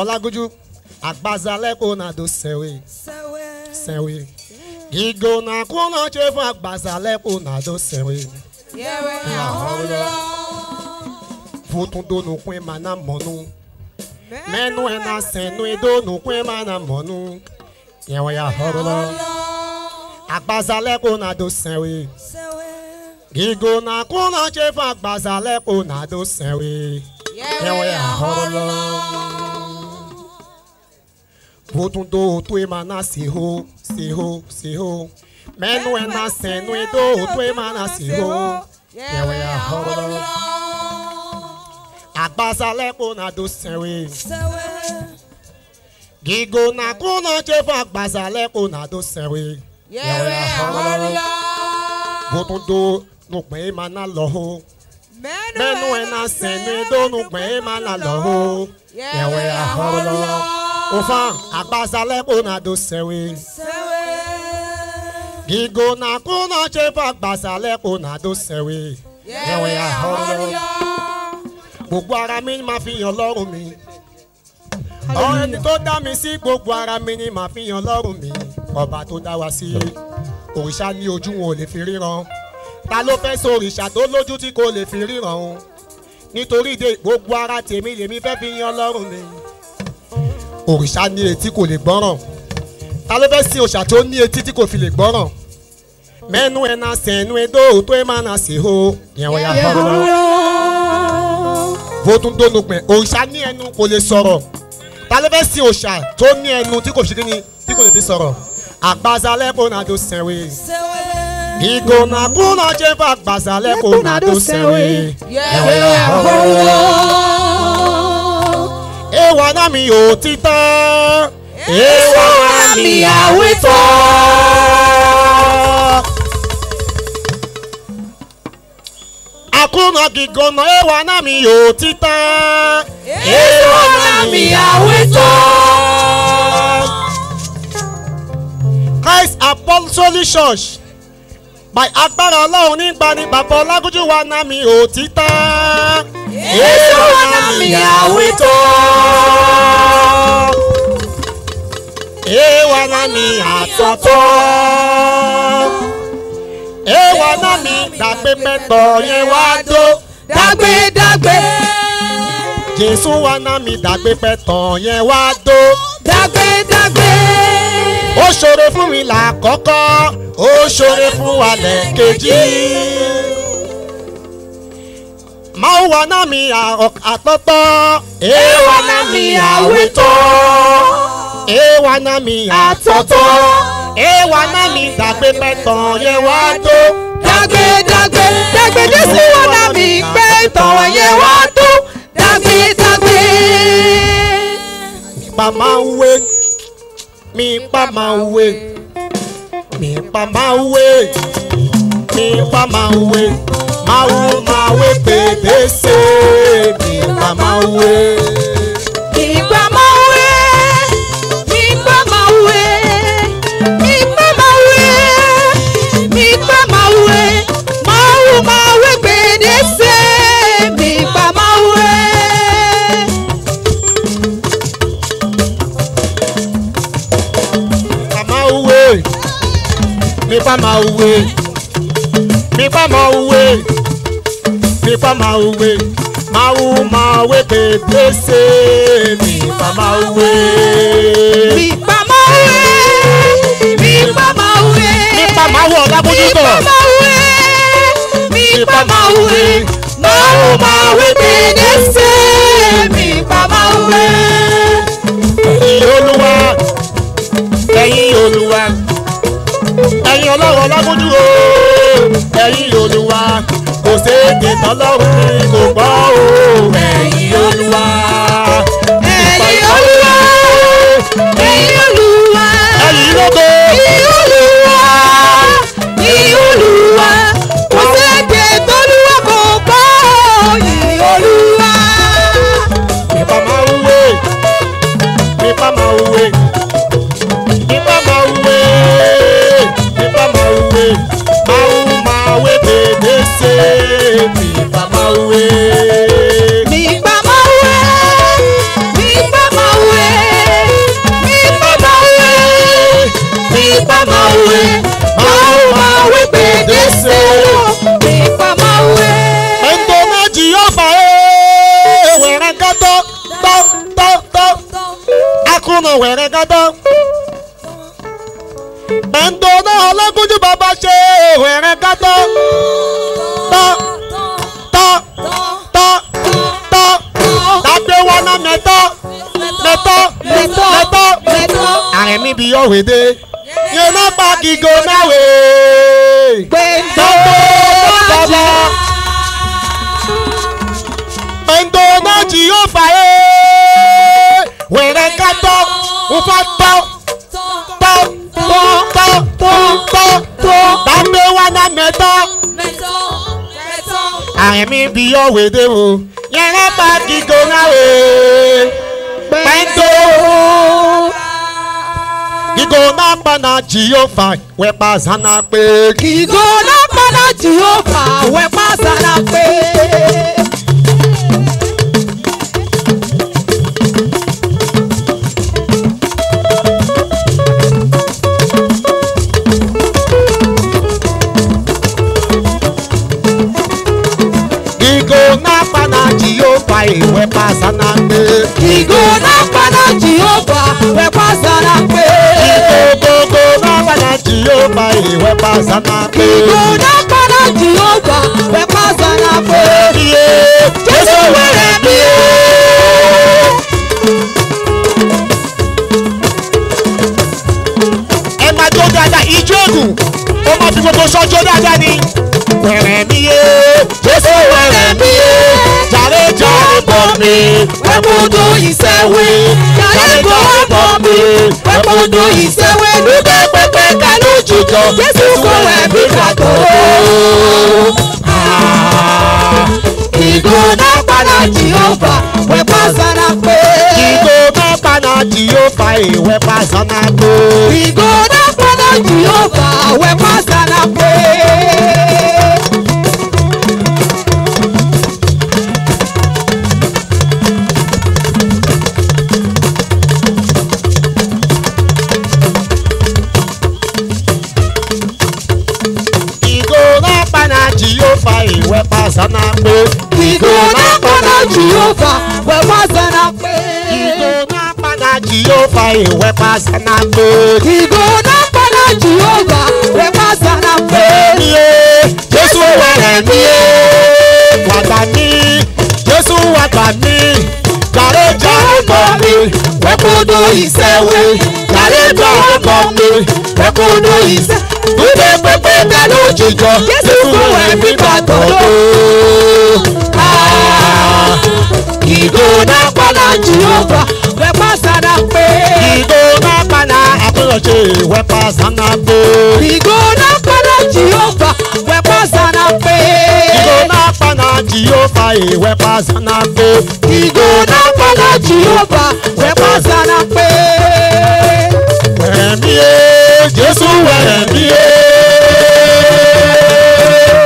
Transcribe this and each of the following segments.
Olaguju agbazalẹ kona do sewe sewe igo na kona chefu agbazalẹ kona do sewe yewe ahoro fotundo nukun ma na mọnu mẹnu ẹ na sẹnu edo nukun ma na mọnu yewe ahoro lọ agbazalẹ kona do sewe igo na kona chefu agbazalẹ kona do sewe yewe ahoro lọ. Votundo tu emana seho, seho, seho. Menu ena senu edo tu emana seho. Yewe ya horo. Agbaza lepo na do sewe. Gigo na kuna chefa agbaza lepo na do sewe. Yewe ya horo. Votundo nugbe emana loho. Menu ena senu edo nugbe emana loho. Yewe ya horo ofa agbazalẹ kpona do sẹwe. Gigo na kuna chefa gbazalẹ kpona do sẹwe. Yẹ̀wẹ̀ ahọ́rọ̀. Gbogbo ara mi ma fi yan lọ́rùn mi. Ọ̀rẹ́ ni tó dá mi sí gbogbo ara mi ni màá fi yan lọ́rùn mi. Ọba tó dá wa sí òrìṣà ní ojú wọn ò lè fi ríran. Ta ló fẹ́ so òrìṣà tó lójú tí kò lè fi ríran o? Nítorí de gbogbo ara tèmi lèmi fẹ́ fi yan lọ́rùn mi òrìṣà ní etí kò lè gbọ́ràn ta ló fẹ́ sin òòṣà tó ní etí tí kò fi lè gbọ́ràn mẹ́nu ẹ̀ na sẹ̀nu ẹ̀ dó tó ẹ̀ máa na sí ho yẹn wọ́n yà fọ́rọ́ votun tó nu pẹ̀ òrìṣà ní ẹnu kò lè sọ̀rọ̀ ta ló fẹ́ tó ní ẹnu tí kò fi ni tí kò lè fi sọ̀rọ̀ àgbàzalẹ̀ kò náà tó sẹ̀wé ìgònà kúnà jẹ́ fún àgbàzalẹ̀ kò náà tó sẹ̀wé yẹ̀wé àkọ́wọ́ èèwọ̀ náà mi ò ti tán. èèwọ̀ náà mi àwítọ́. àkúnà gígùnà èèwọ̀ náà mi ò ti tán. èèwọ̀ náà mi àwítọ́. Christ Apostolic Church by agbára ọlọ́run nígbà ni bàbá ọlágójú wa náà mi ò ti tán. Yesu wanami awito Ewa nami atoto Ewa nami dagbe mẹtọ yẹn wá dó dagbe dagbe Jésù wa nami dagbe mẹtọ yẹn wá dó dagbe dagbe. Ó ṣoore fún mi là kọ́kọ́ ó ṣoore fún wa lẹ́ẹ̀kejì mauwa nami ya atoto ewa nami ya weto mi nami ya atoto ewa mi dagbe pẹtan yẹ wa to. dagbe dagbe dagbe jesu wa nami pẹtan yẹ wa to dagbe dagbe. mama we mi pa ma we mi pa ma we mipa mawe mau mawe pebese mipa mawe mipa mawe mipa mawe mipa mawe mipa mawe mau mawe pebese mipa mawe. mipa mawe mipa mawe nipa ma uwe nipa ma uwe ma wu ma we te blese nipa ma uwe. nipa ma uwe nipa ma uwe nipa ma wo ọlábójútó nipa ma uwe ma wu ma we te blese nipa ma uwe. ẹ̀yin olúwa ẹ̀yin olúwa ẹ̀yin ọlọ́run ọlábójú o ẹ̀yìn olúwa kò séèké tọ́lọ́run ni kò gbọ́ o. ẹ̀yìn olúwa ẹ̀yìn olúwa ẹ̀yìn olúwa. ọmọ wẹ̀rẹ̀ gádá bẹ́ńdò náà ọlọ́gúnjú bàbá ṣe wẹ̀rẹ̀ gádá tọ́ tọ́ tọ́ tọ́ dábẹ́ wọn náà mẹ́tọ́ mẹ́tọ́ mẹ́tọ́ mẹ́tọ́ àrẹ̀mí bí yọ̀ wéde yẹn náà pa kígo náà wẹ̀ gbẹ̀ndò bàbá. ufa tɔ tɔ tɔ tɔ tɔ tɔ tɔ bambe wana mɛtɔ àrẹ̀mí bí ọ̀wédè o yẹrẹ bá kíkó náà o pẹ́ńtò kíkó náà paná jìyọ́fà wẹ́pà sanna pé. kíkó náà paná jìyọ́fà wẹ́pà sanna pé. na iwepasa na mgbe igo n'akpana jehova wepasa na mgbe igogogo n'akpana jehova iwepasa na mgbe igo n'akpana jehova wepasa na mgbe ihe jesu were mmiri. tó dáadáa ijó ògùn ó máa fi gbogbo sọ́jọ́ dáadáa ni. wẹ̀rẹ̀ mi yé jésù wẹ̀rẹ̀ mi yé bọ̀ mi wẹ́pọ̀dọ̀ ìṣẹ́wé kálíkò wá bọ̀ mi wẹ́pọ̀dọ̀ ìṣẹ́wé lùdẹ́ pẹpẹ kálú jùjọ jésù kò ẹ̀mí kàtó. Ah. ìgbóná padà jìhófà wẹ́pọ̀ sára pé. ìgbóná padà jìhófà ìwẹ́pà sára pé. ìgbóná padà jìhófà wẹ́pọ̀ sára pé. kwanza na-akpọ we go na-akpa na jehova wee kwanza na-akpọ igo na-akpa na jehova ewe kwanza na-akpọ igo na-akpa na jehova wee kwanza na-akpọ jesu were mie wata ni jesu wata ni kàrẹ́jà ọkọ̀ mi ẹ̀kúndó ìṣẹ́wé kàrẹ́jà ọkọ̀ mi ẹ̀kúndó ìṣẹ́ dúdé pépé tẹ̀lé òjìjọ nínú ẹ̀mí bàtọ̀ tó. ìgbóná padà jù ú bá wẹ́pọ̀ sára pé. ìgbóná padà àpérò ṣe ìwẹ́pọ̀ sára pé. ìgbóná padà jù ú bá pasana pe. Igo na pana Jehova e we pasana pe. Igo na pana Jehova we pasana pe. Wẹ̀rẹ̀ mi yé e, Jésù wẹ̀rẹ̀ mi yé. E.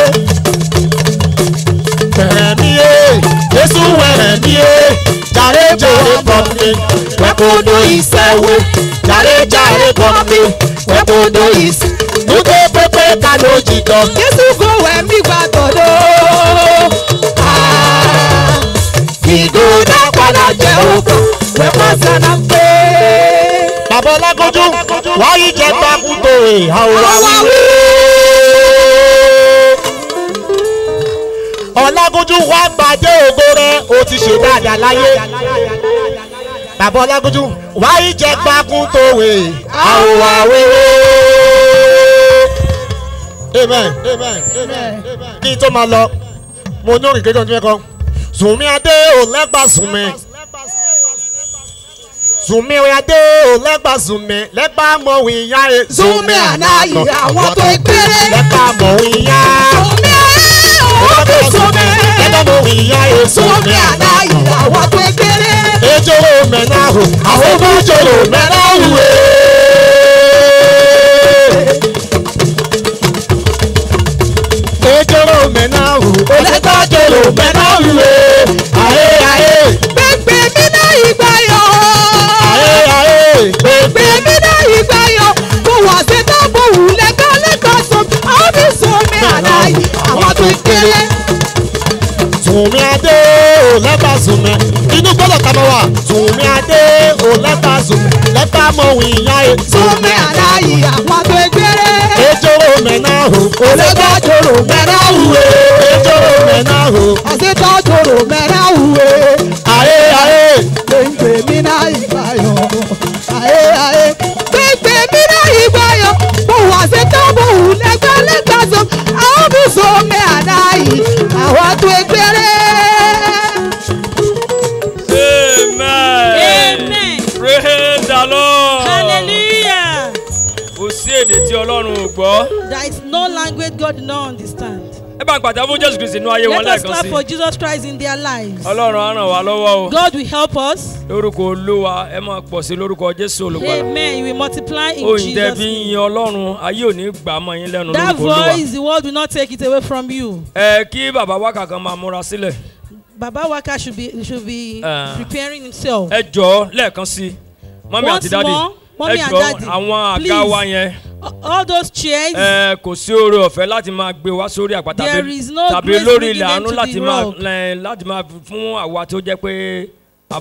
Wẹ̀rẹ̀ mi yé e, Jésù wẹ̀rẹ̀ mi Jàre jàre bọ̀ mi, wẹ́pọ̀ do ìsẹ̀wé. Jàre jàre bọ̀ mi, wẹ́pọ̀ do ìsẹ̀wé udo pepe ka n'oji dọ Yesu go wee mgbigba todo ido dakwa na Jehova wekwasa na mkpe bàbá ọlágójú wáyé jẹ gbàgbúgbò ìhàwáwí. ọlágójú wá e, gbàdé ògo rẹ o ti ṣe dáadáa láyé bàbá ọlágójú wáyé jẹ gbàgbúgbò ìhàwáwí amen kí n tó máa lọ mo ní òrìkè kan tó yẹ kan Sùnmí Adé ò lẹ́gbà Sùnmí Sùnmí Adé ò lẹ́gbà Sùnmí lẹ́gbà mọ̀ ìyá rẹ̀ Sùnmí Àlàyé àwọn tó gbére lẹ́gbà mọ̀ ìyá Sùnmí Adé ò Sùnmí lẹ́gbà mọ̀ ìyá rẹ̀ Sùnmí Àlàyé àwọn tó gbére. ejoro mẹ́nà hù àwọn bá jòrò mẹ́nà hù ẹ̀. E. olẹ́tọ́jọ́ ló fẹ́ náà wíwo ayé mi náà ìgbà yọ. ayé ayé. mi náà ìgbà yọ. mo wà sí tábù lẹ́kọ́ lẹ́kọ́ sọmi ọ́bí sọmi àlàyé àwọn tó kéré. Sùnmí Adé inú gbọ́dọ̀ ká wa. Sùnmí Adé o lẹ́bà sùnmí lẹ́bà mọ̀ wí ìyá ẹ̀. Sùnmí àlàyé àwọn tó kéré. ètò menahụ ole tajoro mere ahụwe ejoro menahụ asị tajoro mere ahụwe aye aye gbọ́. there is no language God did understand. ẹ bá gbàdá fún Jésù Kristi nínú ayé wọn lẹ́ẹ̀kan sí. let us clap for Jesus Christ in their lives. Ọlọ́run á ràn wá lọ́wọ́ o. God will help us. lórúkọ Olúwa ẹ máa pọ̀ sí lórúkọ Jésù Olùgbàlà. amen you will multiply in Jesus. oúnjẹ bí ń yin Ọlọ́run ayé ò gbà mọ́ yín lẹ́nu lórúkọ Olúwa. that voice the world will not take it away from you. ẹ kí bàbá wákà kan máa múra sílẹ̀. bàbá wákà should be should be uh, preparing himself. ẹ jọ̀ọ́ lẹ́ẹ̀kan sí mọ́mí àti dádì. once more mọ́mí àjáde àwọn àga wa yẹn. all those chairs. ẹ kò sí oore ọ̀fẹ́ láti máa gbé wá sórí àpáta tàbí lórí ilẹ̀ àánú láti máa fún àwa tó jẹ́ pé a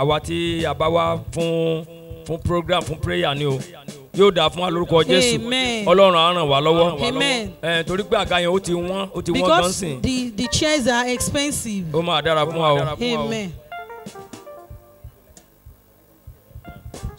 àwa tí a bá wá fún fún program fún prayer ni o yóò dáa fún wa lórúkọ jésù ọlọ́run á ràn wá lọ́wọ́ ẹ torí pé àga yẹn ó ti wọ́n ó ti wọ́n gan because the the chairs are expensive. ó máa dára fún wa o. amen. amen.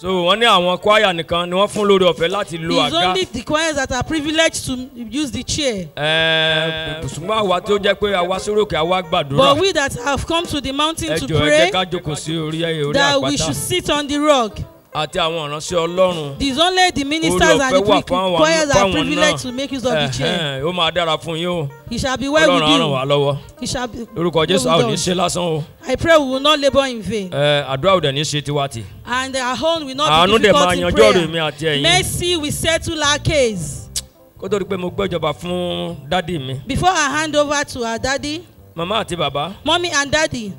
so wọ́n ní àwọn choir nìkan ni wọ́n fún lórí ọ̀fẹ́ láti lo àga. it's only the choirs that are privileged to use the chair. Eh, ṣùgbọ́n àwa tó jẹ́ pé àwa sórókè àwa gbàdúrà. but we that have come to the mountain to pray. ẹ jọ̀ọ́ ká jókòó sí orí àpáta. that we should sit on the rug àti àwọn ìránṣẹ́ ọlọ́run. the only the ministers and the choirs are privileged to make use of the eh, chair. Eh, eh, ó máa dára fún yín o. he shall be well with you. ọlọ́run á ràn lọ́wọ́. he shall be well with you. lórúkọ jésù a ò ní ṣe lásán o. I pray we will not labour in vain. ẹ àdúrà ò dẹ̀ ní ṣe tiwa ti. and our own will not be difficult in prayer. àánú dẹ̀ máa yanjú mi àti ẹ̀yin. mercy will settle our case. kó tó di pé mo gbẹ́jọba fún dádì mi. before I hand over to our daddy. mama àti baba. mommy and daddy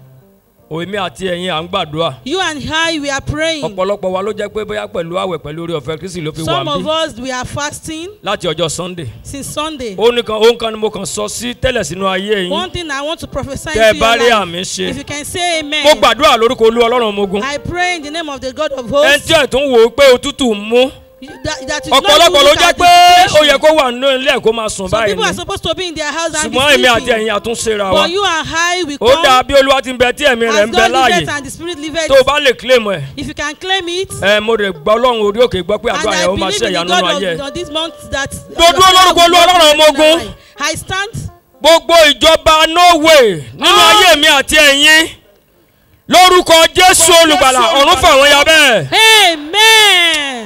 èmi àti ẹ̀yin à ń gbàdúrà. you and I we are praying. ọ̀pọ̀lọpọ̀ wa ló jẹ́ pé bóyá pẹ̀lú àwẹ̀ pẹ̀lú orí ọ̀fẹ́ kristi ló fi wà mí. some of us we are fasting. láti ọjọ́ sunday. since sunday. ó ní kan ó ń kan ni mo kàn sọ sí tẹ́lẹ̀ sínú ayé yín. one thing I want to prophesy to your life. tẹ́ ẹ bá rí àmì ṣe. if you can say amen. mo gbàdúrà lórúkọ olú ọlọ́run ogun. I pray in the name of the God of hosts. ẹn tí ẹ̀ tún wò ó pé òtútù mú ọ̀pọ̀lọpọ̀ ló jẹ́ pé ó yẹ kó wà nínú ilé ẹ̀kọ́ máa sùn báyìí ni ṣùgbọ́n èmi àti ẹ̀yin àtúnṣe ra wa ó dáa bí olúwa ti ń bẹ tí ẹ̀mí rẹ̀ ń bẹ láàyè tó o bá lè claim ẹ̀ ẹ̀ mo lè gba ọlọ́run orí òkè gbọ́ pé àdúrà yẹn ó máa ṣe ìyanu nínú ayé dodo olórúkọ olúwarọ̀rọ̀ ọmọ ogun gbogbo ìjọba norway nínú ah! ayé mi àti ẹ̀yin lórúkọ jésù olùgbàlà ọ̀run fún àwọn yabẹ́. amen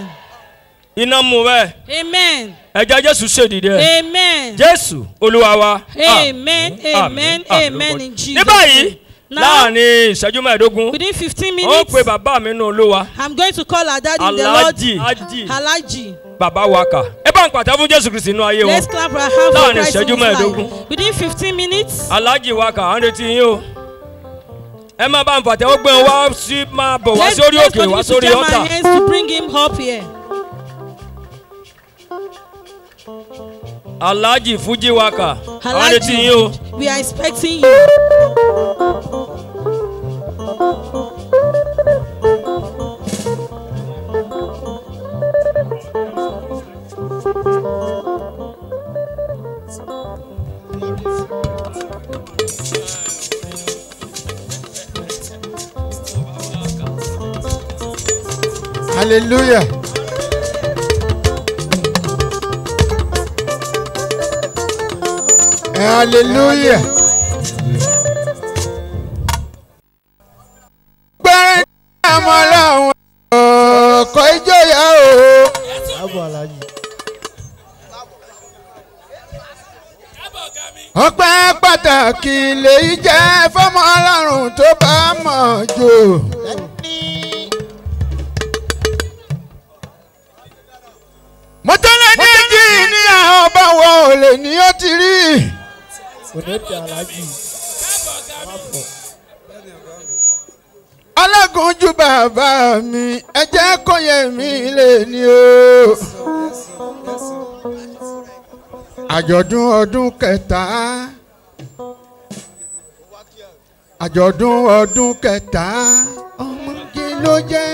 iná mú bẹ́ẹ̀. amen. ẹja jésù ṣèdìdẹ. amen. jésù olúwa amen amen amen in jesus. ní báyìí láàrin ìṣẹ́jú mẹ́ẹ̀ẹ́dógún. within fifteen minutes. ó pe bàbá mi nù olúwa. i'm going to call our daddy the lord. alaji alaji. bàbá waka. kà. ẹ bá ń pàtẹ́ fún jésù kristi inú ayé wọn. let's clap our hands for christ in his life. láàrin ìṣẹ́jú mẹ́ẹ̀ẹ́dógún. within fifteen minutes. alaji waka. kà à ń retí yín o ẹ máa bá ń pàtẹ́wọ́ gbé wọn wá sí máa bọ̀ wá sórí òkè wá sórí ọ̀tà. let's pray to jam our hands to bring him up here. Alhaji Fujiwaka. Alhaji, we are expecting you. Hallelujah. hallelujah. gbẹ́rẹ́ ní àmọ́ ọlọ́run ọkọ̀ ìjọyà o. ọpẹ́ pàtàkì lèyí jẹ́ fọ́mọ ọlọ́run tó bá mọ̀ jò. mo tọ́lẹ̀ ní ẹ̀jì ní àwọn ọba wọn ò lè ó ti rí òdèdè alájì aláfọ̀. alágúnjú bàbá mi ẹ jẹ́ kó yẹ mí lè ní o. àjọ̀dún ọdún kẹta àjọ̀dún ọdún kẹta ọmọge ló jẹ́.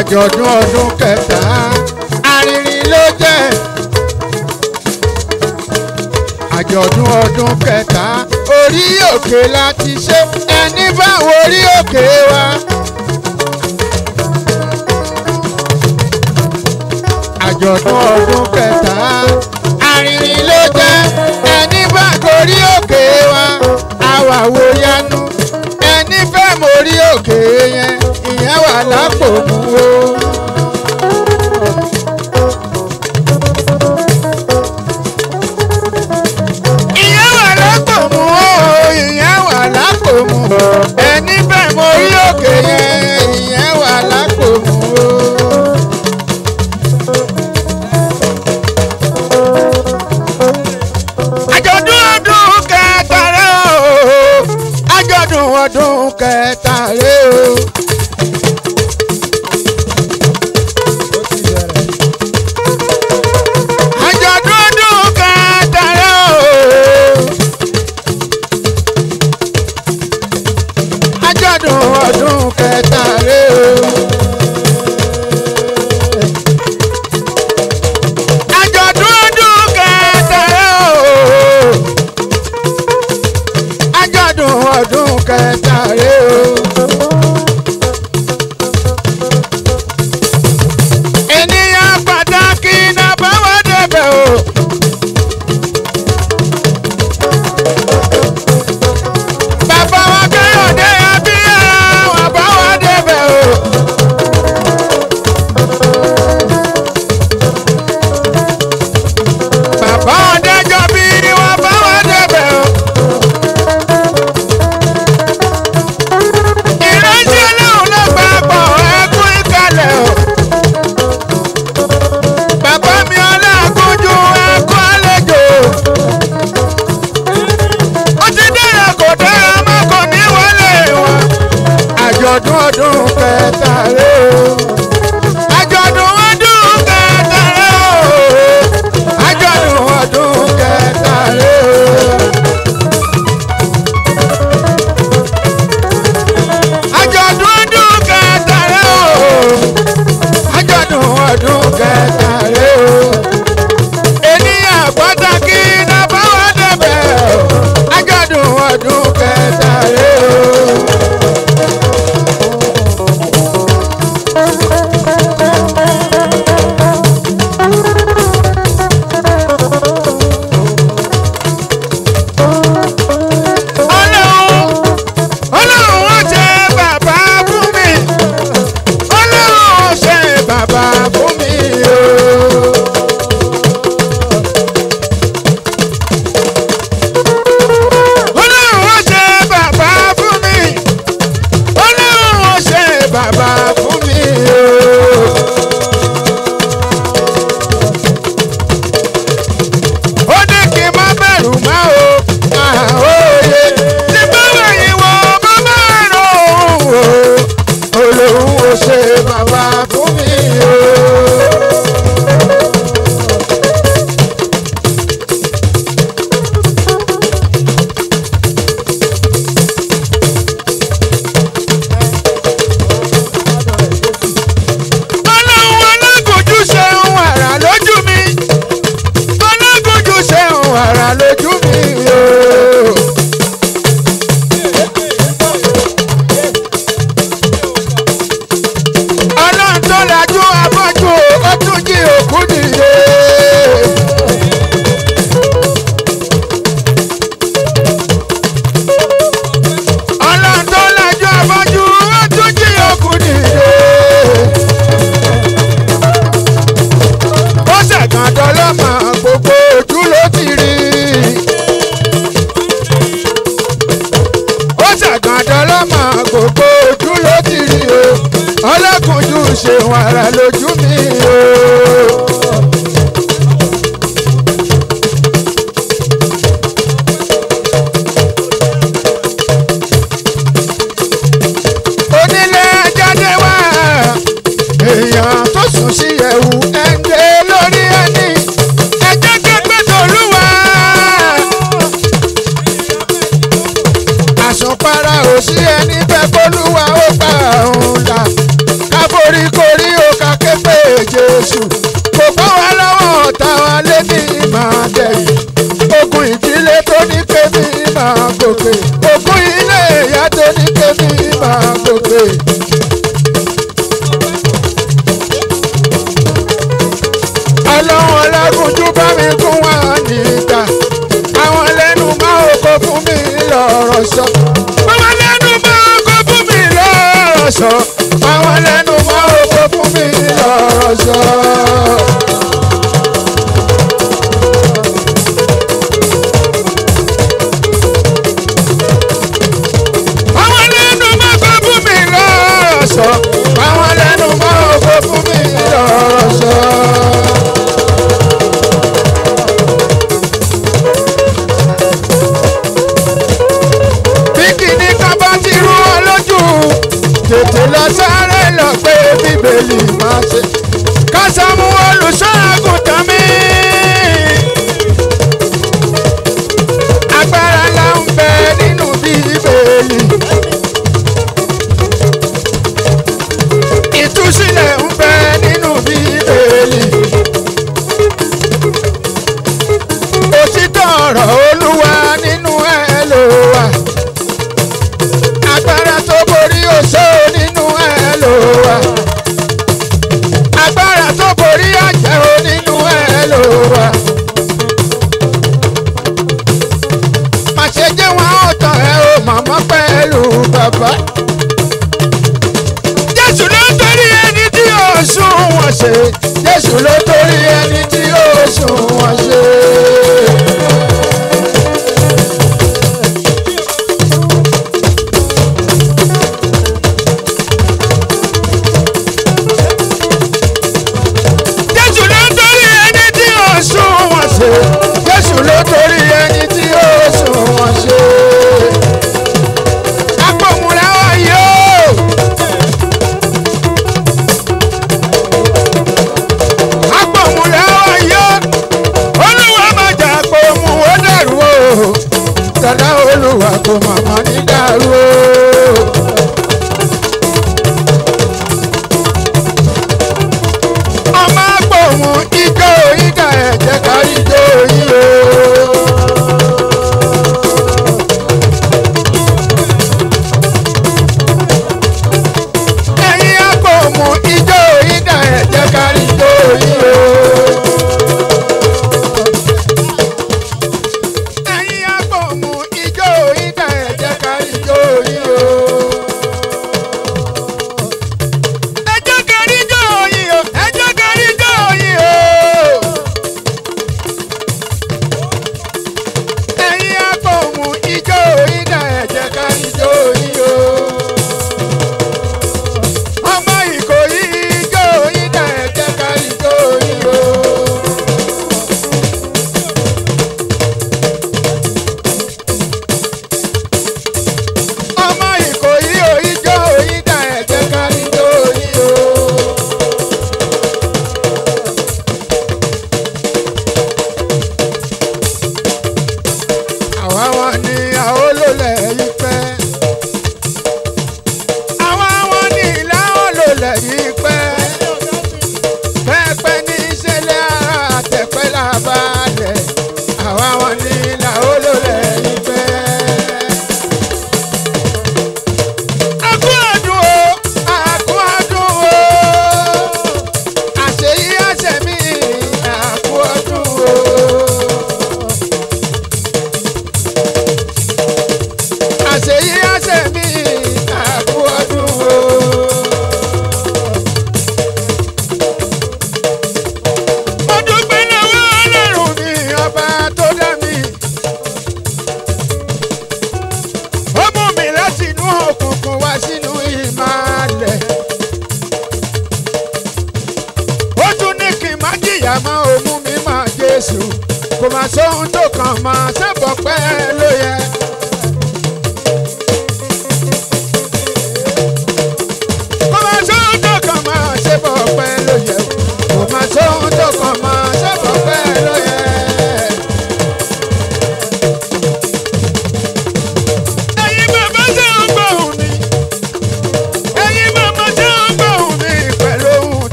àjọ̀dún ọdún kẹta arìnrìn ló jẹ́ àjọ̀dún ọdún kẹta orí òkè láti ṣe ẹni báwo orí òkè.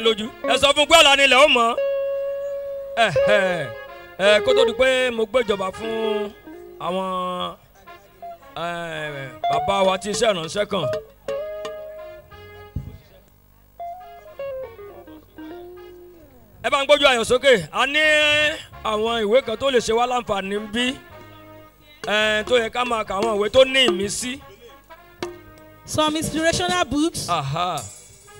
yín lójú ẹ sọ fún pé ni ilẹ̀ ó mọ̀ ẹ kó tó di pé mo gbéjọba fún àwọn bàbá wa tí iṣẹ́ ìrànṣẹ́ kàn. ẹ bá ń gbójú ayọ̀ sókè a ní àwọn ìwé kan tó lè ṣe wá láǹfààní bí tó yẹ ká máa kà àwọn ìwé tó ní ìmísí. some inspirational books. Aha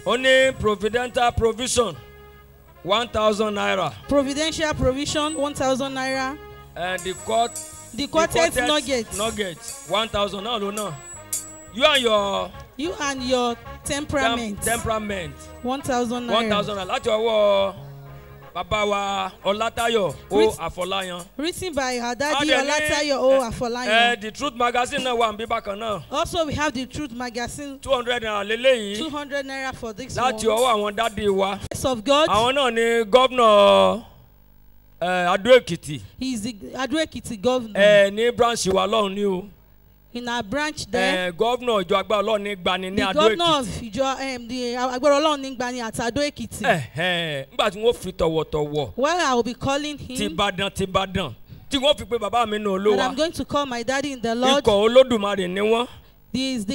ó ní providential provision one thousand naira. providential provision one thousand naira. and the court. the quartet nugget. nugget one thousand náà ló náà. you and your. you and your temperament. temperament. one thousand naira. one thousand naira láti ọwọ́. Bàbá wa Ọlátayọ̀ O Àfọláyan. Written by Adadi Ọlátayọ̀ O eh, Àfọláyan. Uh, the Truth magazine náà wà níbí bákan náà. Also we have the Truth magazine. two hundred naira lélẹ́yìí. two hundred naira for this one. Láti ọwọ́ àwọn dádì wa. Grace of God. Àwọn náà ni gómìnà. Uh, eh, Adó-Èkìtì. He is the Adó-Èkìtì governor. Ẹ ní branch wa lọ́hùn-ún o in our branch eh, there. Uh, governor ìjọ agbára ọlọ́run ní gbani ní adó èkìtì. the governor of ìjọ um, the agbára ọlọ́run ní gbani at adó èkìtì. Eh, eh, nígbà tí wọ́n fi tọ̀wọ̀tọ̀wọ̀. well i will be calling him. tìbàdàn tìbàdàn tí wọ́n fi pé bàbá mi nù olówó. and i'm going to call my daddy in the lord. ikọ̀ olódùmarè ni wọ́n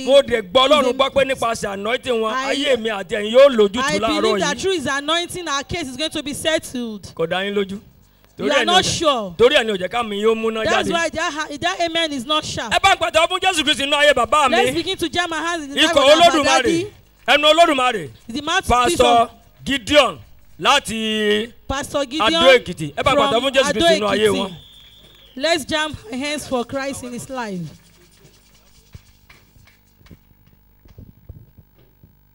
mo de gbọ́ ọlọ́run gbọ́ pé nípasẹ̀ anointing wọn ayé mi àti ẹ̀yin yóò lójútu láàárọ̀ yìí. i believe that through his anointing our case is going to be settled. kò dá yín lójú you are not sure. torí ẹ̀ ni òjẹ́ yóò múná jáde. that's why that, that amen is not sharp. ẹ bá ń pàtàkì fún jésù kristu inú ayé bàbá mi. let's begin to jam our hands in the life of our daddy. ẹnu olódùmarè. the mouthpiece of pastor gideon láti adó èkìtì ẹ bá ń pàtàkì fún jésù kristu inú ayé wọn. let's jam our hands for christ in his life.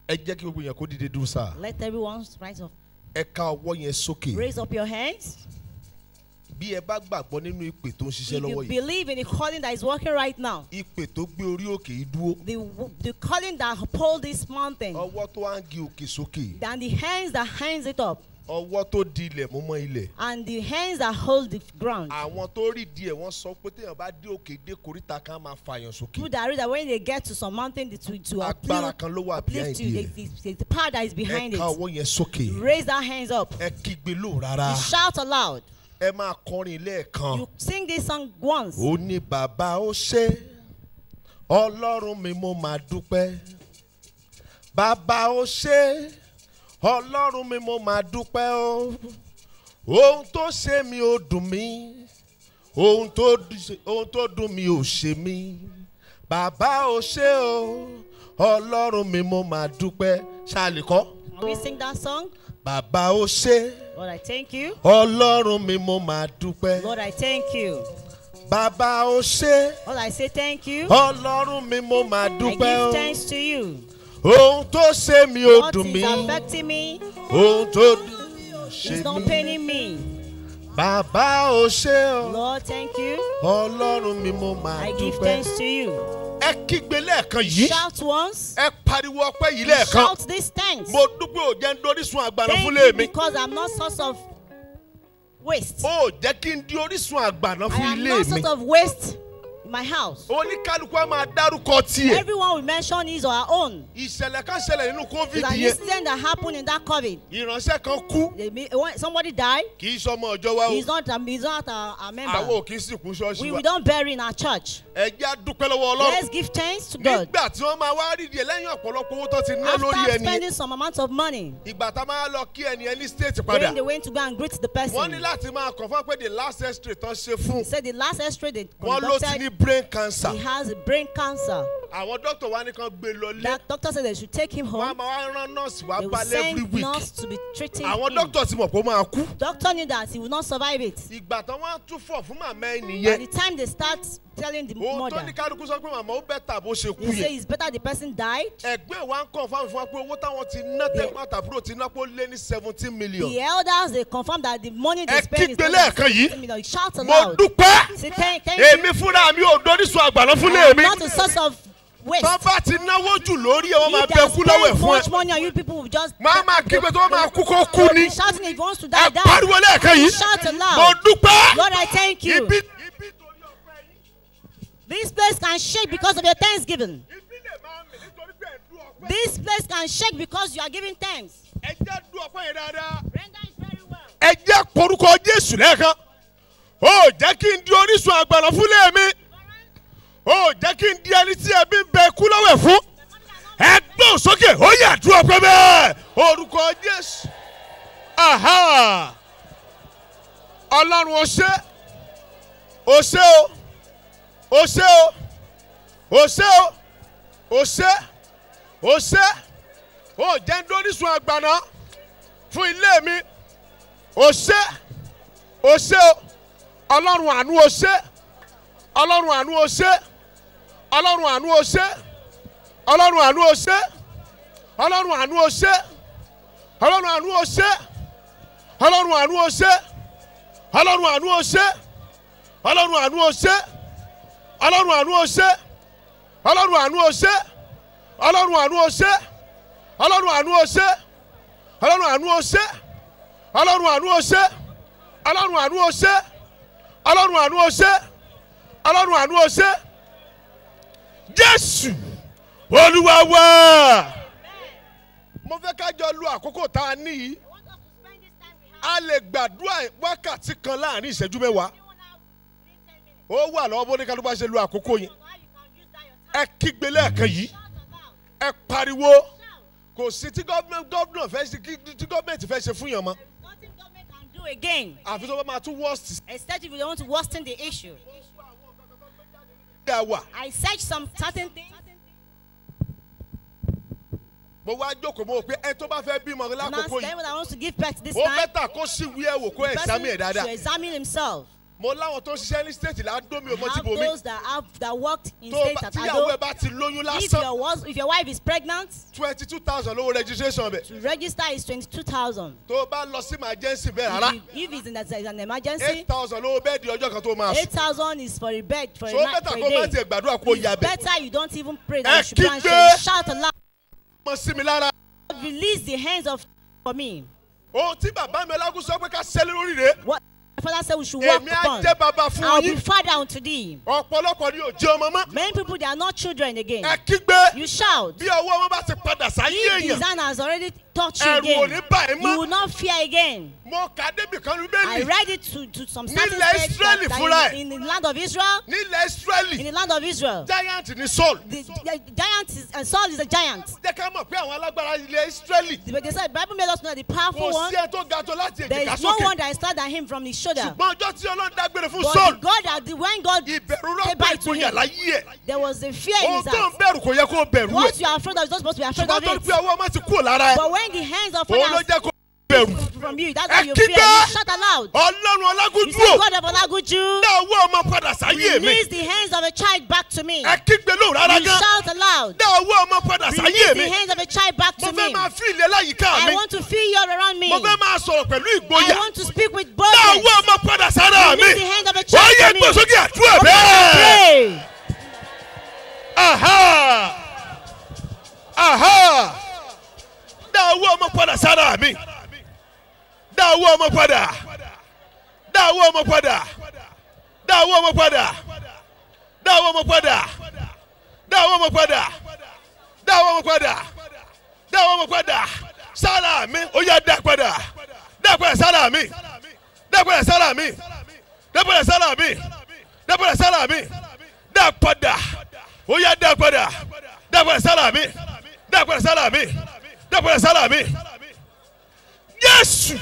ẹ jẹ́ kí gbogbo yẹn kó dìde dùn sáà. let everyone rise up. ẹ ká ọwọ́ yẹn sókè. raise up your hands bí ẹ bá gbàgbọ́ nínú ìpè tó ń ṣiṣẹ́ lọ́wọ́ yìí. if you believe in the calling that is working right now. ìpè tó gbé orí òkè yìí dúró. the the calling that hold this mountain. ọwọ́ tó á ń gi òkè sókè. than the hands that hands it up. ọwọ́ tó di ilẹ̀ mú mọ́ ilẹ̀. and the hands that hold the ground. àwọn tó rí di ẹ̀ wọ́n sọ pé téèyàn bá dé òkè dé koríta kan máa fàyàn sókè. people that read when they get to some mountain they to to uplift agbára kan ló wà behind it. the the power that is behind it. ẹ ká ọwọ́ yẹn sókè. raise that hands up. ẹ kígbe ló rárá. you shout aloud ẹ máa kọrin lẹ́ẹ̀kan. you sing this song once. ó ní bàbá ó ṣe ọlọ́run mi mo máa dúpẹ́ bàbá ó ṣe ọlọ́run mi mo máa dúpẹ́ o ohun tó ṣe mi ò dùn mí ohun tó dùn mí ò ṣe mí bàbá ó ṣe o ọlọ́run mi mo máa dúpẹ́ ṣáà lè kọ́. can we sing that song. Bàbá ó ṣé. Lord, I thank you. Ọlọ́run mi mo máa dúpẹ́. Lord, I thank you. Bàbá ó ṣé. Lord, I say thank you. Ọlọ́run mi mo máa dúpẹ́ o. I give thanks to you. Ohun tó ṣe mi ò dùn mí. What is affecting me? Ohun tó ṣe mí. It's not paining me. Bàbá ó ṣé o. Lord, thank you. Ọlọ́run mi mo máa dúpẹ́. I give thanks to you ẹ kígbe lẹ́ẹ̀kan yìí. shout once. ẹ pariwo ọpẹ́ yìí lẹ́ẹ̀kan. shout this thanks. mo dúpẹ́ òjẹ́ ń dorísun àgbàrá fúnlé mi. thank you because I'm not source of waste. ó jẹ́ kí n di orísun àgbàrá fún ilé mi. I am not source of waste my house. oníkálukú á máa dárúkọ tiẹ̀. everyone will mention his or her own. ìṣẹ̀lẹ̀ kan ṣẹlẹ̀ nínú covid yẹn. it's an incident that happened in that covid. ìránṣẹ́ kan kú. somebody die. kì í sọmọ ọjọ́ wa o. he's not um, he's not a, a member. àwọn ò kì í sìnkú ṣọ́ọ̀ṣì wa. we don't bury in our church. ẹ jẹ́ lọ́wọ́ ọlọ́run. let's give thanks to God. nígbà tí wọ́n máa wá rídìí ẹ lẹ́yìn ọ̀pọ̀lọpọ̀ owó tó ti ná lórí ẹni. after spending some amount of money. ìgbà tá a máa lọ kí ẹni ẹni state padà. when they went to go and greet the person. wọ́n ní láti máa confirm pé the last x-ray tán ṣe fún. he said the last x-ray they conducted. wọ́n ló ti ní brain cancer. he has brain cancer. àwọn doctor wa ní kan gbé lọlé. that doctor said they should take him home. wọ́n máa rán nurse wá balẹ̀ every week. they will send nurse to be treating him. àwọn doctor ti mọ̀ pé ó máa kú. doctor knew that he would not survive it. ìgbà tán wọ́n tún fọ̀ fún màmá ẹ̀ nìyẹn. by the time they start telling the mother. ohun tó ní kálukú sọ pé màmá ó bẹ́tà bó ṣe kú yẹn. he say it's better the person died. ẹgbẹ́ wa ń confam fún wa pé owó táwọn ti ná tẹ̀gbọ́n àtàbúrò ti ná pé ó lé ní seventeen million. the elders dey confam that the money they spend is not seventeen million. ẹ kígbe lẹ́ẹ̀kan yìí. mo dúpẹ́ èmi fúnra mi òdo orísun àgbàlọ́ fún mi. not a source of waste. tọ́ bá ti náwó jù lórí ẹ wọ́n máa bẹ kú lọ́wọ́ ẹ̀ fún ẹ. if they spend much money on you people will just. máa máa kí pé tí wọ́n máa kú kó kú ni. shouting if you want to die die. ẹ lẹ́ẹ̀kan yìí. shout aloud. mo dúpẹ́. Lord I thank you. ibi. this place can shake because of your thanksgiving. this place can shake because you are giving thanks. ẹ jẹ́ dún ọpẹ́ yẹn dáadáa. ẹ jẹ́ korúkọ Jésù lẹ́ẹ̀kan. ó jẹ́ kí n di orísun àgbàlá fún lẹ́ẹ̀mí ó jẹ́ kí n di ẹni tí ẹbí ń bẹ kú lọ́wọ́ ẹ̀ fún ẹ gbọ́n sókè ó yẹ àdúrà pé bẹ́ẹ̀ orúkọ Jésù ọlọ́run ó ṣe ó ṣe o ó ṣe o ó ṣe o ó ṣe ó ṣe ó jẹ́ ń dórísun àgbàná fún ilé mi ó ṣe ó ṣe o ọlọ́run àánú ó ṣe ọlọ́run àánú ó ṣe ọlọ́run àánú o ṣé ọlọ́run àánú o ṣé ọlọ́run àánú o ṣé ọlọ́run àánú o ṣé ọlọ́run àánú o ṣé ọlọ́run àánú o ṣé ọlọ́run àánú o ṣé ọlọ́run àánú o ṣé ọlọ́run àánú o ṣé ọlọ́run àánú o ṣé ọlọ́run àánú o ṣé ọlọ́run àánú o ṣé ọlọ́run àánú o ṣé ọlọ́run àánú o ṣé ọlọ́run àánú o ṣé ọlọ́run àánú o ṣé jésù olúwa wá. mo fẹ́ ká jọ lu àkókò tá a ní yìí a lè gbàdúrà wákàtí kan láàrin ìṣẹ́jú mẹ́wàá ó wà lọ́wọ́ bó ní kálukú bá ṣe lu àkókò yẹn ẹ kígbe lẹ́ẹ̀kan yìí ẹ pariwo kò sí tí gọ́ọ̀mẹ̀ntì fẹ́ ṣe fún yàn mọ́. àfi tó bá máa tún worst. except if you don't want to worsen the issue gíga wà. I search some certain things. mo wá jókòó mo rò pé ẹni tó bá fẹ́ bímọ lákòókò yìí. now spend what I want to give birth this time. ó bẹ́tà kó síwí ẹ̀wò kó examine ẹ̀ dáadáa. the person should examine himself mo láwọn tó ń ṣiṣẹ́ ní state ládó mi ò mọ ti bò mí. have those that have that worked in state at Ado. tíyàwó ẹ bá ti lóyún lásán. if your wife if your wife is pregnant. twenty two thousand lówó registration bẹ. to register is twenty two thousand. tó o bá lọ sí emergency bẹ́ẹ̀ rárá. if it's in it's an emergency. eight thousand lówó bẹ́ẹ̀ di ọjọ́ kan tó máa sùn. eight thousand is for a bed for so a night for a day. so better kó má tiẹ̀ gbàdúrà kó yà bẹ́ẹ̀. better you don't even pray that you should plan to shout aloud. mo sí mi lára. release the hands of for me. ohun tí bàbá mi ọlágún sọ pé ká ṣẹlẹ̀ lórí rẹ̀ father said we should walk upon. Èmi á jẹ́ bàbá I will be father unto thee. Ọ̀pọ̀lọpọ̀ ni ò ọmọ mọ́. Many people they are not children again. Ẹ kígbe. You shout. Bí ọwọ́ wọn bá ti padà sáyé èèyàn. He design has already touch you again. You will not fear again. I read it to, to some certain states that, that in, in the land of Israel. In the land of Israel. Giant ni Saul. The, the, giant is, and uh, Saul is a giant. Jẹ́ ká mọ̀ pé àwọn alágbára ilẹ̀ The they said Bible made us know the powerful one. There is no one that is taller than him from his shoulder. Ṣùgbọ́n ọjọ́ God that when God came back to him. There was a fear in his heart. What you are afraid of is not supposed to be afraid of it. But when when the hands of fathers. òun ló from you that's why you fear you shout aloud. you say God of ọlágúnjú. release the hands of a child back to me. ẹ kígbe ló rárá you shout aloud. dá release the hands of a child back to me. I want to feel you around me. I want to speak with boldness. dá release the hands of a child back to me. wọ́n yẹ gbọ́sọ́gì aha aha dá owó ọmọ padà sára mi dá owó ọmọ padà dá owó ọmọ padà dá owó ọmọ padà dá owó ọmọ padà dá owó ọmọ padà dá owó ọmọ padà dá owó ọmọ padà sára mi ó yá dá padà dá padà sára mi dá padà sára mi dá padà sára mi dá padà sára mi dá padà ó yá dá padà dá padà sára mi dá padà sára mi dẹ́pọ̀ yẹn sálà mi Jésù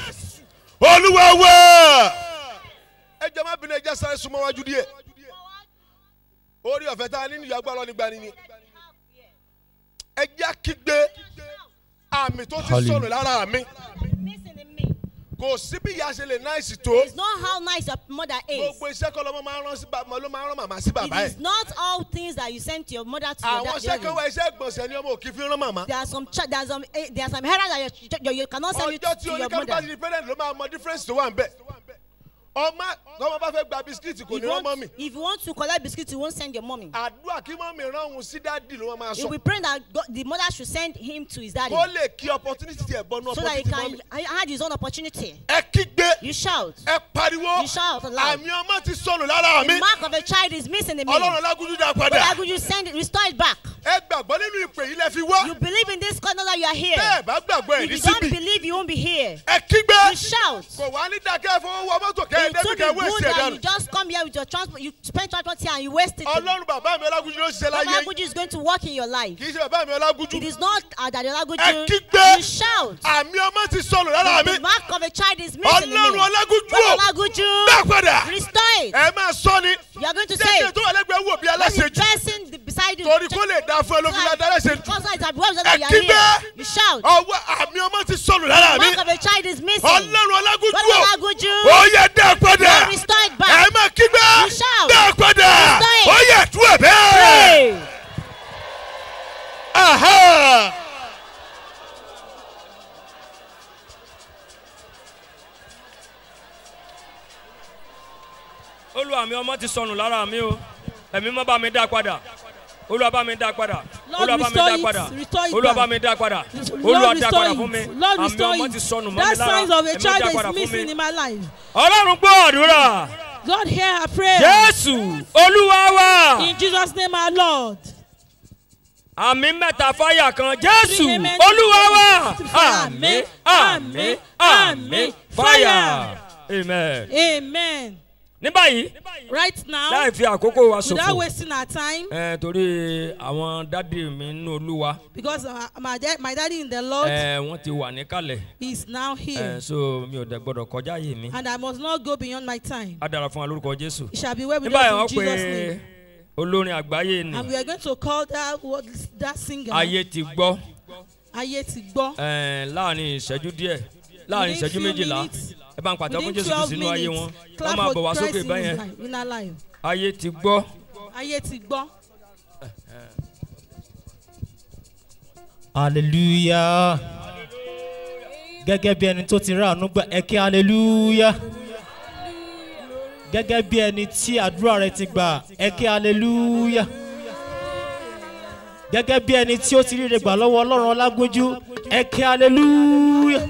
Olúwa wa. ẹ jẹ́ má bínú ẹ jẹ́ sáré súnmọ́ wájú díẹ̀ orí ọ̀fẹ́ tá a ní nìyí agbára nígbà nìyí ẹ jẹ́ kígbe àmì tó ti sọ̀rọ̀ lára mi kò sí bí ìyá ṣe lè náìsì tó. it not how nice your mother is. gbogbo iṣẹ́ kọ́ lọ́mọ máa ń rán sí bàbá ló máa ń rán màmá sí bàbá ẹ̀. it is not all things that you send to your mother to your dad. àwọn iṣẹ́ wá iṣẹ́ ìgbọ̀nsẹ̀ ni ọmọ òkè fi rán màmá. there are some there are some eh, there are some errands that you, you, you cannot send to your mother. ọjọ́ tí oníkàlùkà ti ló máa mọ difference tó wà ń bẹ̀ ọmọ tọmọ bá fẹ́ gba bisikíìtì kò ní rán mọ́mì. if you want to collect biscuit you won't send your mommy. àdúrà kí mọ́mì rán òun sí dáàdì ló máa sọ. if we pray that God, the mother should send him to his daddy. kó lè kí opportunity tiẹ̀ bọ́ ní opportunity mọ́mì. so that he can add his own opportunity. ẹ kígbe. you shout. ẹ pariwo. you shout aloud. àmì ọmọ ti sọnù lára mi. the mark of a child is missing in me. ọlọ́run lágúnjú dá padà. but lágúnjú send it restore it back ẹ gbàgbọ́ nínú ìpè yìí lẹ fi wá. you believe in this corner that you are here. bẹ́ẹ̀ bá gbàgbọ́ ẹ̀ ní síbi. if you don't believe you won't be here. ẹ kígbe. you shout. kò wá ní dákẹ́ fún owó mọ́tò kẹ́ ẹ débi kẹ́ wé ṣe dànù. you just come here with your transport you spend transport here and you waste it. ọlọ́run bàbá mi ọlágúnjú ló ṣiṣẹ́ láyé. bàbá ọlágúnjú is going to work in your life. kì í ṣe bàbá mi ọlágúnjú. it is not àdàdì ọlágúnjú. ẹ kígbe. you shout. àmì ọmọ ti sọnù lára mi. the mark of a child is missing me. ọlọ́run ọlágúnjú o. restore it. you are going to say. jẹ́ the person beside you ta fún ẹ ló fi la dára ṣe tu. ẹkíndé ọwọ́ àmì ọmọ ti sọnù lára mi. ọlọ́run ọlágójú o ó yẹ dẹ́ padà ẹ má kígbe dẹ́ padà ó yẹ tú ẹ bẹ́ẹ̀. Olúwa mi ọmọ ti sọnù lára mi o ẹ̀mí mọ́ bá mi dá padà olúwa bá mi dá padà olúwa bá mi dá padà olúwa bá mi dá padà olúwa dá padà fún mi àmì ọmọ ti sọnù mọ́ mi lára ẹ̀mí dá padà fún mi. ọlọ́run gbọ́ àdúrà. God hear our prayer. Jésù Olúwa wa. In Jesus name our Lord. Àmì mẹ́ta fáyà kan Jésù Olúwa wa. Àmì àmì àmì fáyà. Amen. Amen ní báyìí. right now láì fi àkókò wa ṣòfò without wasting our time. ẹ torí àwọn dádì mi nínú olúwa. because uh, my, dad, my daddy in the lord. ẹ wọ́n ti wà níkàlẹ̀. he is now here. ẹ so mi ò dẹ̀ gbọ́dọ̀ kọjá yìí mi. and i must not go beyond my time. a fún wa jésù. it shall be well with you. in jesus name. olórin àgbáyé ni. and we are going to call that that singer. ayé ti gbọ́. ayé ti gbọ́. ẹ láàrin ìṣẹ́jú díẹ̀ láàrin ìṣẹ́jú méjìlá. within few minutes ẹ bá ń pàtàkì fún Jésù Kristi nínú ayé wọn wọ́n máa bọ̀ wá sókè bẹ́yẹn ayé ti gbọ́. ayé ti gbọ́. hallelujah gẹ́gẹ́ bí ẹni tó ti ráàánú gbà ẹ kí hallelujah gẹ́gẹ́ bí ẹni tí àdúrà rẹ ti gbà ẹ kí hallelujah gẹ́gẹ́ bí ẹni tí ó ti ríre gbà lọ́wọ́ ọlọ́run ọlágbójú ẹ kí hallelujah.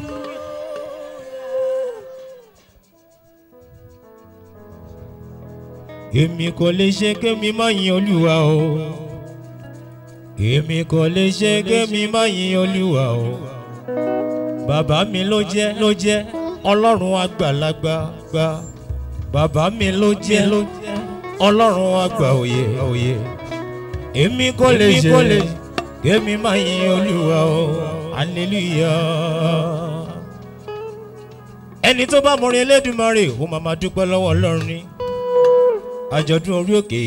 èmi kò lè ṣe kémi má yìn olúwa o èmi kò lè ṣe kémi má yìn olúwa o Baba mi ló jẹ́ ló jẹ́ ọlọ́run àgbàlagbà gbà bàbá mi ló jẹ́ ló jẹ́ ọlọ́run àgbà òye òye èmi kò lè ṣe kémi má yìn olúwa o hallelujah ẹni tó bá mọrin Elédùmarè ó máa máa dúpẹ́ lọ́wọ́ ọlọ́run ni àjọ̀dún orí òkè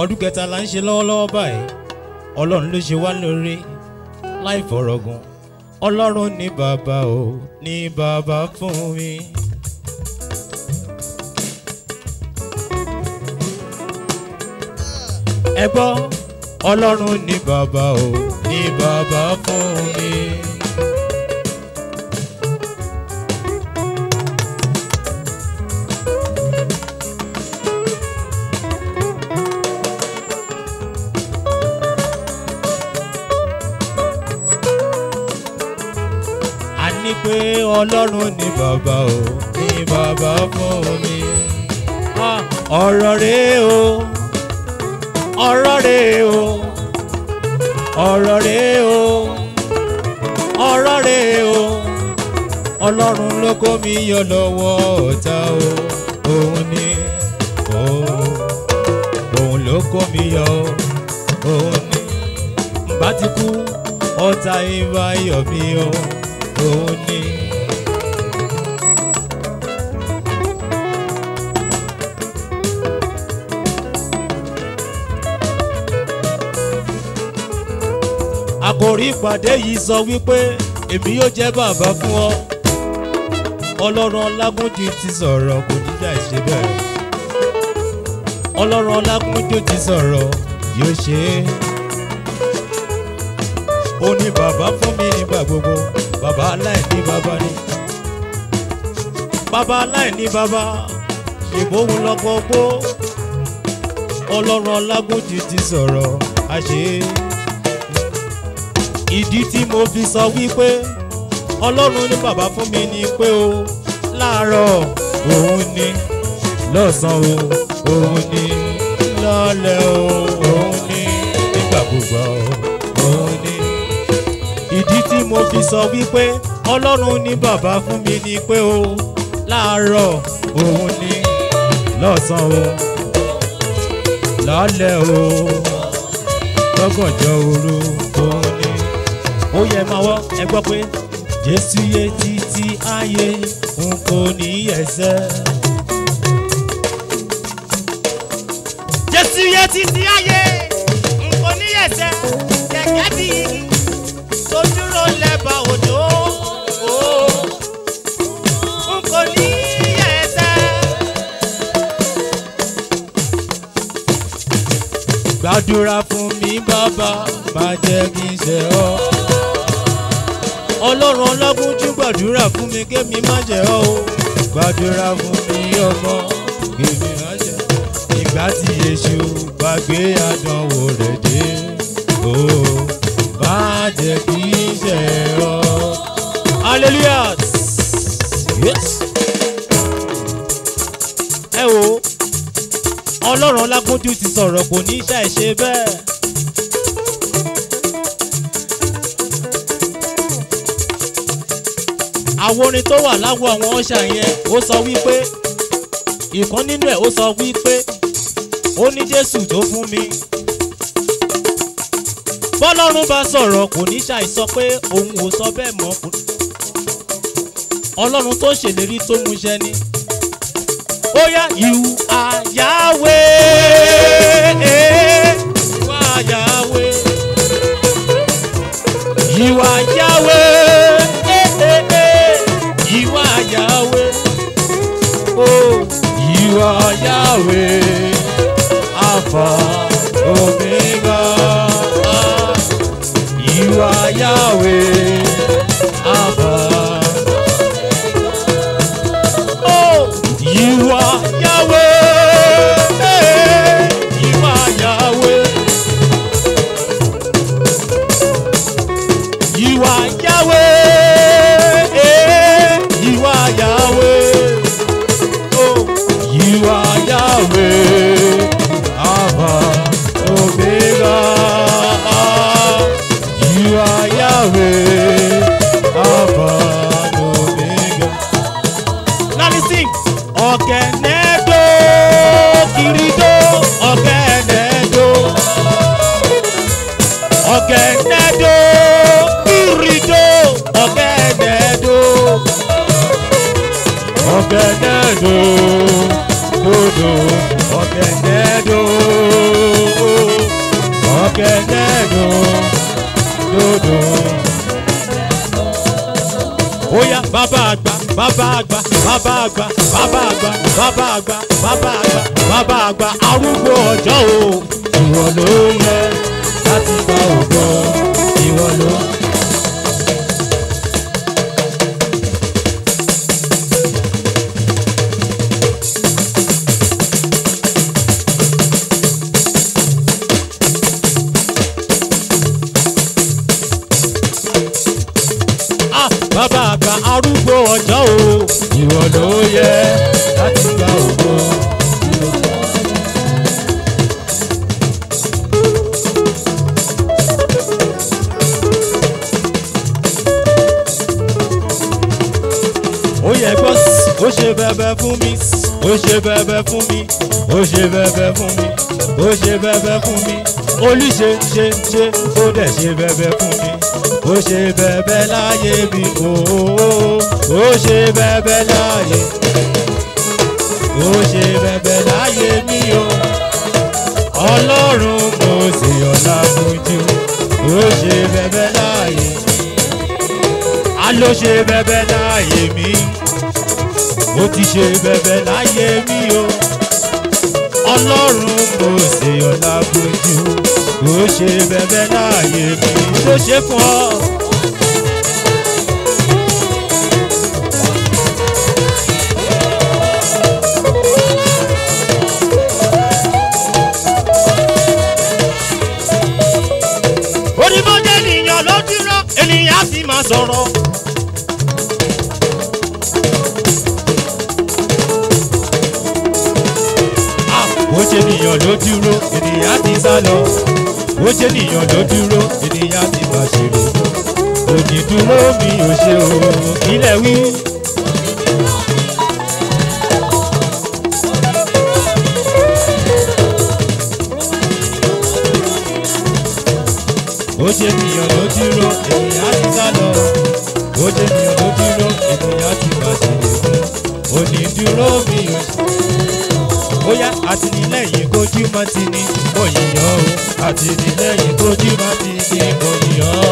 ọdún kẹta la ń ṣe lọ́wọ́lọ́wọ́ báyìí ọlọ́run ló ṣe wá lóore láì fọ̀rọ̀gùn ọlọ́run ní bàbá o ní bàbá fún mi. ẹ gbọ́ ọlọ́run ní bàbá o ní bàbá fún mi. ọlọ́run ni bàbá o ni bàbá fún mi. ọ̀rọ̀ rèé o ọ̀rọ̀ rèé o ọ̀rọ̀ rèé o ọ̀rọ̀ rèé o ọlọ́run ló kó mi yọ lọ́wọ́ ọ̀tá o òun ni òun ló kó mi yọ òun ni bá ti kú ọ̀tá ìbá yọ̀ mí o òun ni. orí ìpàdé yìí sọ wípé èmi yóò jẹ́ bàbá fún ọ ọlọ́run ọlágúnjú ti sọ̀rọ̀ kò ní láì ṣe bẹ́ẹ̀ ọlọ́run ọlágúnjú ti sọ̀rọ̀ yóò ṣe é ó ní bàbá fún mi nígbà gbogbo bàbá aláìní bàbá ni bàbá aláìní bàbá ìbòhùn lọ́kọ̀ọ́gbó ọlọ́run ọlágúnjú ti sọ̀rọ̀ àṣẹ é ìdí tí mo fi sọ wípé ọlọ́run ní bàbá fún mi ni pé o láàárọ̀ òun ni lọ́sàn o òun ni lálẹ́ o òun ni nígbà gbogbo òun ni. ìdí tí mo fi sọ wípé ọlọ́run ní bàbá fún mi ni pé o láàárọ̀ òun ni lọ́sàn o lálẹ́ o lọ́gànjọ́ òru òun ni ó yẹ máa wọ́ ẹ gbọ́ pé Jésù yé títí ayé n kò ní ẹsẹ̀. Jésù yé títí ayé n kò ní ẹsẹ̀ kẹ̀kẹ́ bí tó dúró lẹ́bàá òjò. gbàdúrà fún mi bàbá má jẹ́ kí n ṣe ọ́ ọlọ́run ọlágúnjú gbàdúrà fún mi kémi má jẹ́ ọ́ o gbàdúrà fún mi ọmọ kémi má jẹ́ ìgbà tí èṣù bá gbé àdánwò rẹ̀ dé o má jẹ́ kí n ọ́. hallelujah yes. ẹ wo ọlọ́run ọlágúnjú ti sọ̀rọ̀ kò ní í ṣàìṣe bẹ́ẹ̀. àwọn orin tó wà láwo àwọn ọṣà yẹn ó sọ wípé ìkan nínú ẹ̀ ó sọ wípé ó ní Jésù tó fún mi bọ́lọ́run bá sọ̀rọ̀ kò ní ṣàìsọ pé òun ò sọ bẹ́ẹ̀ mọ́ ọlọ́run tó ṣèlérí tó mú ṣẹ ni ó yá you are Yahweh you are Yahweh you are Yahweh, Alpha, Omega. You are Yahweh, Alpha. Oh, you are. ṣe ó dẹ̀ ṣe bẹ́bẹ́ fún mi ó ṣe bẹ́bẹ́ láyé mi ooo ó ṣe bẹ́bẹ́ láyé ó ṣe bẹ́bẹ́ láyé mi o ọlọ́run mo ṣe ọ̀la fojú ó ṣe bẹ́bẹ́ láyé a ló ṣe bẹ́bẹ́ láyé mi ó ti ṣe bẹ́bẹ́ láyé mi o ọlọ́run mo ṣe ọ̀la fojú ó ṣe bẹ̀bẹ̀ láàyè mi ló ṣe fún ọ. onímọ̀jẹ̀ ènìyàn ló dúró ènìyàn á sì máa sọ̀rọ̀. Ah, ó ṣe ènìyàn ló dúró ènìyàn á ti sá lọ ó ṣe nìyàn ló dúró ènìyàn ti bá ṣe rò òdì dúró mi ò ṣe o ilẹ̀ wí. ó ṣe nìyàn ló dúró ènìyàn ti sá lọ ó ṣe nìyàn ló dúró ènìyàn ti bá ṣe rò òdì dúró mi ò ṣe o àtìlẹ́yìn kojúmọ́ ti ní òyìnbó àtìlẹ́yìn kojúmọ́ ti ní òyìnbó.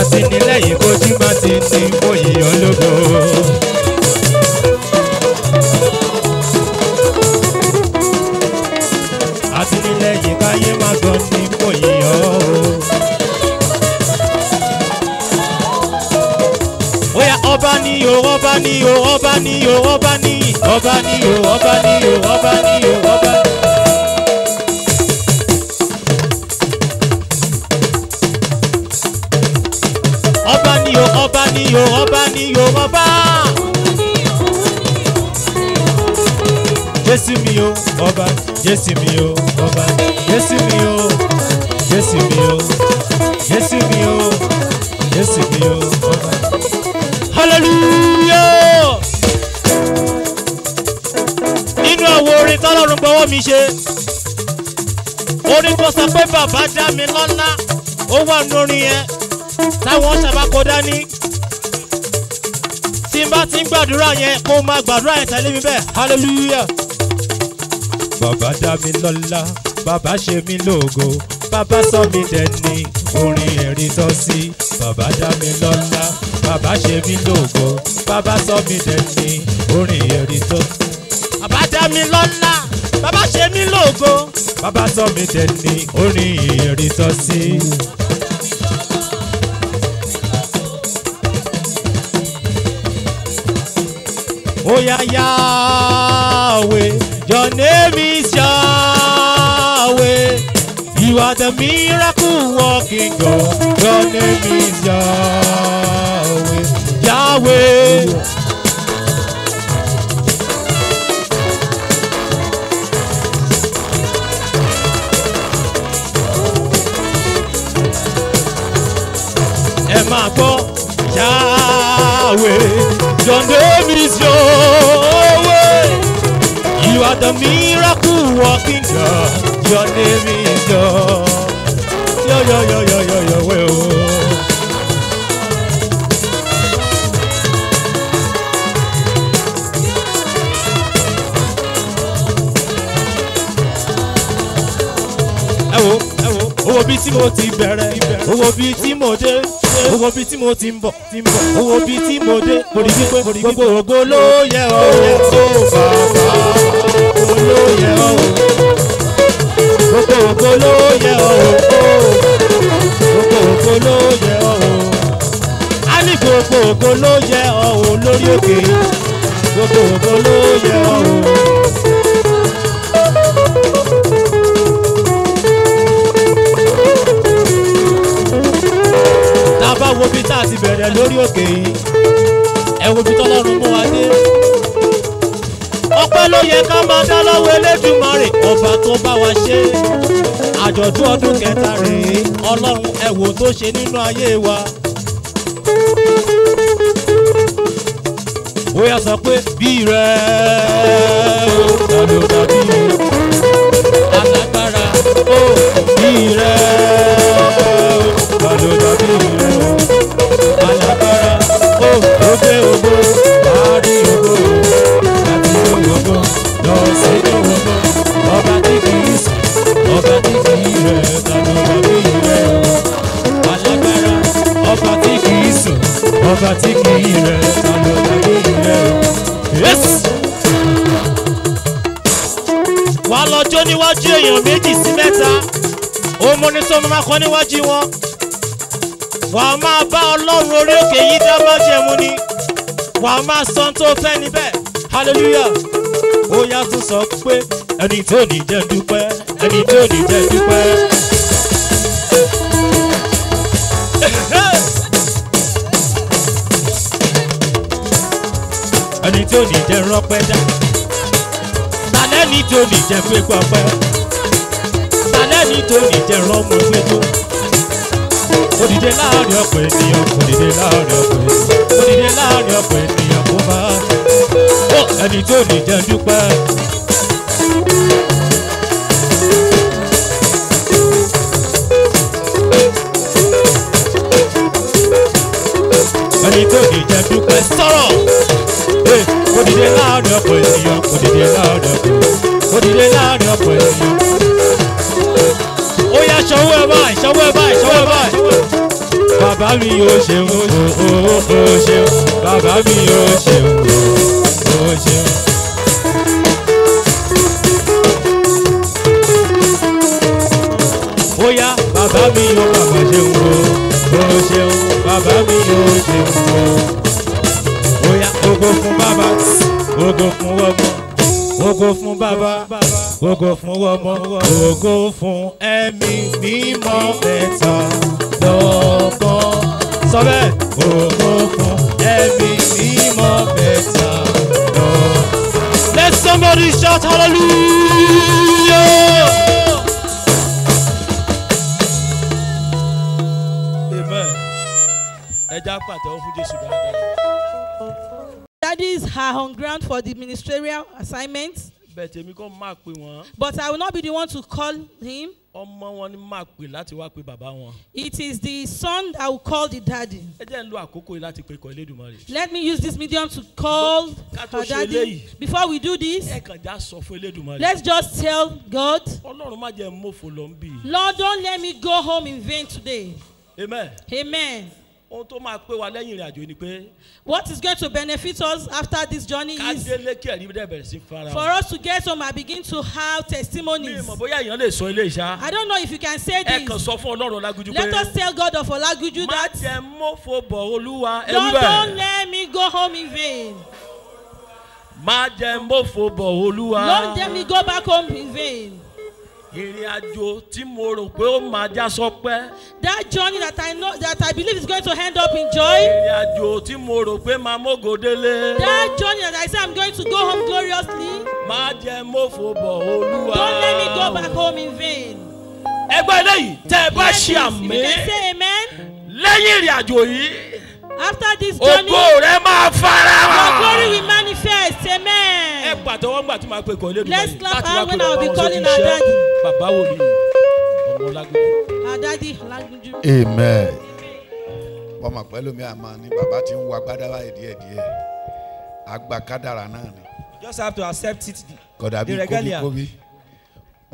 àtìlẹ́yìn kojúmọ́ ti ní òyìnbó. níyì o ọba níyì ọba níyì o ọba níyì o ọba níyì o ọba. ọba níyì o ọba níyì o ọba níyì o ọba. Jésù mi o ọba Jésù mi o ọba Jésù mi o Jésù mi o Jésù mi o Jésù mi o ọba. Hallelujah. wo orin tọ́lọ́run gbọ́wọ́ mi ṣe orin tó sọ pé bàbá dá mi lọ́lá ó wà lórí yẹn táwọn ṣàbákọ dání tí n bá ti ń gbàdúrà yẹn kó máa gbàdúrà yẹn tẹ̀lé mi bẹ́ẹ̀ hallelujah. bàbá dá mi lọ́lá bàbá ṣe mí lógo bàbá sọ mí dẹni orin ẹ̀rí tọ́ sí bàbá dá mi lọ́lá bàbá ṣe mí lógo bàbá sọ mí dẹni orin ẹ̀rí tọ́ sí dá mi lọ́lá bàbá ṣe mí lógo bàbá sọ mi dẹni orin ìrìn tọ́ sí. Oh yeah, Yahweh, your name is Yahweh. You are the miracle walking God. Your name is Yahweh. Yahweh. máa gbọ́ Yahweh your name is Yahweh you are the miracle working God your name is Yahweh o. ẹ wo ẹ wo owó bíi tí mo ti bẹ̀rẹ̀ owó bíi tí mo dé owó bíi tí mo ti ń bọ̀ ti ń bọ̀ owó bíi tí mo dé orí gbígbé gbogbo ògo ló yẹ ọ́ bàbá ògo ló yẹ ọ́ gbogbo ògo ló yẹ ọ́ gbogbo ògo ló yẹ ọ́ a ní gbogbo ògo ló yẹ ọ́ lórí òkè gbogbo ògo ló yẹ ọ́. wo bí tá a ti bẹ̀rẹ̀ lórí òkè yìí ẹ wo bí tọ́lọ́run mú wa dé. ọpẹ́ ló yẹ ká máa dá lọ́wọ́ Elédùmarè ọba tó bá wa ṣe àjọ̀dún ọdún kẹta rèé ọlọ́run ẹ wo tó ṣe nínú ayé wa. bóyá sọ pé bí rẹ̀ ọdún tàbí alágbára ó bí rẹ̀ ọdún tàbí. ọba tí kì í rẹ̀ sàmì ọba tí kì í rẹ̀ rẹ̀. wà á lọ jó níwájú èèyàn méjì sí mẹ́ta òun ni tó máa kọ níwájú wọn wà á máa bá ọlọ́run orí òkè yìí dá májẹ̀mú ni wà á máa sọ tó fẹ́ níbẹ̀ hallelujah ó yá tún sọ pé ẹni tó ní jẹ́ dúpẹ́ ẹni tó ní jẹ́ dúpẹ́. ẹni tí ò ní jẹ́ rọ́pẹ́ dá tàlẹ́ni tí ò ní jẹ́ pé pọ́pẹ́ tàlẹ́ni tí ò ní jẹ́ rọ́mọ pé tó òdìdé láàrin ọ̀pọ̀ ènìyàn òdìdé láàrin ọ̀pọ̀ ènìyàn òdìdé láàrin ọ̀pọ̀ ènìyàn kó bá ẹni tí ò ní jẹ́ dúpẹ́. mi yóò ṣeun o ṣeun bàbá mi yóò ṣeun o ṣeun. bóyá bàbá mi yóò bàbá ṣeun o ṣeun bàbá mi yóò ṣeun o. bóyá ògo fún bàbá ògo fún ọgbọ́n ògo fún bàbá ògo fún ọmọ ògo fún ẹ̀mí mímọ́ ẹ̀tọ́ lọ́kọ́ sọ bẹ́ẹ̀. òkòkò ẹbí mímọ́ bẹ̀tà lọ. Let somebody shout hallelujah. Amen. ẹ já pàtẹ́wọ́ fún Jésù dáadáa. Daddy is her on ground for the ministerial assignment bẹ̀tẹ̀ mi kọ́ máa pè wọ́n. but I will not be the one to call him. ọmọ wọn ni máa pè láti wá pe bàbá wọn. it is the son that will call the daddy. ẹ jẹ́ ń lo àkókò yìí láti pe ikọ̀ Elédùmarè. let me use this medium to call her daddy before we do this. ẹ kàn já sọ fún Elédùmarè. let's just tell God. ọlọ́run má jẹ́ mọ́fò lọ́nbì. Lord don't let me go home in vain today. amen. amen ohun tó máa pé wa lẹ́yìn ìrìn àjò ni pé. what is going to benefit us after this journey is. kádélé kí ẹ̀rí bẹ́ẹ̀ bẹ̀rẹ̀ sí fara. for us to get home and begin to have testimonies. mi mọ̀ bóyá èèyàn lè sọ ilé ìṣá. I don't know if you can say this. ẹ kàn sọ fún ọlọ́run ọlágúnjú pé. let us tell God of ọlágúnjú that. má jẹ́ mọ́fò bọ̀ olúwa ẹrú bẹ́ẹ̀. don't let me go home in vain. má jẹ́ mọ́fò bọ̀ olúwa. don't let me go back home in vain ìrìn àjò tí mo rò pé ó máa já sọpẹ́. that journey that I know that I believe is going to end up in joy. ìrìn àjò tí mo rò pé máa mógo délé. that journey that I say I'm going to go home gloriously. má jẹ́ mòfò bọ̀ olúwa. don't let me go back home in vain. ẹgbẹ́ eléyìí tẹ́ ẹ bá ṣe àmì lẹ́yìn ìrìn àjò yìí after this journey. ògo rẹ máa fara hàn. your glory will manifest amen. ẹ pàtẹ́wọ́ ńgbà tí màá pe kọ́ lẹ́nu báyìí láti wá pé bàbá wọn ṣe iṣẹ́ bàbá wo ni ọmọ lágúnjú. àdádi lágúnjú. amen. ọmọ pẹ̀lú mi àmọ́ ni bàbá ti ń wá gbádáwá díẹ̀díẹ̀ àgbà kádàrà náà ni. you just have to accept it. kọ̀dà bíi kóbíkóbí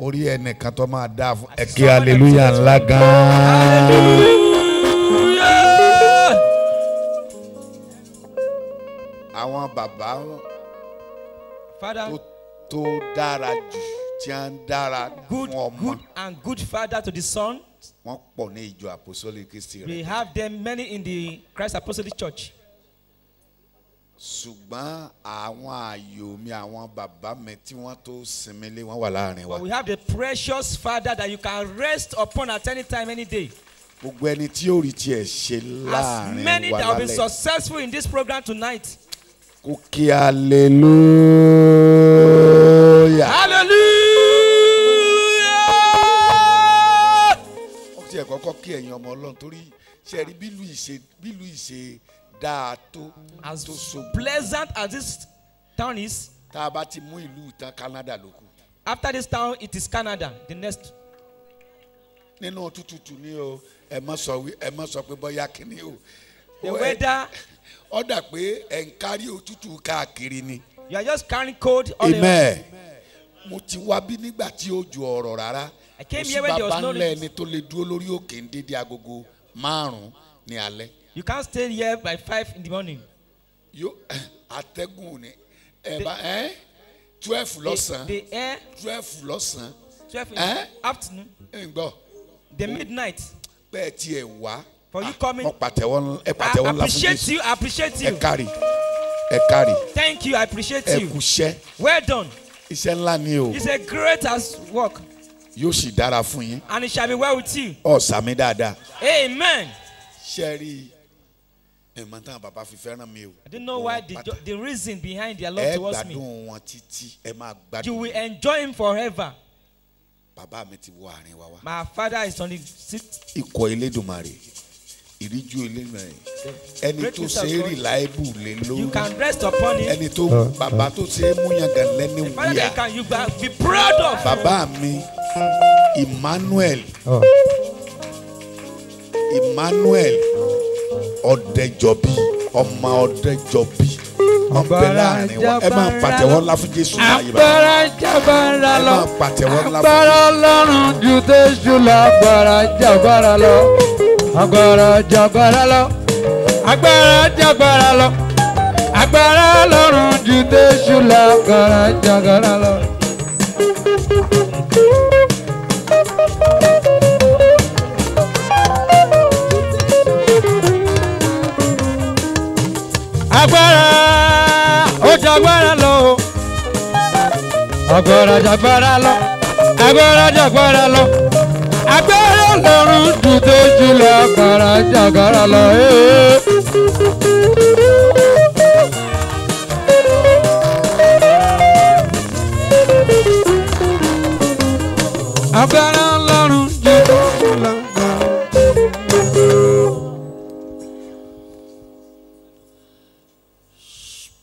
orí ẹnìkan tó máa dáa fún ẹ̀kẹ́ hallelujah ńlá gan-an. àwọn bàbá tó tó dára jù tí a ń dára fún ọmọ. good and good father to the son. wọ́n pọ̀ ní ìjọ apostolic Christi rẹ̀. we have them many in the Christ Apostolic Church. ṣùgbọ́n àwọn ààyò mi àwọn bàbá mi tí wọ́n tó sinmi lé wọ́n wà láàrin wa. we have the precious father that you can rest upon at any time any day. gbogbo ẹni tí yóò rí tiẹ̀ ṣe láàrin wa lálẹ́. as many that have been successful in this program tonight. Kúkí hallelujah. hallelujah. ó ti ẹ̀kọ́ kọ́ kí ẹ̀yin ọmọ ọlọ́run torí ṣe rí bílù ìṣe bílù ìṣe dáa tó. as pleasant as this town is. tá a bá ti mú ìlú ìtàn Canada ló after this town it is Canada the next. nínú tútùtù ni o ẹ má sọ pé bóyá kíní o the weather. ó dà pé ẹ̀ ń kárí òtútù káàkiri ni. you are just carrying cold all Amen. the way. mo ti wá bí nígbà tí òjò ọ̀rọ̀ rárá. I came here when there was no rain. mo sì bàbá ńlá ẹni tó lè dúró lórí òkè ń dédé agogo márùn-ún ní alẹ́. you can't stay here by five in the morning. yóò atẹ́gùn ni ẹ̀ bá ẹ́ twelve lọ́sàn-án the air twelve lọ́sàn-án twelve in the afternoon. ǹgbọ́. the midnight. bẹ́ẹ̀ tiẹ̀ wá for you coming. mo pàtẹ́wọ́ ẹ pàtẹ́wọ́ ńlá fún Jésù. I appreciate you I appreciate you. ẹ kárí ẹ kárí. thank you I appreciate you. ẹ kúṣẹ́. well done. iṣẹ́ ńlá ni o. it's a great work. yóò sì dára fún yín. and it shall be well with you. ọ sàmì dáadáa. amen. ṣe rí i tán bàbá fi fẹ́ràn mi o. I don't know why the, the reason behind their love towards me. ẹ gbádùn wọn títí ẹ máa gbádùn. you will enjoy him forever. bàbá mi ti wọ àárín wa wá. my father is on the. seat. ikọ̀ Elédùmarè ìríjú eléna yìí ẹni tó ṣe é reliable lé lórí ẹni tó bàbá tó ṣe é múyangàn lẹ́ni wíyà bàbá mi Emmanuel oh. Emmanuel Ọ̀dẹ́jọbí ọmọ Ọ̀dẹ́jọbí ọbẹ̀ láàrin wa ẹ máa pàtẹ́wọ́ ńlá fún Jésù láyé bá ẹ máa pàtẹ́wọ́ ńlá fún Jésù. agbára lọ́rùn agbára jagbara lọ agbára jagbara lọ agbára lọ́run ju tẹ́sù lọ agbára jagbara lọ. agbára ó jagbara lọ o agbára jagbára lọ agbára jagbára lọ lọ́rùn dùn tó jùlọ àgbàrá jàgàrà lọ. Eh, eh. agbára ọlọ́run jù tó jùlọ àgbàrá.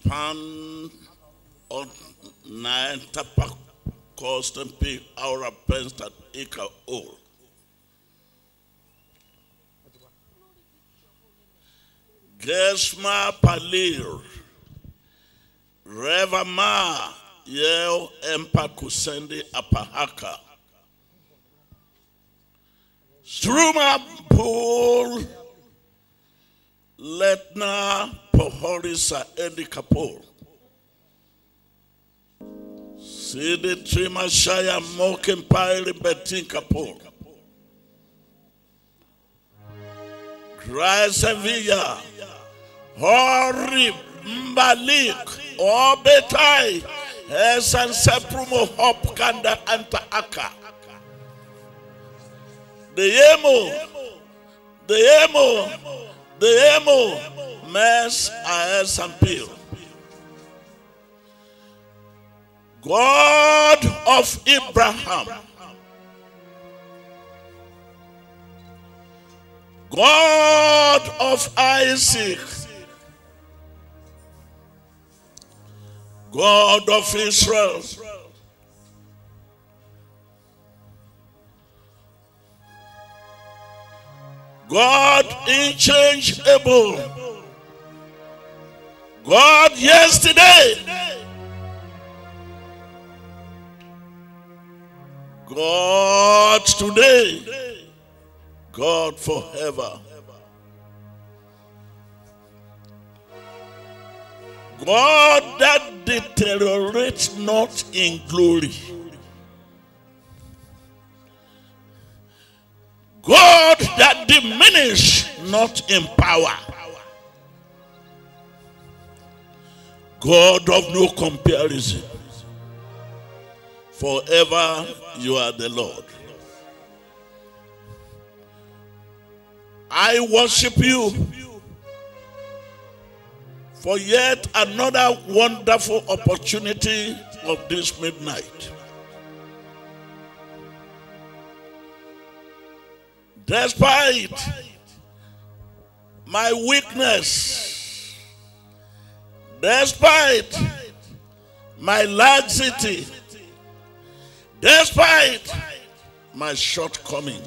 Pan on nine tapak kostempi aura penstat ika ol. Gesma palir. ma yeo empakusendi apahaka. Struma pool letna pohorisa endikapol. Sidi trima shaya mokin pairi betin kapol. Grace Sevilla. Horib, Malik Obetai, Esan Seprumo Hop Kanda Anta Aka. Deyemo, Deyemo, Deyemo, Mes asan Pil. God of Abraham. God of Isaac. God of Israel. God unchangeable. God yesterday. God today. God forever. God that deteriorates not in glory. God that diminishes not in power. God of no comparison. Forever you are the Lord. I worship you for yet another wonderful opportunity of this midnight. Despite my weakness, despite my laxity, despite my shortcomings,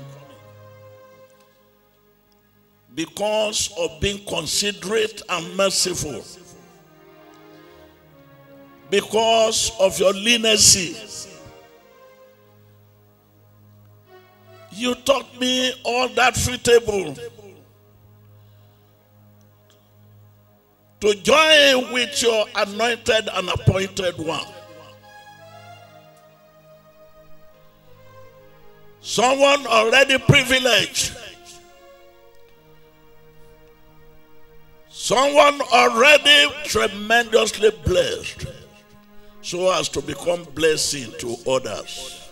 because of being considerate and merciful, because of your leniency. You taught me all that free table to join with your anointed and appointed one. Someone already privileged Someone already tremendously blessed so as to become blessing to others.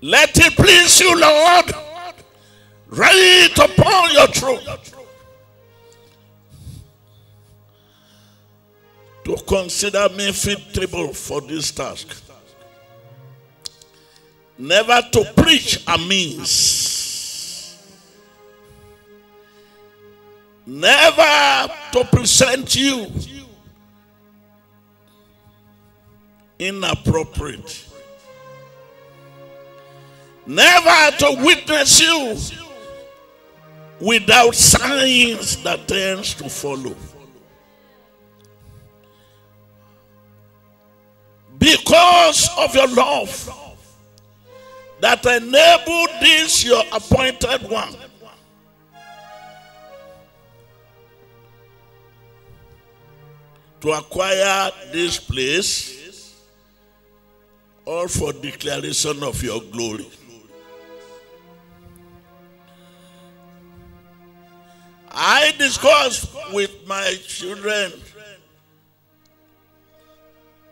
Let it please you, Lord. Write upon your truth. To consider me fitable for this task. Never to preach a means never to present you inappropriate, never to witness you without signs that tends to follow. Because of your love that enabled this, your appointed one, to acquire this place or for declaration of your glory. I discussed with my children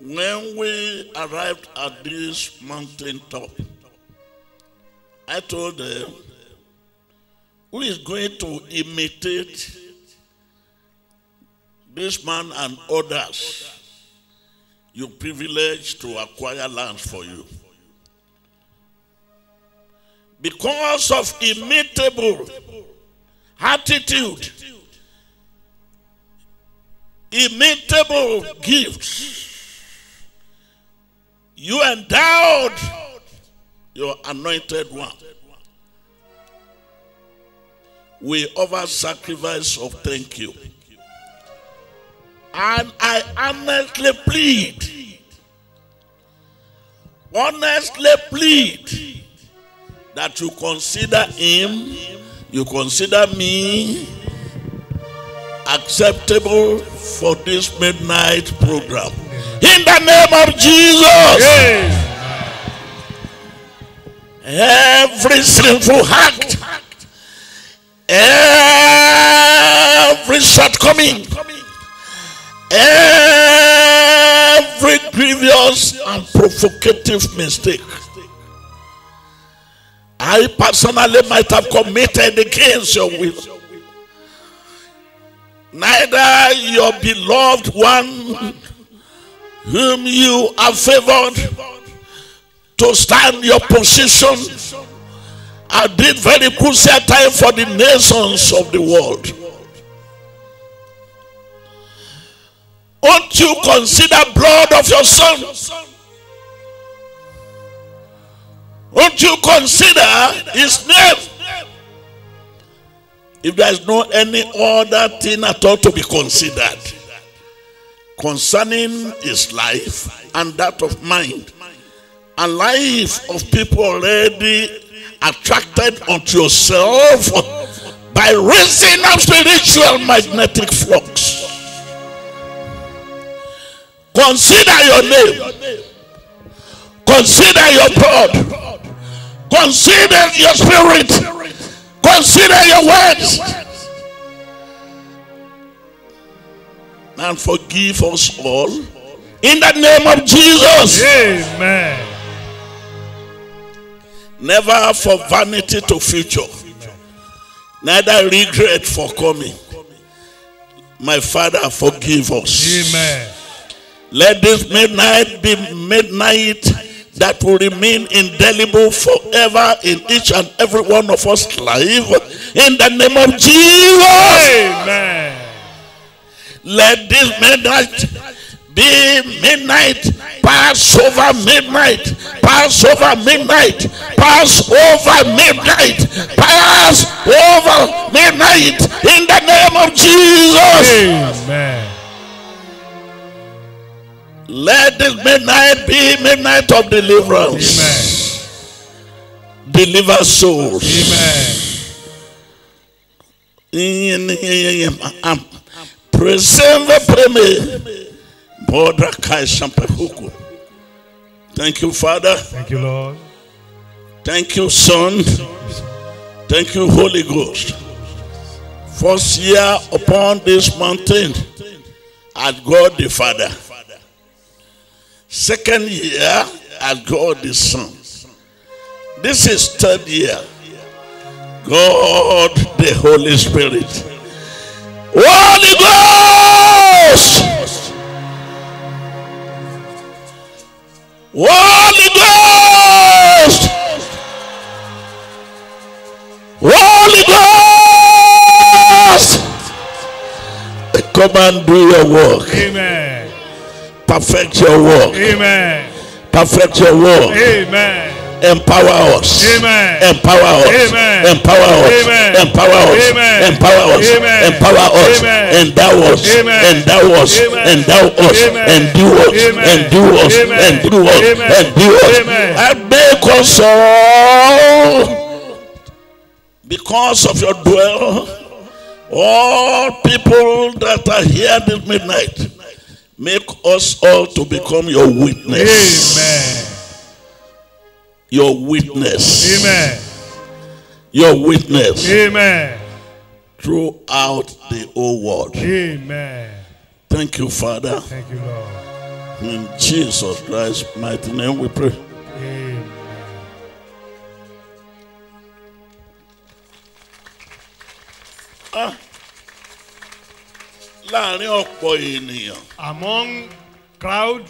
when we arrived at this mountain top. I told them, who is going to imitate this man and others you privilege to acquire lands for you. Because of immutable attitude, immutable gifts, you endowed your anointed one We offer sacrifice of thank you. And I honestly plead, honestly plead that you consider him, you consider me acceptable for this midnight program. In the name of Jesus. Yes. Every sinful act, every shortcoming, every grievous and provocative mistake I personally might have committed against your will. Neither your beloved one, whom you have favored to stand your position at this very crucial time for the nations of the world. Won't you consider blood of your son? Won't you consider his name? If there is no any other thing at all to be considered concerning his life and that of mind, and life of people already attracted unto yourself by raising up spiritual magnetic flux. Consider your name. Consider your blood. Consider your spirit. Consider your words. And forgive us all. In the name of Jesus. Amen. Never for vanity to future. Neither regret for coming. My Father, forgive us. Amen. Let this midnight be midnight that will remain indelible forever in each and every one of us life. In the name of Jesus. Amen. Let this midnight be midnight, pass over midnight, pass over midnight, pass over midnight, pass over midnight in the name of Jesus. Amen. Let this midnight be midnight of deliverance. Amen. Deliver souls. Amen. Preserve preme. Border kai shampahuku. Thank you, Father. Thank you, Lord. Thank you, Son. Thank you, Holy Ghost. First year upon this mountain as God the Father. Second year, I got the Son. This is third year. God, the Holy Spirit. Holy Ghost! Holy Ghost! Holy Ghost! Come and do your work. Amen perfect your work. Amen. Perfect your work. Amen. Empower us. Amen. Empower us. Amen. Empower us. Amen. Empower us. Amen. Empower us. Amen. Empower us. Amen. Endow us. Amen. Endow us. Amen. Endow us. Amen. do us. Amen. do us. Amen. us. Amen. us. Amen. And make us all because of your dwell. All people that are here this midnight. Make us all to become your witness. Amen. Your witness. Amen. Your witness. Amen. Throughout the whole world. Amen. Thank you, Father. Thank you, Lord. In Jesus Christ's mighty name we pray. Amen. Ah. láàrin ọ̀pọ̀ ènìyàn. among crowd.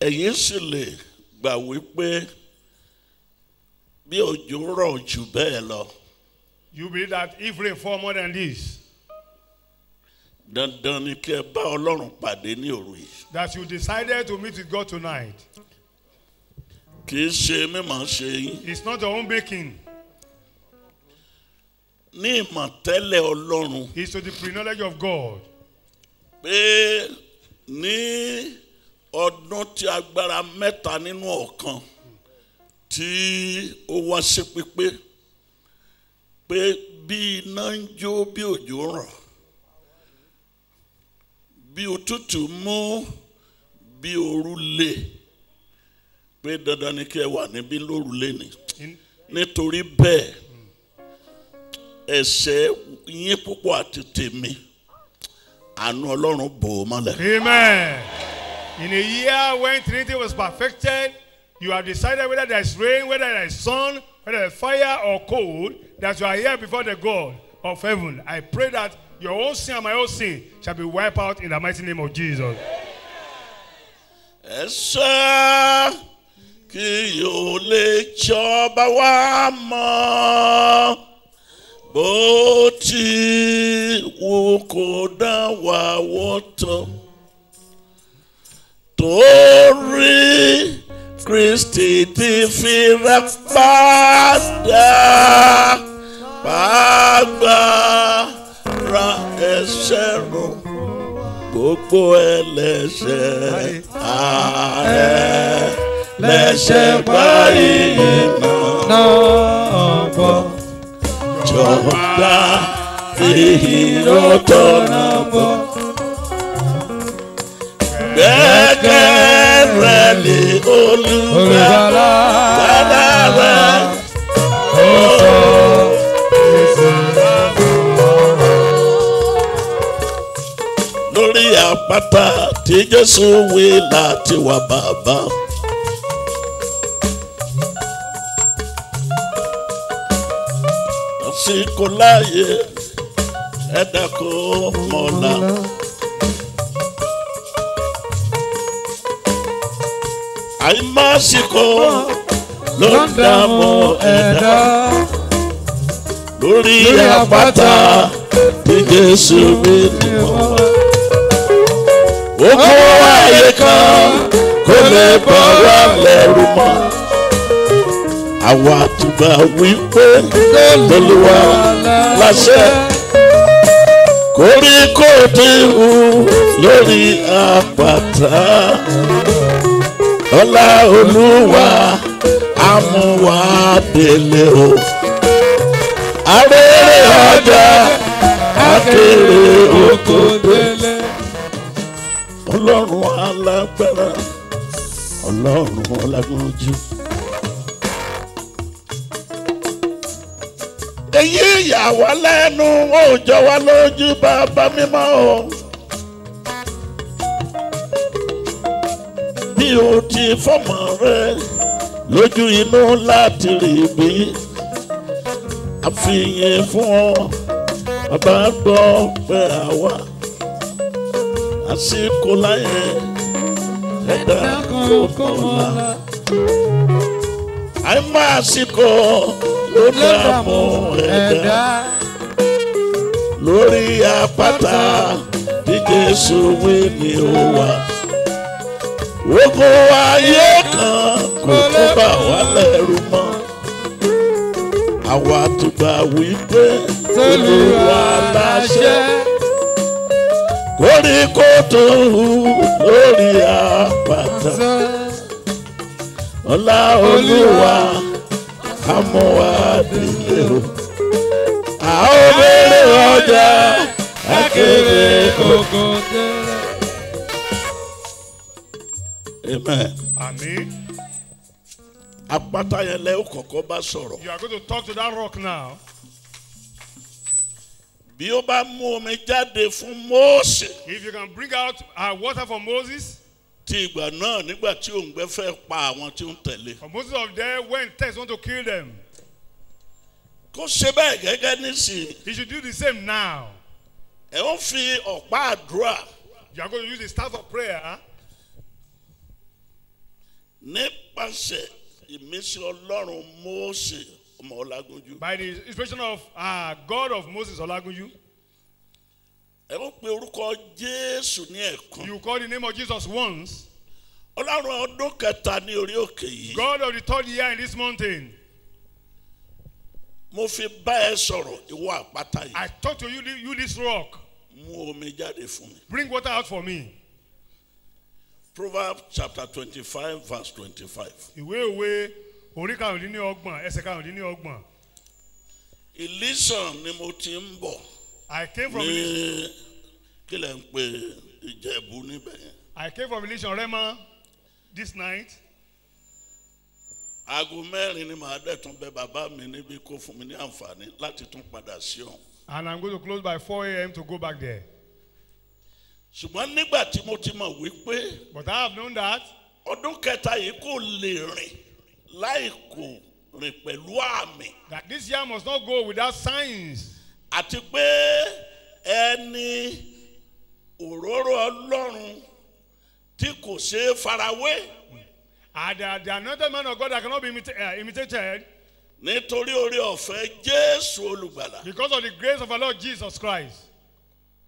ẹ̀yin sì lè gbà wípé bí òjò rọ̀ jù bẹ́ẹ̀ lọ. you believe that if rain fall more than this. dandan ni kí ẹ bá ọlọ́run pàdé ní òru yìí. that you decided to meet with God tonight. kì í ṣe mímọ̀ ṣe yín. it's not your own making ní ìmọ̀tẹ́lẹ̀ ọlọ́run. is to the pre-knowledge of God. pé ní ọdún tí agbára mẹ́ta nínú ọ̀kan tí ó wá sí pípé pé bí iná ń jó bí òjò rọ̀ bí òtútù mú bí ooru lè pé dandan ni kí ẹ wà níbí lóru lé ní nítorí bẹ́ẹ̀ ẹ̀ṣẹ̀ yín púpọ̀ àti tèmi àánú ọlọ́run bò ó mọ́lẹ̀. amen in a year when trinity was perfected you have decided whether there is rain whether there is sun whether there is fire or cold that you are here before the God of heaven I pray that your own sin and my own sin shall be wiped out in the mighty name of Jesus. ẹ̀ṣẹ̀ kí yóò lè jọba wá mọ́ bó ti wù kó dá wa torí Kristi ti fi rẹ padà pàgbára ẹ̀ṣẹ̀ rọ gbogbo ẹlẹ́ṣẹ̀ ààrẹ lẹ́ṣẹ̀ báyìí náà bọ̀ jọba èyí ló tọ̀nà bọ̀. Gbẹ́kẹ̀ rẹ̀ lé olùgbàlà bàbá rẹ̀. Ó sọ Lórí àpáta tí Jésù wí láti wà bàbá. ṣì kò láàyè ẹ̀dá kò mọ̀lá. àìmásìkò ló ń dààmú ẹ̀dá lórí àpáta tí Jésù mi nìkan wá. ó kan kó lè bá wa lẹ́rù mọ́ àwa àtùgbà wípé lọ́lọ́wà láṣẹ koríko díhù lórí àpáta ọlá olúwa amúwá délé o arére ọjà akéré oko délé ọlọ́run alágbára ọlọ́run ọlágbára jù. yí ìyà wá lẹ́nu ó jọ wá lójú bàbá mímọ́ o. bí o ti fọmọ rẹ lójú inú láti rí bí àfihàn fún ọ bàbá gbọ́ pé àwa àsìkò láyé ẹ̀dá kò kọ́ la àìmọ̀ àsìkò ló dààmú ẹ̀dá lórí àpáta bí Jésù wí ni ó wà. Ogun ayé kan kò tún bà wá lẹ́rù mọ́. Àwa tó gbà wípé Olúwa láṣẹ. Koríko tó hù lórí àpáta. Ọlá Olúwa. Olúwa amúhadílé o. ọjà akéde oko tẹ́lẹ̀. amen. àmín. àpáta yẹn lẹ́ ó kọ́kọ́ bá sọ̀rọ̀. you are going to talk to that rock now. bí ó bá mú omi jáde fún Mósè. if you can bring out uh, water for Moses ti ìgbà náà nígbà tí òǹgbẹ fẹ́ pa àwọn tí ń tẹ̀lé. for most of them when thieves want to kill them. kó ṣe bẹ́ẹ̀ gẹ́gẹ́ nísìnyí. he should do the same now. ẹ ó fi ọ̀pá àdúrà. you are going to use the staff of prayer. nípasẹ̀ ìmísí ọlọ́run Mósè ọmọ Ọlágúnjú. by the inspiration of uh, God of Moses Ọlágúnjú ẹ ó pe orúkọ jésù ní ẹ̀kan. you call the name of Jesus once. ọlọ́run ọdún kẹta ní orí òkè yìí. God of the third year in this mountain. mo fi bá ẹ sọ̀rọ̀ ìwọ àpáta yìí. I talk to you you this rock. mú omi jáde fún mi. bring water out for me. Proverbs chapter twenty-five verse twenty-five. Ìwé ìwé orí karùndínlọ́gbọ̀n ẹsẹ̀ karùndínlọ́gbọ̀n. Ìlísàn ni mo ti ń bọ̀. I came from ní I came from village Rema this night. Aago mẹ́rin ni màá dẹ̀ tún bẹ bàbá mi níbi kó fún mi ní àǹfààní láti tún padà sí ọ̀hún. And I'm going to close by four a.m. to go back there. Ṣùgbọ́n nígbà tí mo ti mọ̀ wípé. But I have known that. Ọdún kẹta yìí kò lè rìn láì kò rìn pẹ̀lú àmì. That this year must not go without signs àti pé ẹni òróró ọlọ́run tí kò ṣeé farawé. and uh, the another man of God that cannot be imita uh, imitated. nítorí orí ọ̀fẹ́ jésù olùgbàlà. because of the grace of our lord jesus christ.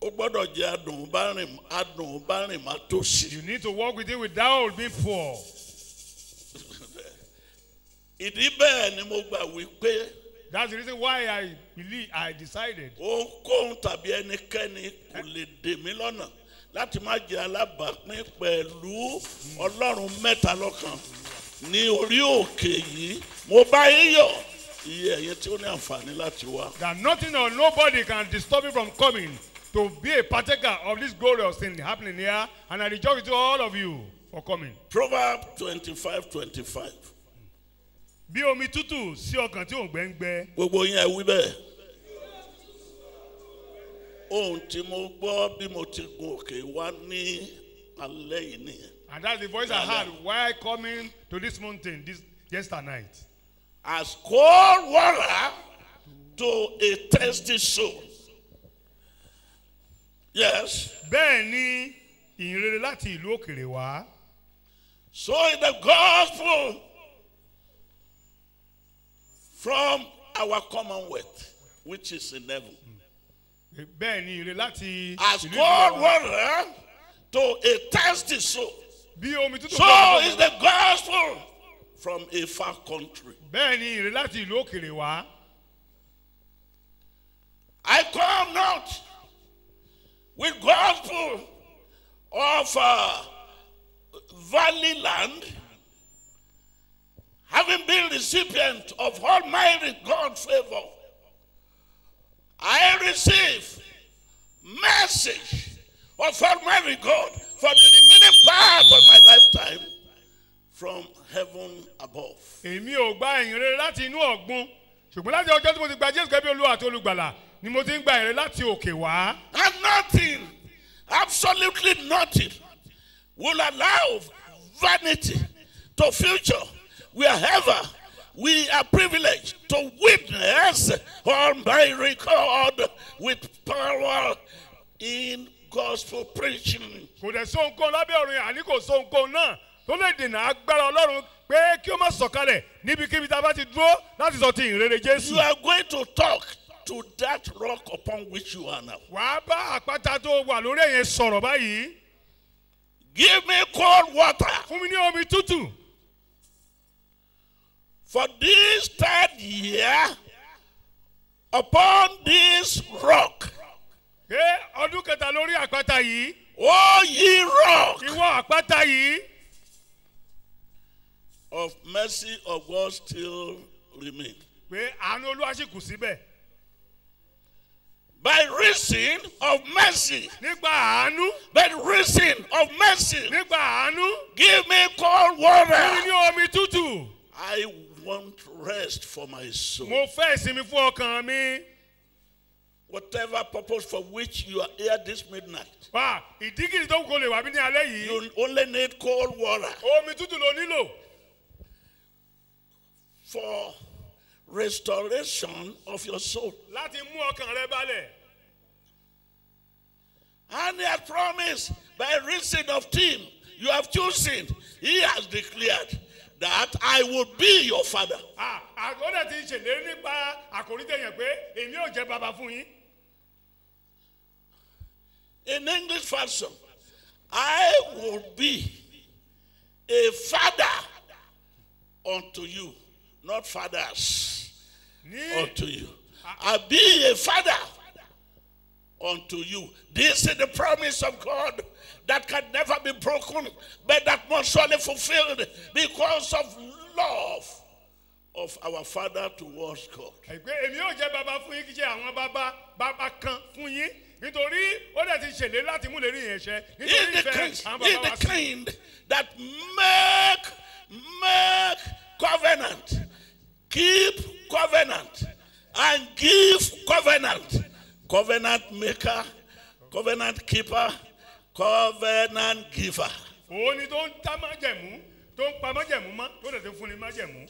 ó gbọ́dọ̀ jẹ́ adùn bá má tó sí. you need to work with him without being poor. ìdí bẹ́ẹ̀ ni mo gbà wí that's the reason why I believe I decided. ohunkóhun tàbí ẹnikẹ́ni kò lè dè mí lọ́nà láti má jẹ́ alábàápín pẹ̀lú ọlọ́run mẹ́ta lọ́kan ní orí òkè yìí mo bá yíyọ iye ẹ̀yin tí ó ní àǹfààní láti wá. that nothing or nobody can disturb me from coming to be a partaker of this glorious thing happening here and I rejoice to all of you for coming. Proverbs twenty-five twenty-five bí omi tútù sí ọkàn tí ò ń gbẹ́ngbẹ́. gbogbo yín wí bẹ́ẹ̀ ohun tí mo gbọ́ bí mo ti gun òkè wá ní alẹ́ yìí nìyẹn. and that's the voice yeah, I heard while coming to this mountain this yesterday night. as cold water to a thirsty soul. yes. bẹ́ẹ̀ ni ìhìnrere láti ìlú òkèrè wá. so in the gospel. from our commonwealth which is in heaven. láti. as God water to a thirsty soul. so is the gospel from a far country. láti I come not with gospel of uh, valley land having been recipient of Almighty God's favor, I receive message of Almighty God for the remaining part of my lifetime from heaven above. And nothing, absolutely nothing will allow vanity to future wherever we are privileged to witness Almighty God with power in gospel preaching. tó lè dènà agbára Ọlọ́run pé kí ó má sọ̀kalẹ̀ níbikíbi tá a bá ti dúró láti sọ ti ìrere Jésù. You are going to talk to that rock upon which you are now. Wà á bá àpáta tó wà lórí sọ̀rọ̀ báyìí. Give me cold water. Fún mi ní omi tútù. For this third year, upon this rock. Ṣé ọdún kẹta lórí àpáta yìí? Ó yí rock. Ìwọ àpáta yìí. Of mercy of God still remain. Pé àánú Olúwa sì síbẹ̀. By reason of mercy. Nípa àánú. By reason of mercy. Nípa àánú. Give me cold water. mi ní omi tútù. I want rest for my soul. Mo fẹ́ ìsinmi fún ọkàn Whatever purpose for which you are here this midnight. Wà ìdígìrì tó kò lè wà bí You only need cold water. Omi tútù ló For restoration of your soul. Láti mú ọkàn rẹ balẹ̀. And he had promised by reason of him you have chosen, he has declared that I will be your father. ti nípa àkòrí pé èmi ò jẹ́ bàbá fún yín. In English version, I will be a father unto you, not fathers unto you. I'll be a father unto you. This is the promise of God that can never be broken, but that must surely fulfilled because of love of our Father towards God. He's the kind, he's the kind that make, make covenant, keep covenant, and give covenant. Covenant maker, covenant keeper, covenant giver. òun tó ń ta májẹ̀mú tó ń pa májẹ̀mú mọ́ tó dẹ̀ tó fún ni májẹ̀mú.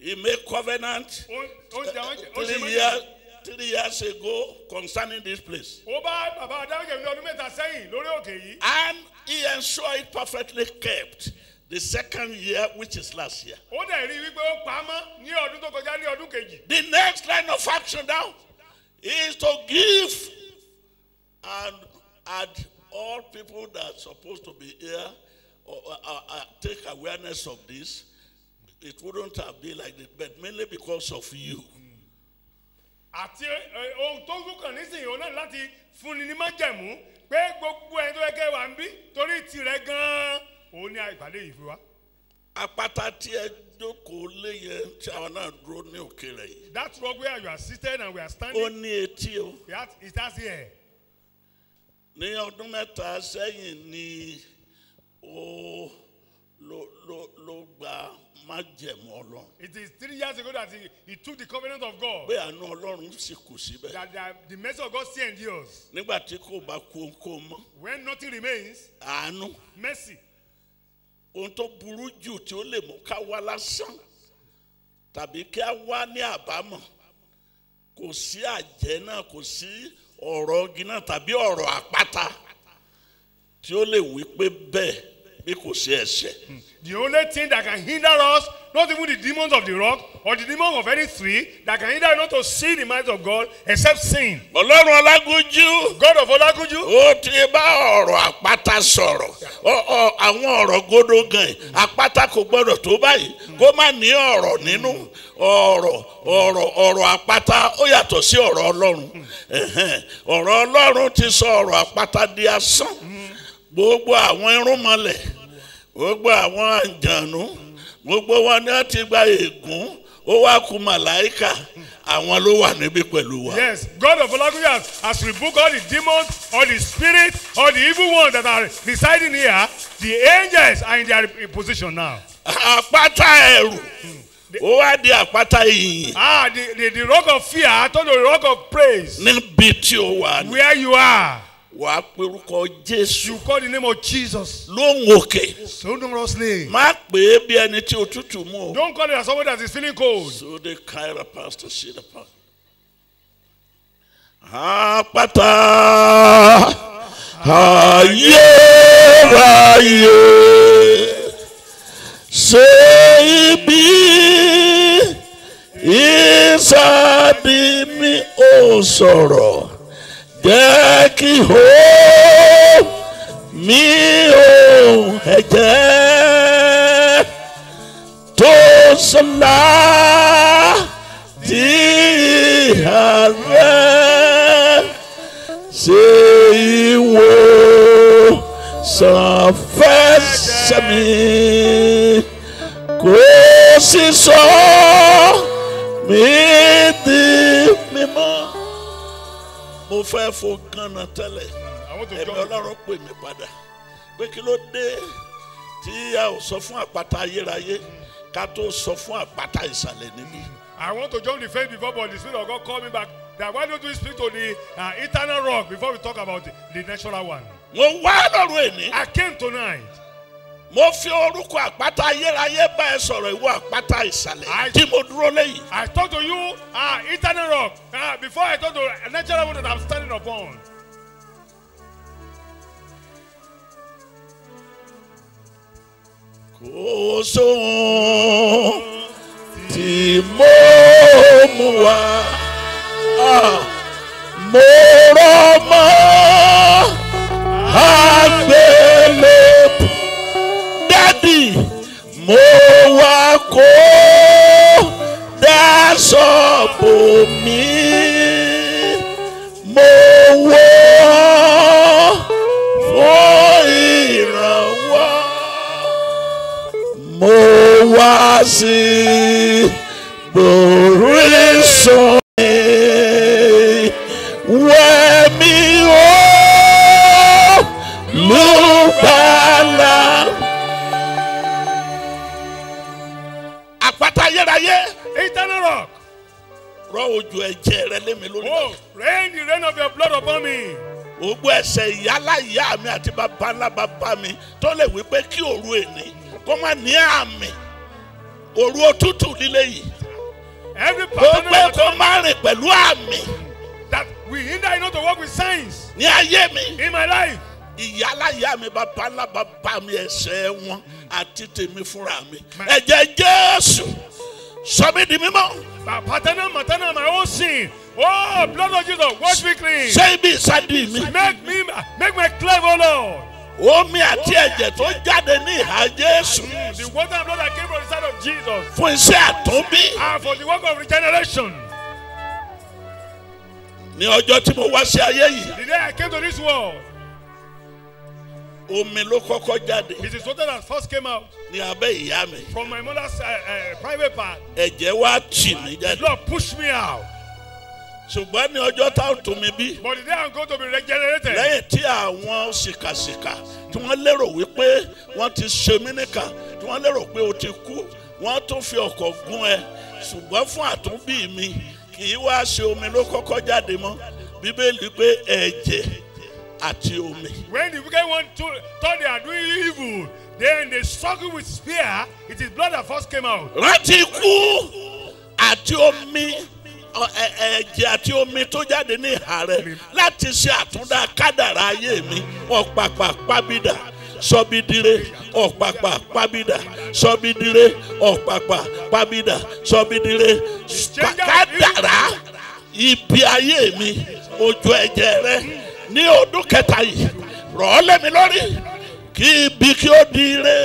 he made covenant three years three years ago concerning this place. ó bá bàbá adájọ́ ọdún mẹ́ta sẹ́yìn lórí òkè yìí. and he ensured it perfectly kept the second year which is last year. ó dẹ̀ rí wípé ó pamọ́ ní ọdún tó kọjá ní ọdún kejì. the next line of action now is to give and add all people that are supposed to be here or, or, or uh, take awareness of this, it wouldn't have been like this, but mainly because of you. àti eh, ohun tó kú kàn nísìnyí òun láti fúnni ní májẹ̀mú pé gbogbo ẹni tó yẹ wà ń bí torí tirẹ̀ gan-an òun ni ìpàdé yìí fi wá. àpáta tí ẹ jókòó lé yẹn tí àwọn náà dúró ní òkè yìí. that rock where you are seated and we are standing. ó ní etí o. it has ear ní ọdún mẹ́ta sẹ́yìn ni ó ló ló ló gba májẹ̀mú ọlọ́run. it is three years ago that he, he took the covenant of God. pé àánú ọlọ́run sì kù síbẹ̀. that the, the mercy of God still endures. nígbà tí kò bá kú ohunkóhun mọ́. when nothing remains. àánú. mercy. ohun tó burú jù tí ó lè mú ká wá lásán tàbí kí a wá ní àbámọ̀ kò sí àjẹ́ náà kò sí. Si ọ̀rọ̀ gíná tàbí ọ̀rọ̀ àpáta tí ó lè wí pé bẹ́ẹ̀ pé kò sí ẹ̀ṣẹ̀. Hmm. the only thing that can hinder us not even the demons of the rock or the demons of any tree that can hinder us not to see the might of God except sin. ọlọ́run ọlágúnjú. God of ọlágúnjú. ó ti bá ọ̀rọ̀ àpáta sọ̀rọ̀ àwọn ọ̀rọ̀ gbódó gan-an àpáta kò gbọ́dọ̀ tó báyìí kó má ní ọ̀rọ̀ nínú ọ̀rọ̀ ọ̀rọ̀ ọ̀rọ̀ àpáta ó yàtọ̀ sí ọ̀rọ̀ ọlọ́run ọ̀rọ̀ ọlọ́run ti sọ ọ̀rọ̀ àpáta di asán hmm. gbogbo àwọn irúnmọlẹ̀ gbogbo àwọn àǹjànú gbogbo wọn ni wọ́n ti gba ègún ó wá kú màláìka àwọn ló wà níbí pẹ̀lú wa. yes God of Olagunju has, has rebuked all the demons all the spirits all the evil ones that are residing here the angels are in their position now. àpáta ẹ̀rù ó wá di àpáta ìyìn. ah the the the rock of fear turned to the rock of praise. níbi tí o wà. where you are wà á perúkọ jésù. you call the name of Jesus. lóhùn òkè. sonorous name. má pè é bí ẹni tí òtútù mú o. don't call it as someone that is feeling cold. so they carry the pastor see the pastor. àpáta ayérayé ṣe ibi ìsàbí mi ò sọ̀rọ̀ jẹ́ kí hó mi ò ẹ̀jẹ̀ tó sọlá tí ìhà rẹ̀ ṣe ìwò sàn fẹsẹ̀ mi kò sí sọ mi. mo fẹ́ fo gánà tẹ́lẹ̀ ẹ̀mí ọlọ́run pè mí padà pé kí ló dé tí a ò sọ fún àpáta ayérayé ká tó sọ fún àpáta ìsàlẹ̀ níbí. I want to join the faith before but the spirit of God call me back that why don't we speak to the uh, eternal rock before we talk about the, the natural one. mo wá lọ́rùn èní. I came tonight mo fi orúkọ àpáta ayérayé bá ẹ sọ̀rọ̀ ìwọ àpáta ìsàlẹ̀ tí mo dúró lẹ́yìn. I talk to you uh, eternal rock uh, before I talk to a natural one that I'm standing upon. kò sóhun tí mo mú wá ah, mo rọ mọ́ àgbélé mo wá kó dá ṣọ́ọ̀bù mi mo wó fún ìrànwọ́ mo wá sí gbòòrò sọ. òjò ẹ̀jẹ̀ rẹ lé mi lórí. oh rain the rain of your blood upon me. gbogbo ẹ̀ṣẹ̀ ìyálà ìyá mi àti bàbá ńlá bàbá mi tó lè wí pé kí òru èní kó má ní àmì òru òtútù líle yìí. every pattern kó má rìn pẹ̀lú àmì. that we hinder you not to work with signs. ní ayé mi. in my life ìyáláyá mi bàbá ńlá bàbá mi ẹ̀ṣẹ̀ wọn àti tèmi fúnra mi ẹ̀jẹ̀ Jésù sọ mí di mímọ́. bàbá náà màtá náà my own sin oh blood of Jesus wash me clean. ṣé ibi ìsádi mi. make me make me clean o lord. Omi àti ẹ̀jẹ̀ tó jáde ní ìhà Jésù. Mm, the water and blood that came from the side of Jesus. Fún iṣẹ́ àtúnbí. And for the work of regeneration. Ní ọjọ́ tí mo wá sí ayé yìí. The day I came to this world omi ló kọ́kọ́ jáde. it is water that first came out. ní abẹ́ ìyá mi. from my mother's uh, uh, private part. ẹ̀jẹ̀ wá tì mí jáde. the lord push me out. ṣùgbọ́n ní ọjọ́ tá ò tún mi bí. but the day i'm going to be regenerated. lẹ́yìn tí àwọn ṣìkàṣìkà tí wọ́n lérò wípé wọ́n ti ṣe mí nìkan tí wọ́n lérò pé o ti kú wọ́n tún fi ọkọ̀ gún ẹ ṣùgbọ́n fún àtúnbí mi kì í wá ṣe omi ló kọ́kọ́ jáde mọ́ bíbélì pé ẹ̀jẹ̀ àti omi. when the wicked one to, thought they are doing evil then they struck him with spear it is blood that first came out. rántí ikú àti omi ẹ̀jẹ̀ àti omi tó jáde ní ìhà rẹ̀ láti ṣe àtúndà kádàrá ayé mi ọ̀pàpà pábídà sọbidire ọ̀pàpà pábídà sọbidire ọ̀pàpà pábídà sọbidire kádàrá ibi ayé mi ojú ẹ̀jẹ̀ rẹ̀ ní ọdún kẹta yìí rọ̀ ọ́ lẹ́mi kí ibi kí ó di ire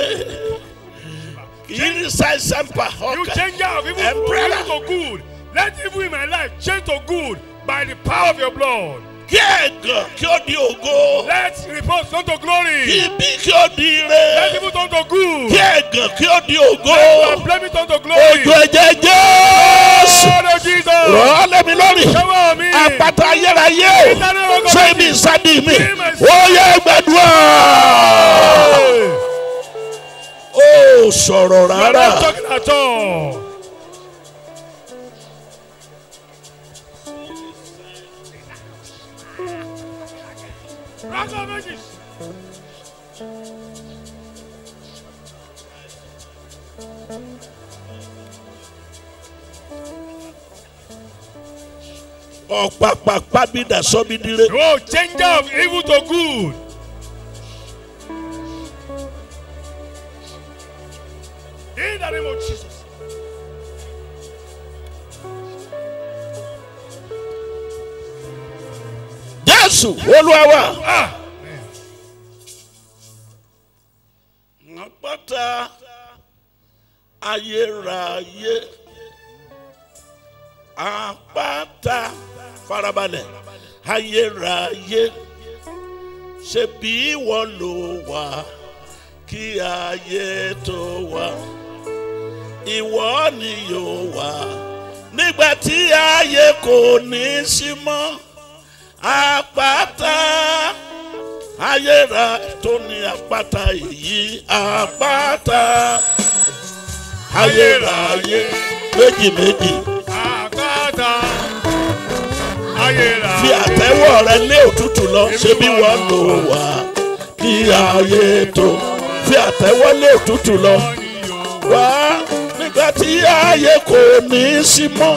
inside semper okay you change out evil to good let evil in my life change to good by the power of your blood. Kí ẹ̀gàn kí ó di ògo. Let repose turn to glory. Kí ibi kí ó di ire. Let evil turn to good. Kí ẹ̀gàn kí ó di ògo. Let blame turn to glory. Ojú ẹ̀jẹ̀ Jésù. Rọ̀ lé mi lórí. Àpáta ayérayé. Ṣé ibi ìsádi mi? Ó yẹ gbàdúrà. sọ̀rọ̀ rárá. You're not talking at all. Patrzę, musisz! ọ̀pàpà pàbídà sọ́bídìrẹ́. o change of evil to good. In the name of Jesus. jésù olúwa wa. àpáta ayérayé àpáta farabalẹ̀ ayérayé ṣebí ìwọ ló wà kí ayé tó wà ìwọ ni yóò wà nígbà tí ayé kò ní sí mọ́ àpáta ayéra tó ní àpáta èyí àpáta ayera ayé méjì méjì. àpáta ayera ayé. fi àtẹ́wọ́ rẹ lé òtútù lọ ṣé bí wọ́n lò wá kí ayé tó fi àtẹ́wọ́ lé òtútù lọ wá nígbà tí ayé kò ní í sí mọ́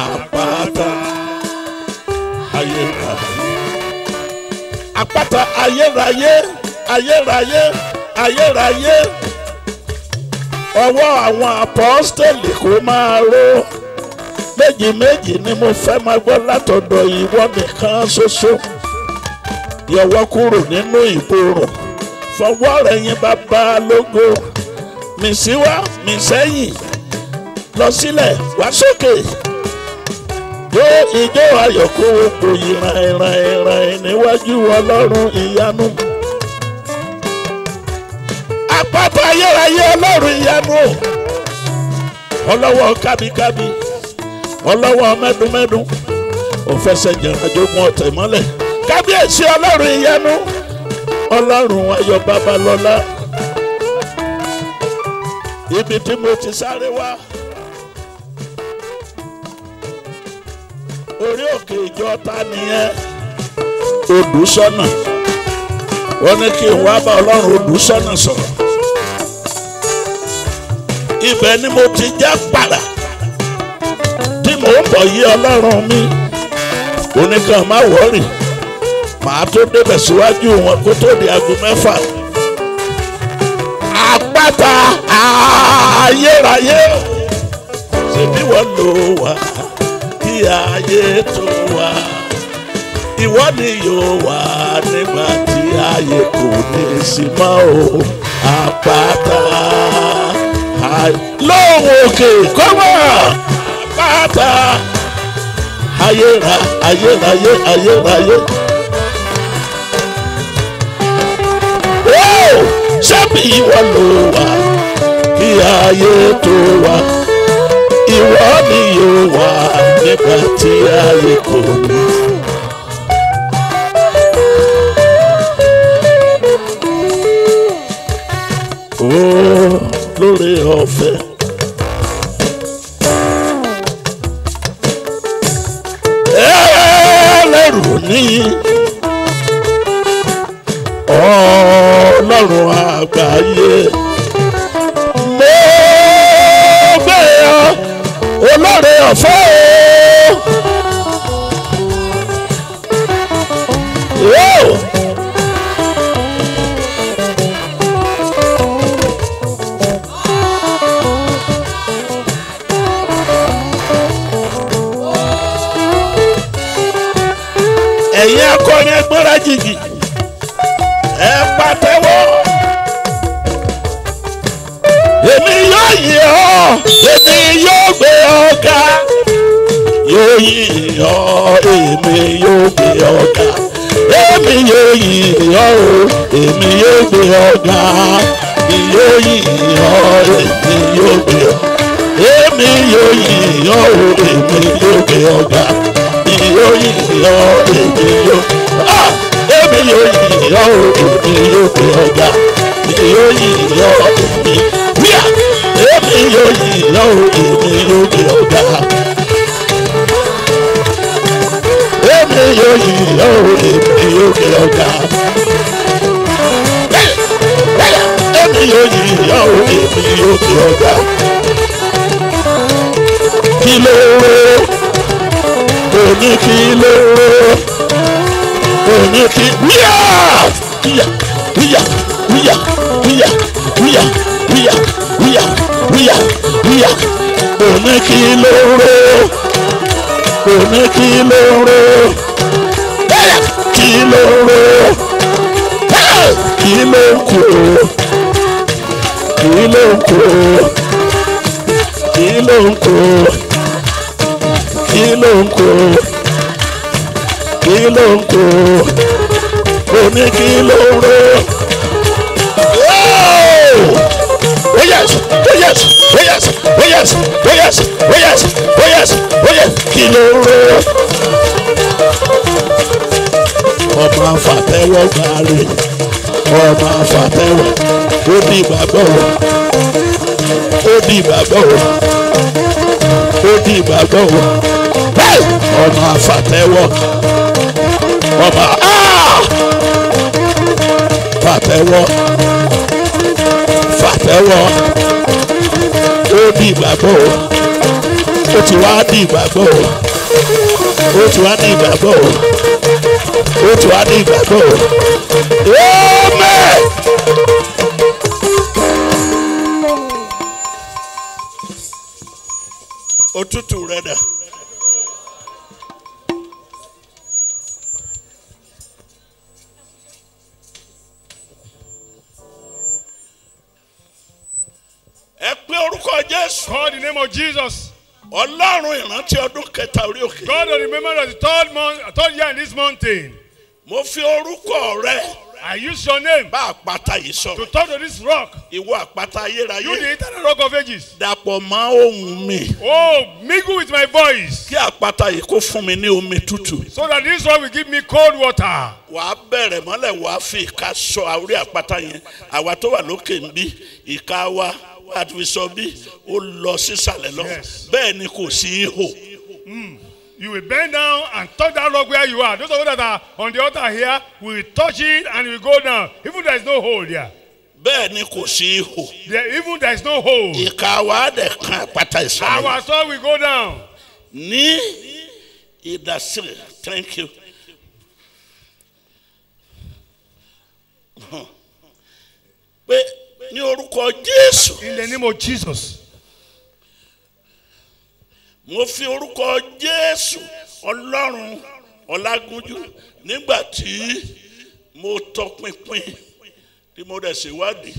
àpáta ayérayé. Àpáta ayérayé ayérayé ayérayé ọwọ́ àwọn apọ́stẹ́lì kò máa ró méjì méjì ni mo fẹ́ máa gbọ́ látọ̀dọ̀ ìwọ nìkan ṣoṣo yọwọ́ kúrò nínú ìborùn fọwọ́ rẹ̀ yín bàbá lógo mì síwá mì sẹ́yìn lọ sílẹ̀ wá sókè ijó ijó ayọ̀kówó gboyè ràìnràìnràìn níwájú ọlọ́run ìyanu. àpáta ayérayé ọlọ́run ìyanu o ọlọ́wọ́ kábíkábí ọlọ́wọ́ mẹ́dúnmẹ́dún òfẹsẹ̀ jẹ̀rànjọ́gun ọ̀tẹ̀ mọ́lẹ̀ kábíyèsí ọlọ́run ìyanu ọlọ́run ayọ̀ babalọ́lá ibi tí mo ti sáré wá. orí òkè ìjọta nìyẹn odùsọ́nà wọ́n ní kí n wá bá ọlọ́run odùsọ́nà sọ̀rọ̀ ibẹ̀ ni mo ti já padà tí mò ń bọ̀ yí ọlọ́run mi oníkan má wọ́rì màá tó débẹ̀ síwájú wọn kó tó di aago mẹ́fà àpáta ayérayé ṣèbí wọn lò wá ayé tún wà ìwọ ni yóò wà nígbà tí ayé kò ní sí mọ́ o àpáta lóhùn òkè kọ́mọ́ àpáta ayéra ayérayé ayérayé. ṣebí ìwọ ló wà kí ayé tó wà ìwọ ni yóò wà nígbà tí ayé kò ní. lórí ọ̀fẹ́. ẹlẹ́rù ní ọlọ́run àgbáyé. olóore ọ̀fẹ́ o. ẹ̀yin akọrin ẹgbẹ́ra jìjì. yìn ọ́ èmi yóò gbé ọ yóò yìn ọ́ èmi yóò gbé ọ èmi yóò yìn ọ́ èmi yóò gbé ọ èmi yóò yìn ọ́ èmi yóò gbé ọ èmi yóò yìn ọ́ èmi yóò gbé ọ èmi yóò yìn ọ́ èmi yóò èmi yóò yìn ọ́ èmi yóò gbé ọ èmi yóò yìn ọ́ èmi èmi yóò yìn lọ́wọ́ èmi yóò yìn ọ̀gá. èmi yóò yìn lọ́wọ́ èmi yóò yìn ọ̀gá. èmi yóò yìn lọ́wọ́ èmi yóò yìn ọ̀gá. kí ló rẹ òní kí ló rẹ òní kí wíyà wíyà wíyà wíyà wíyà wíyà wíyà wíyà wíyà òní kí ló ró òní kí ló ró kí ló ró kí ló kú kí ló kú kí ló kú kí ló kú kí ló kú òní kí ló ró. yes yes yes yes yes yes yes yes kí ló rẹ. ọmọ afàtẹ́wọ́ gbàre ọmọ afàtẹ́wọ́ ó di bàbá wọn ó di bàbá wọn ó di bàbá wọn ọmọ afàtẹ́wọ́ ọmọ fàtẹ́wọ́. Ah! fẹ́wọ́ ó di ìgbàgbọ́ o ó ti wá di ìgbàgbọ́ o ó ti wá di ìgbàgbọ́ o ó ti wá di ìgbàgbọ́ o amen. òtútù. mountain. Mo fi orúkọ rẹ. I use your name. Bá àpáta yìí sọ̀rọ̀. To talk to this rock. Ìwọ àpáta ayérayé. You the eternal rock of ages. Dàpọ̀ mọ́ ohùn mi. Oh, mingle with my voice. Kí àpáta yìí kó fún mi ní omi tútù. So that this rock will give me cold water. Wà á bẹ̀rẹ̀ mọ́lẹ̀ wà á fi ìka sọ orí àpáta yẹn. Àwa tó wà lókè ń bí ìka wa àti fi sọ bí ó lọ sísàlẹ̀ lọ. Bẹ́ẹ̀ ni kò sí ihò. Hmm you will bend down and touch that rock where you are. Those of you that are on the altar here will touch it and will go down. Even there is no hole there. Bẹ́ẹ̀ ni kò sí ihò. There even there is no hole. Ìka wa dẹ̀ kan pátá ìsàlẹ̀. Our soul will go down. Ní ìdásílẹ̀ thank you. Pé ní orúkọ Jésù. In the name of Jesus mo fi orúkọ jésù ọlọ́run ọlágúnjú nígbà tí mo tọpinpin tí mo dẹ̀ ṣèwádìí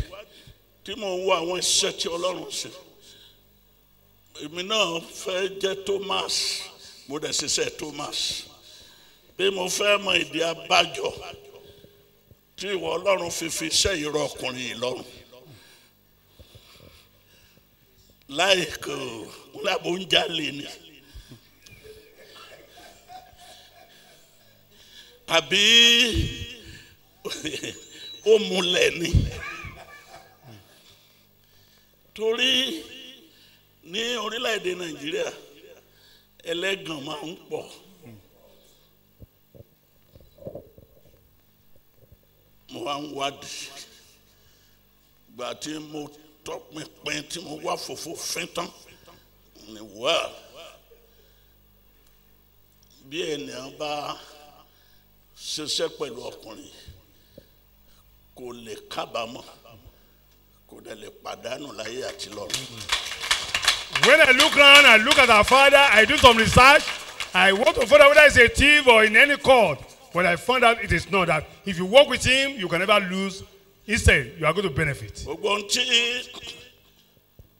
tí mo wo àwọn iṣẹ́ tí ọlọ́run ṣe èmi náà fẹ́ jẹ́ thomas mo dẹ̀ ṣiṣẹ́ thomas bí mo fẹ́ mọ ìdí abájọ tí ìwọ ọlọ́run fi fi iṣẹ́ ìrọ̀ ọkùnrin yìí lọ́rùn láìkò ńlábò ń jalè ni àbí ó múlẹ̀ ni torí ní orílẹ̀-èdè nàìjíríà ẹlẹ́gàn máa ń pọ̀. mo wá ń wádìí gbà tí mo tọpinpin tí mo wá fòfò fíntan ni well bí ènìyàn bá ṣiṣẹ́ pẹ̀lú ọkùnrin kò lè kábàámọ̀ kò dẹ̀ lè pàdánù láyé àti lọ́run. When I look around and look at our father, I do some research. I want to find out whether he's a thief or in any court. But I found out it is not that. If you work with him, you can never lose instead you are going to benefit. gbogbo ohun tí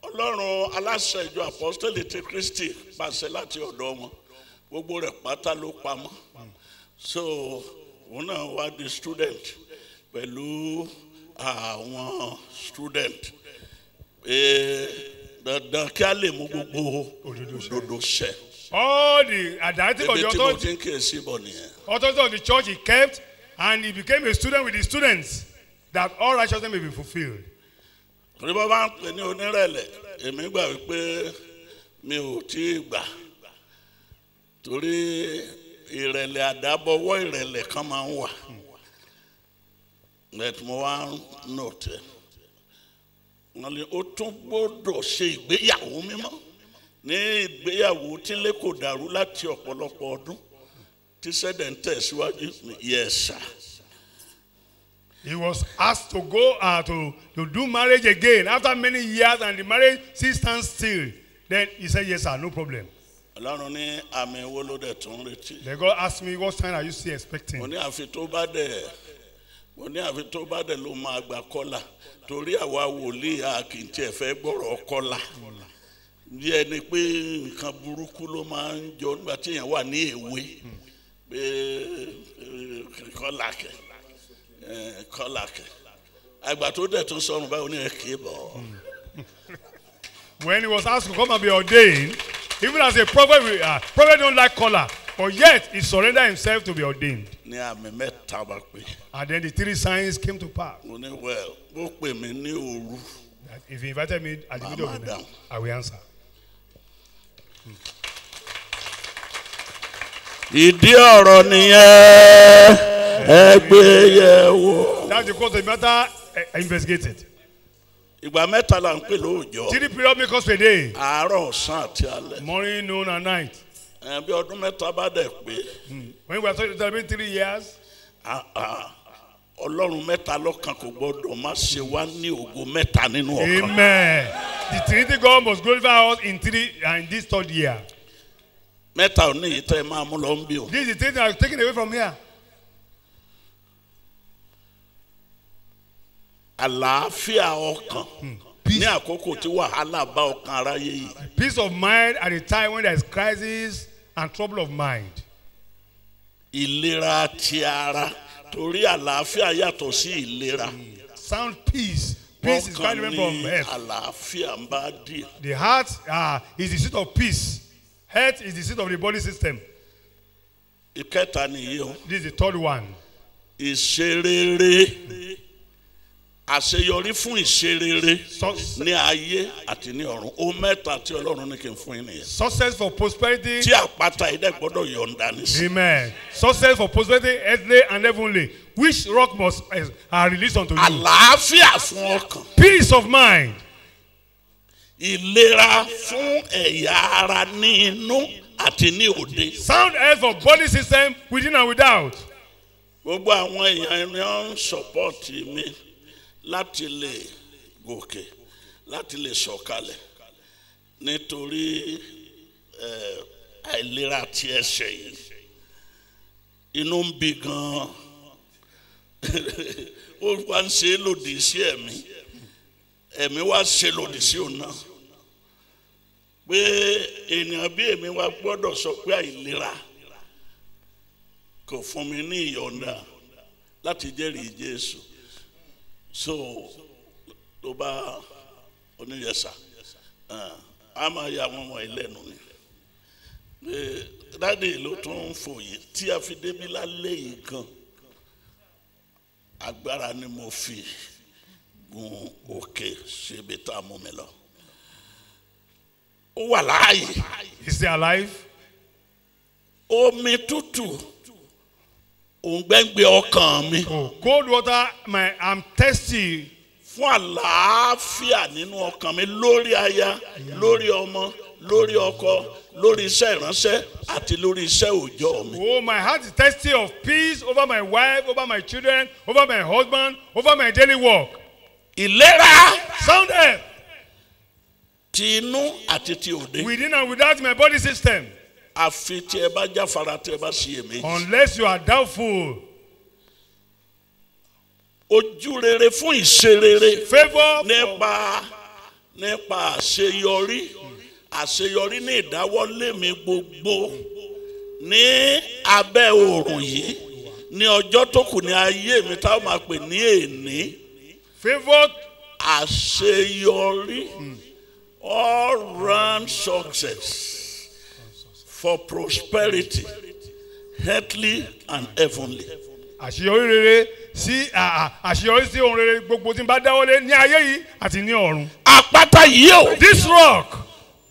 ọlọ́run aláṣẹ ìjọ apostoli ti kristi pàṣẹ láti ọ̀dọ̀ wọn gbogbo rẹ̀ pátá ló pamọ́ so òun náà wá di student pẹ̀lú àwọn student pé dandan kí a lè mú gbogbo òdodo ṣẹ. all the adati of the authority. ebi tí mo ti ń bọ̀ nìyẹn. authority of the church he kept and he became a student with the students that all righteousness may be fulfilled. torí bá bá ń pè ní onírẹ̀lẹ̀ èmi gbà wípé mi ò tí ì gbà torí ìrẹ̀lẹ̀ àdábọ̀wọ́ ìrẹ̀lẹ̀ kan máa ń wà but mo wá ń nòtẹ wọn lè ó tún gbọ́dọ̀ ṣe ìgbéyàwó mímọ́ ní ìgbéyàwó tílé kò dàrú láti ọ̀pọ̀lọpọ̀ ọdún tí sẹ́dẹ̀ ń tẹ̀síwájú yes he was asked to go uh, to, to do marriage again after many years and the marriage still stands still. Then he said, yes, sir, no problem. Ọlọ́run ní àmì wo ló dẹ̀ tún retí. The God asked me what sign are you still expecting? Mo ní àfi tó bá dẹ̀ mo ní àfi tó bá dẹ̀ ló máa gbà kọ́là torí àwa wòlíì a kì í tiẹ̀ fẹ́ gbọ́rọ̀ kọ́là. Bí ẹni pé nǹkan burúkú ló máa ń jọ nígbà tí èèyàn wà ní èwe pé eh, kọ́là kẹ̀ kọ́là àgbà tó dẹ̀ tó sọ̀rùn báyìí oní ẹ̀kẹ́ bọ̀. when he was asked to come and be ordained even as a prophet we uh, prophet don't like color, but yet he surrendered himself to be ordained. ní àmì mẹ́ta wá pé. and then the three signs came to pass. mo ní well ó pè mí ní òru. if he invited me at the middle of the night i will answer. Hmm ìdí ọ̀rọ̀ nìyẹn ẹ gbé yẹ̀ wò. that's because the matter uh, eh, investigated. ìgbà mẹ́ta la ń pè lóòjọ́. three period make us per day. àárọ̀ ọ̀sán àti alẹ́. morning noon and night. ẹ bí ọdún mẹ́ta bá dẹ̀ pé. Hmm. when we are talking about three years. Ọlọ́run mẹ́ta lọ́kan kò gbọ́dọ̀ má ṣe wá ní ògo mẹ́ta nínú ọ̀kan. Amen. The Trinity God must glorify us in three and uh, this third year mẹ́ta ò ní ìtọ́ ẹ máa mú lọ bí o. this is the thing that is taken away from here. àlàáfíà ọkàn hmm. ní àkókò tí wàhálà bá ọkàn aráyé yìí. peace of mind at a time when there is crisis and trouble of mind. ìlera ti ara torí àlàáfíà yàtọ̀ sí ìlera. sound peace peace is quite different ọkàn ni àlàáfíà ń bá dì. the heart uh, is the seat of peace. Health is the seat of the body system. Ìkẹta nìyí o. This is the third one. Ìṣerere. Àṣeyọrí fún ìṣerere ní ayé àti ní ọ̀run. Ó mẹ́ta tí Ọlọ́run ní kí n fún yín nìyẹn. Success for prosperity. Tí àpáta yìí gbọ́dọ̀ yọ̀ǹda nísìnyí. Amen. Success for prosperity earthly and heavenly which rock must uh, eh, release unto you. Àlàáfíà fún ọkàn. Peace of mind ìlera fún ẹ̀yà ara ní inú àti ní òde. sound health of body system within and without. gbogbo àwọn èèyàn ni wọ́n ń support mi láti lè gòkè láti lè sọ̀kalẹ̀ nítorí àìlera ti ẹsẹ̀ yìí inú ń bí gan-an ó wá ń ṣe é lòdì sí ẹ̀mí ẹ̀mí wá ṣe lòdì sí òun náà pé ènìyàn bí èmi wá gbọ́dọ̀ sọ pé àìlera kò fún mi ní ìyọ̀ǹda láti jẹ́rìí Jésù so ló bá oníyẹsà a máa ya àwọn ọmọ ìlẹ́nu ni dáàdi ló tún ń fòye tí a fi débi lálẹ́ yìí gan agbára ni mo fi gun òkè síbi tá a mú mi lọ ó wà láàyè. is he alive. omi tútù òǹgbẹ́ngbẹ́ ọkàn mi. oh cold water my i'm thirsty. fún àlàáfíà nínú ọkàn mi lórí aya lórí ọmọ lórí ọkọ lórí iṣẹ́ ìránṣẹ́ àti lórí iṣẹ́ òòjọ́ mi. oh my heart is thirsty of peace over my wife over my children over my husband over my daily work ìlera. sound health. ti inú àti ti òde. within and without my body system. àfi tí ẹ bá jáfara tí ẹ bá ṣiyèméjì. unless you are doubtful ojú rere fún ìṣe rere nípa nípa àṣeyọrí àṣeyọrí ní ìdáwọ́lé mi gbogbo ní abẹ́ oòrùn yìí ní ọjọ́ tó kù ní ayé mi táwọn máa pè ní èní Favored. Àṣeyọrí. Hmm. All round success for prosperity, earthly and heavenly. Àṣeyọrí rere sí àṣeyọrí sí ohun rere gbogbo tí n bá dáwọ́lé ní ayé yìí àti ní ọ̀run. Àpáta yìí o. This rock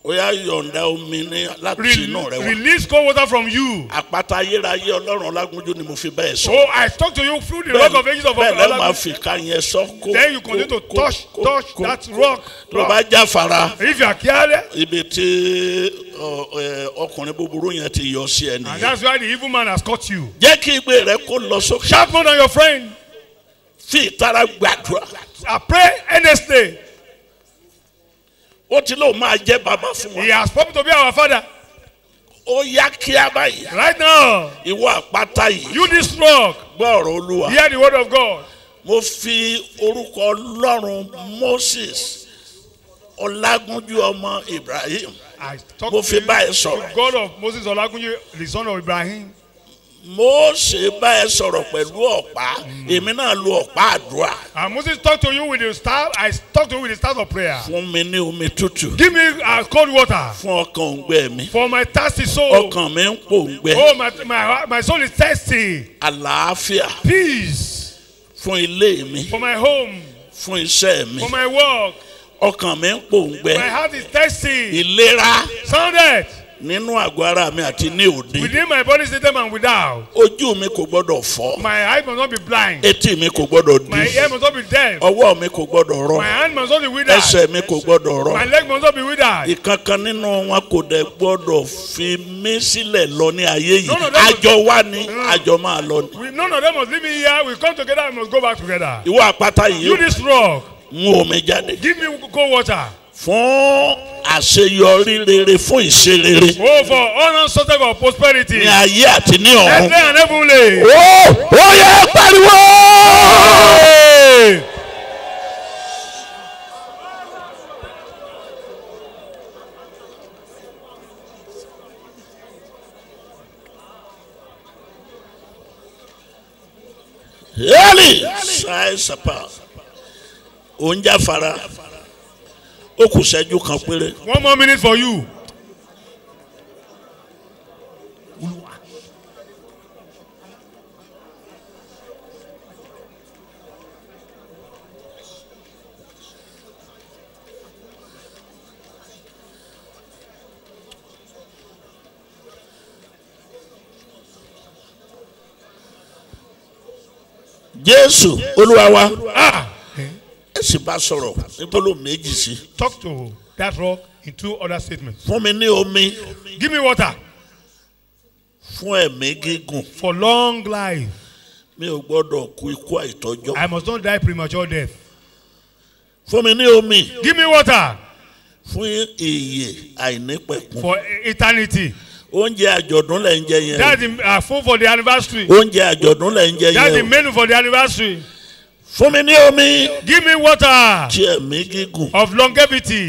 ó yọ̀ǹda omi ní láti inú rẹ wá. release cold water from you. àpáta ayérayé ọlọ́run ọlágúnjú ni mo fi bẹ́ẹ̀ sọ. so oh, I talk to you through the rock of ages of ọlọ́run. bẹ́ẹ̀ lẹ́ẹ̀ máa fi ká yẹn sọ then you continue to touch touch that rock. tó o bá jáfara. if you are careless. ibi tí ọkùnrin búburú yẹn ti yọ sí ẹ nìyẹn. and that's why the evil man has caught you. jẹ́ kí igbe rẹ kó lọ sókè. sharp one on your friend. fi ìtara gbàdúrà. I pray earnestly ó ti lóun máa jẹ́ bàbá fún wa. he has spoken to be our father. ó yá kíá báyìí. right now. ìwọ àpáta yìí. you this rock. gbọ́ olúwa. hear the word of God. mo fi orúkọ ọlọ́run moses ọlágúnjú ọmọ ibrahim. I talk mo fi the God of Moses ọlágúnjú the son of Ibrahim. Mósè bá ẹ sọ̀rọ̀ pẹ̀lú ọ̀pá hmm. èmi náà lo ọ̀pá àdúrà. And ah, Moses talk to you with the staff I talk to you with the staff of prayer. Fún mi ní omi tútù. Give me uh, cold water. Fún ọkàn òǹgbẹ mi. For my thirsty soul. Ọkàn mi ń pòǹgbẹ. Oh my, my my soul is thirsty. Àlàáfíà. Peace. Fún ilé mi. For my home. Fún iṣẹ́ mi. For my work. Ọkàn mi ń pòǹgbẹ. My heart is thirsty. Ìlera. it nínú àgọ́ ara mi àti ní òde. within my body system and without. ojú mi kò gbọ́dọ̀ fọ́. my eyes must not be blind. etí mi kò gbọ́dọ̀ di. my ear must not be deaf. ọwọ́ mi kò gbọ́dọ̀ rọ. my hand must not be withered. ẹsẹ̀ mi kò gbọ́dọ̀ rọ. my leg must not be withered. ìkankan nínú wọn kò dẹ̀ gbọ́dọ̀ fi mí sílẹ̀ lọ ní ayé yìí. àjọ wa ni àjọ máa lọ none of them must leave me here we come together and must go back together. ìwọ àpáta yìí. you this rock. mu omi jáde. give me cold water fún àṣeyọrí rere fún ìṣe rere. o for uncertain of prosperity. ní ayé àti ní ọ̀run. ẹ̀sẹ̀ ànẹ́bùlẹ̀. ó ó yẹ pariwo. Eli, sai sapa, onja fara ó kù ṣẹ́jú kan péré. one more minute for you. Jésù Olúwa wa. Ah ẹ bá sọ̀rọ̀ nítorí méjì sí. talk to that rock in two other statements. fún mi ní omi. give me water. fún ẹ̀mí gígùn. for long life. mi ò gbọ́dọ̀ kú ikú àìtọ́jọ́. I must not die premature death. fún mi ní omi. give me water. fún iye àìnípẹ̀kun. for eternity oúnjẹ àjọ̀dún lẹ̀ ń jẹ yẹn. that's the uh, food for the anniversary. oúnjẹ àjọ̀dún lẹ̀ ń jẹ yẹn. that's the menu for the anniversary. Fún mi ní omi. Give me water. Ti ẹ̀mí gígùn. Of longevity.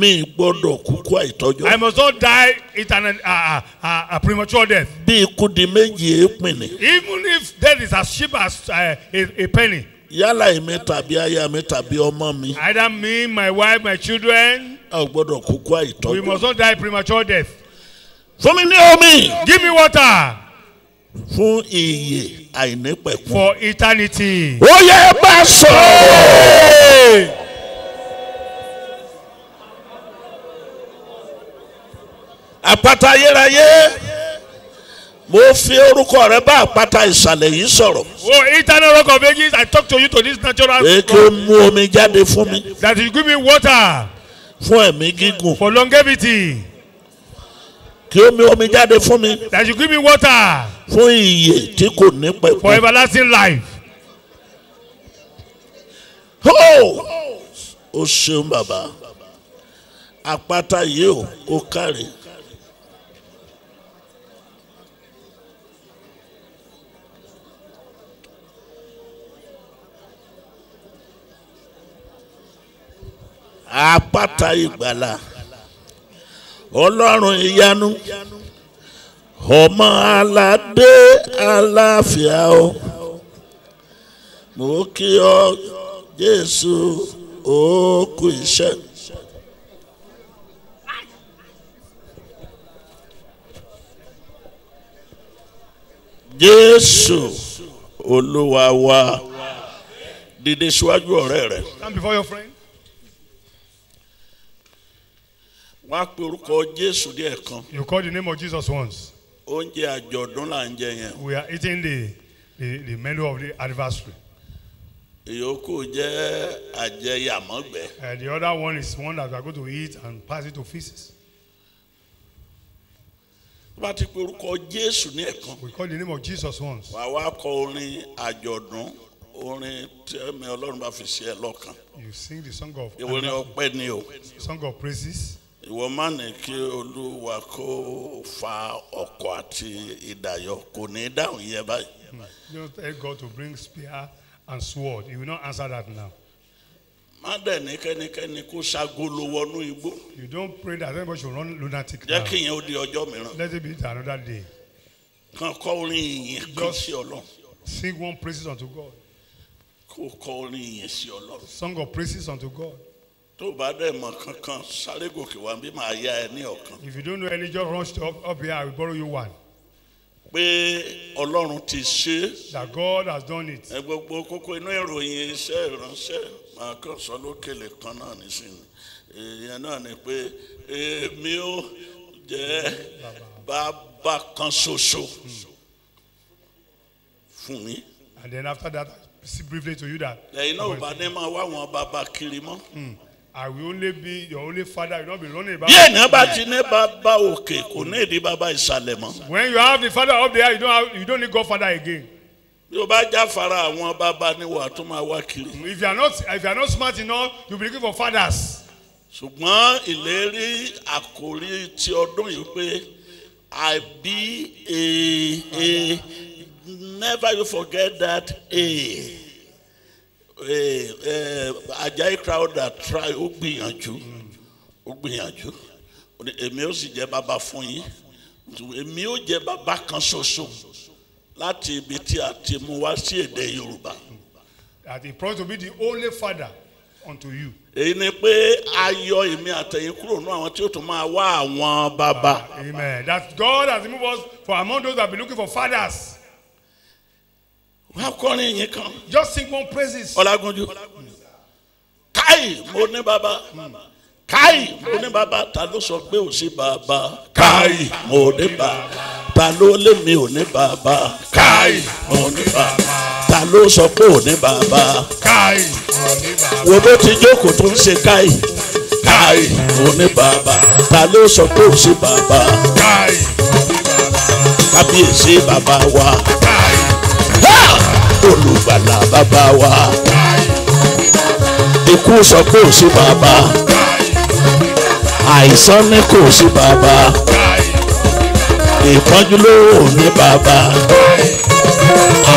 Mi gbọ́dọ̀ kúkú àìtọ́jọ́. I must not die in an uh, uh, uh, premature death. Bí ikú di méjì èèpìn ni. Even if death is as cheap as uh, a, a penny. Yálà èmi tàbí aya mi tàbí ọmọ mi. Either me, my wife, my children. A ò gbọ́dọ̀ kúkú àìtọ́jọ́. We must not die premature death. Fún mi ní omi. Give me water fún iye àìnípẹ̀kun. for eternity. ó yẹ bá sọ̀rọ̀. àpáta ayérayé mo fi orúkọ rẹ bá àpáta ìsàlẹ̀ yìí sọ̀rọ̀. o eternal rock of ages I talk to you to this natural. pé kí mú omi jáde fún mi. that you give me water. fún ẹ̀mí gígùn. for longevity kí omi omi jáde fún mi. that you give me water. fún ìyè tí kò ní pẹ̀kú. for everlasting life. ho o ṣeun bàbá àpáta yìí o ó kárí. àpáta ìgbàlá ọlọ́run ìyanu ọmọ aládé aláfíà o mo kí ọ jésù ó kú iṣẹ́. jésù olúwa wa dìde síwájú ọ̀rẹ́ rẹ. stand before your friend. wọ́n á pe orúkọ Jésù díẹ̀ kan. you call the name of Jesus once. oúnjẹ àjọ̀dún là ń jẹ yẹn. we are eating the the the menu of the anniversary. ìyókù jẹ́ àjẹyàmọ́gbẹ́. and uh, the other one is one that we are going to eat and pass it to feces. tó bá ti pe orúkọ Jésù ní ẹ̀kan. we call the name of Jesus once. wàá wá kọ orin àjọ̀dún orin tí Ọlọ́run bá fi ṣe ẹ lọ́kàn. you sing the song of. ìwé ni ọpẹ́ ni o. song of praises ìwọ má ní kí olúwa kó fa ọkọ̀ àti ìdàyọ̀ kò ní dáhùn yẹ báyìí. don't hmm. tell God to bring spear and sword he will not answer that now. má dẹ̀ ní kẹ́nikẹ́ni kó ṣàgolo wọnú igbó. you don't pray that anybody should run lunatic now. jẹ́ kí ìyẹn ó di ọjọ́ mìíràn. let it be another day. kan kọ́ orin ìyẹn kan sí ọlọ́run. sing one praises unto God. kó kọ́ orin ìyẹn sí ọlọ́run. song of praises unto God tó bá dẹ̀ mọ̀ kankan sáré gòkè wá bí màá yá ẹ ní ọ̀kan. if you don't know any just rush to up, up here i will borrow you one. pé ọlọ́run ti ṣe. that God has done it. ẹ gbogbo kókó inú ìròyìn iṣẹ́ ìránṣẹ́ màá kàn sọ lókèlè kan náà nísìnyí ìyẹn náà ni pé èmi ò jẹ́ bàbá kan ṣoṣo fún mi. and then after that I see briefly to you that. ẹ̀yin náà ò bá ní máa wá àwọn bàbá kiri mọ́. Hmm. I will only be your only father. You will not be running about. Yeah, ènìyàn bá ti ní bàbá òkè kò ní ìdí bàbá ìsàlẹ̀ When you have the father up there, you don't have, you don't need godfather again. Bí o bá jáfara àwọn bàbá ni wà tó máa wá kiri. If you are not if you are not smart enough, you be looking for fathers. Ṣùgbọ́n ìlérí àkòrí ti ọdún yìí pé I be a a never you forget that a. Eh, eh, Ajayi Crowther try ó gbìyànjú ó gbìyànjú èmi ó sì jẹ́ bàbá fún yín èmi ó jẹ́ bàbá kan ṣoṣo láti ibi tí a ti mú wá sí èdè Yorùbá. that he promised to be the only father unto you. èyí ni pé a yọ èmi àtẹ̀yìn kúrò nínú àwọn tí ó tún máa wá àwọn bàbá. amen that God has moved us for among those that be looking for fathers wà kọrin yìí kan. just sing one praises. ọlágunjú káì mo ní bàbá káì mo ní bàbá ta ló sọ pé ò sí bàbá káì mo ní bàbá ta ló lé mi ò ní bàbá káì mo ní bàbá ta ló sọ pé ò ní bàbá káì mo ní bàbá wo bó ti jókòó tó ń ṣe káì káì mo ní bàbá ta ló sọ pé ò bàbá káì mo ní bàbá kábíyèsí bàbá wa káì olùgbàlà bàbá wa ikú sọ pé ò sí bàbá àìsàn ní kò sí bàbá ìpọ́njú ló ò ní bàbá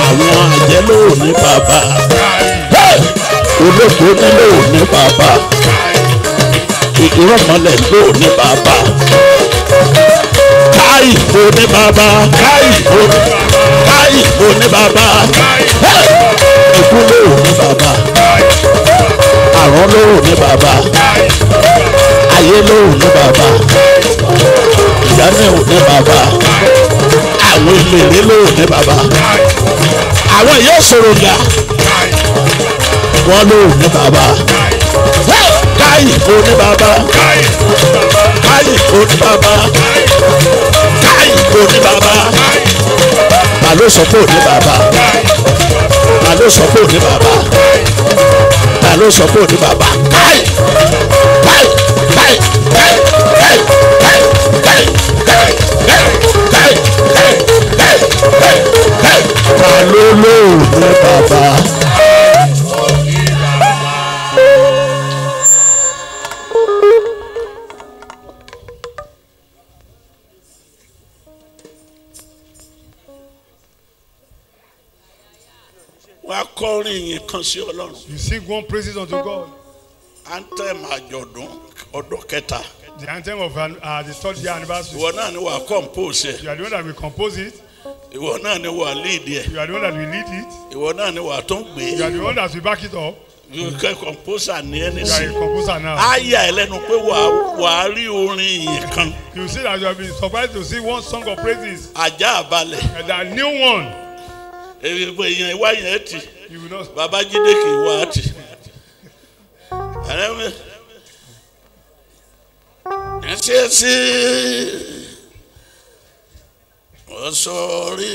àwọn àjẹ́ ló ò ní bàbá olóògbé ní ló ò ní bàbá ìrọ̀mọ́lẹ̀ ló ò ní bàbá káì kò ní bàbá káì kò ní bàbá lẹ́yìn mo ní bàbá ikú lóò ní bàbá àrùn lóò ní bàbá ayé lóò ní bàbá ìyáni ò ní bàbá àwọn ìlérí lóò ní bàbá àwọn ìyá òṣòro ga wọn lóò ní bàbá káyì ó ní bàbá káyì ó ní bàbá káyì ó ní bàbá ló sọ pé òní bàbá ta ló sọ pé òní bàbá ta ló sọ pé òní bàbá káì káì káì káì káì káì káì káì káì káì káì káì ta ló lóòní bàbá. ìyìn kan sí ọlọ́run. you sing one praises unto God. anthem àjọ̀dún ọdún kẹta. the anthem of uh, the third year anniversary. ìwọ náà ni wàá compose ẹ. you are the one that will compose it. ìwọ náà ni wàá lead ẹ. you are the one that will lead it. ìwọ náà ni wàá tún gbé. you are the one that will back it up you compose composer ni ẹni sí àyà ẹlẹnu pé wàá rí orin yìí kan. you see that you have been surprised to see one song of praises. ajá àbálẹ̀. the new one. èyí ìyẹn wáyé ti. Babajide kì í wá àti. Ẹ̀rẹ́mi. Ẹ̀sí ẹ̀sí. Ọ̀sọ̀ orí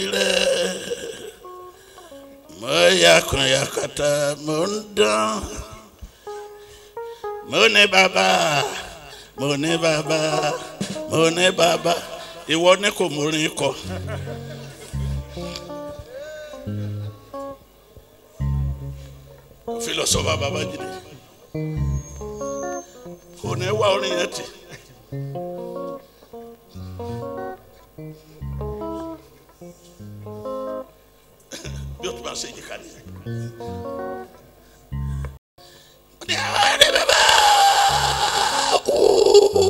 yakun yakata mo ń dán. Mo ní bàbá. Mo ní bàbá. Mo ní bàbá. Ìwọ ni kò mórin kọ. filosofa Babájídé kò ní wá orin yẹn tì. bí o tún bá ṣe yíká nìyẹn. Ooh.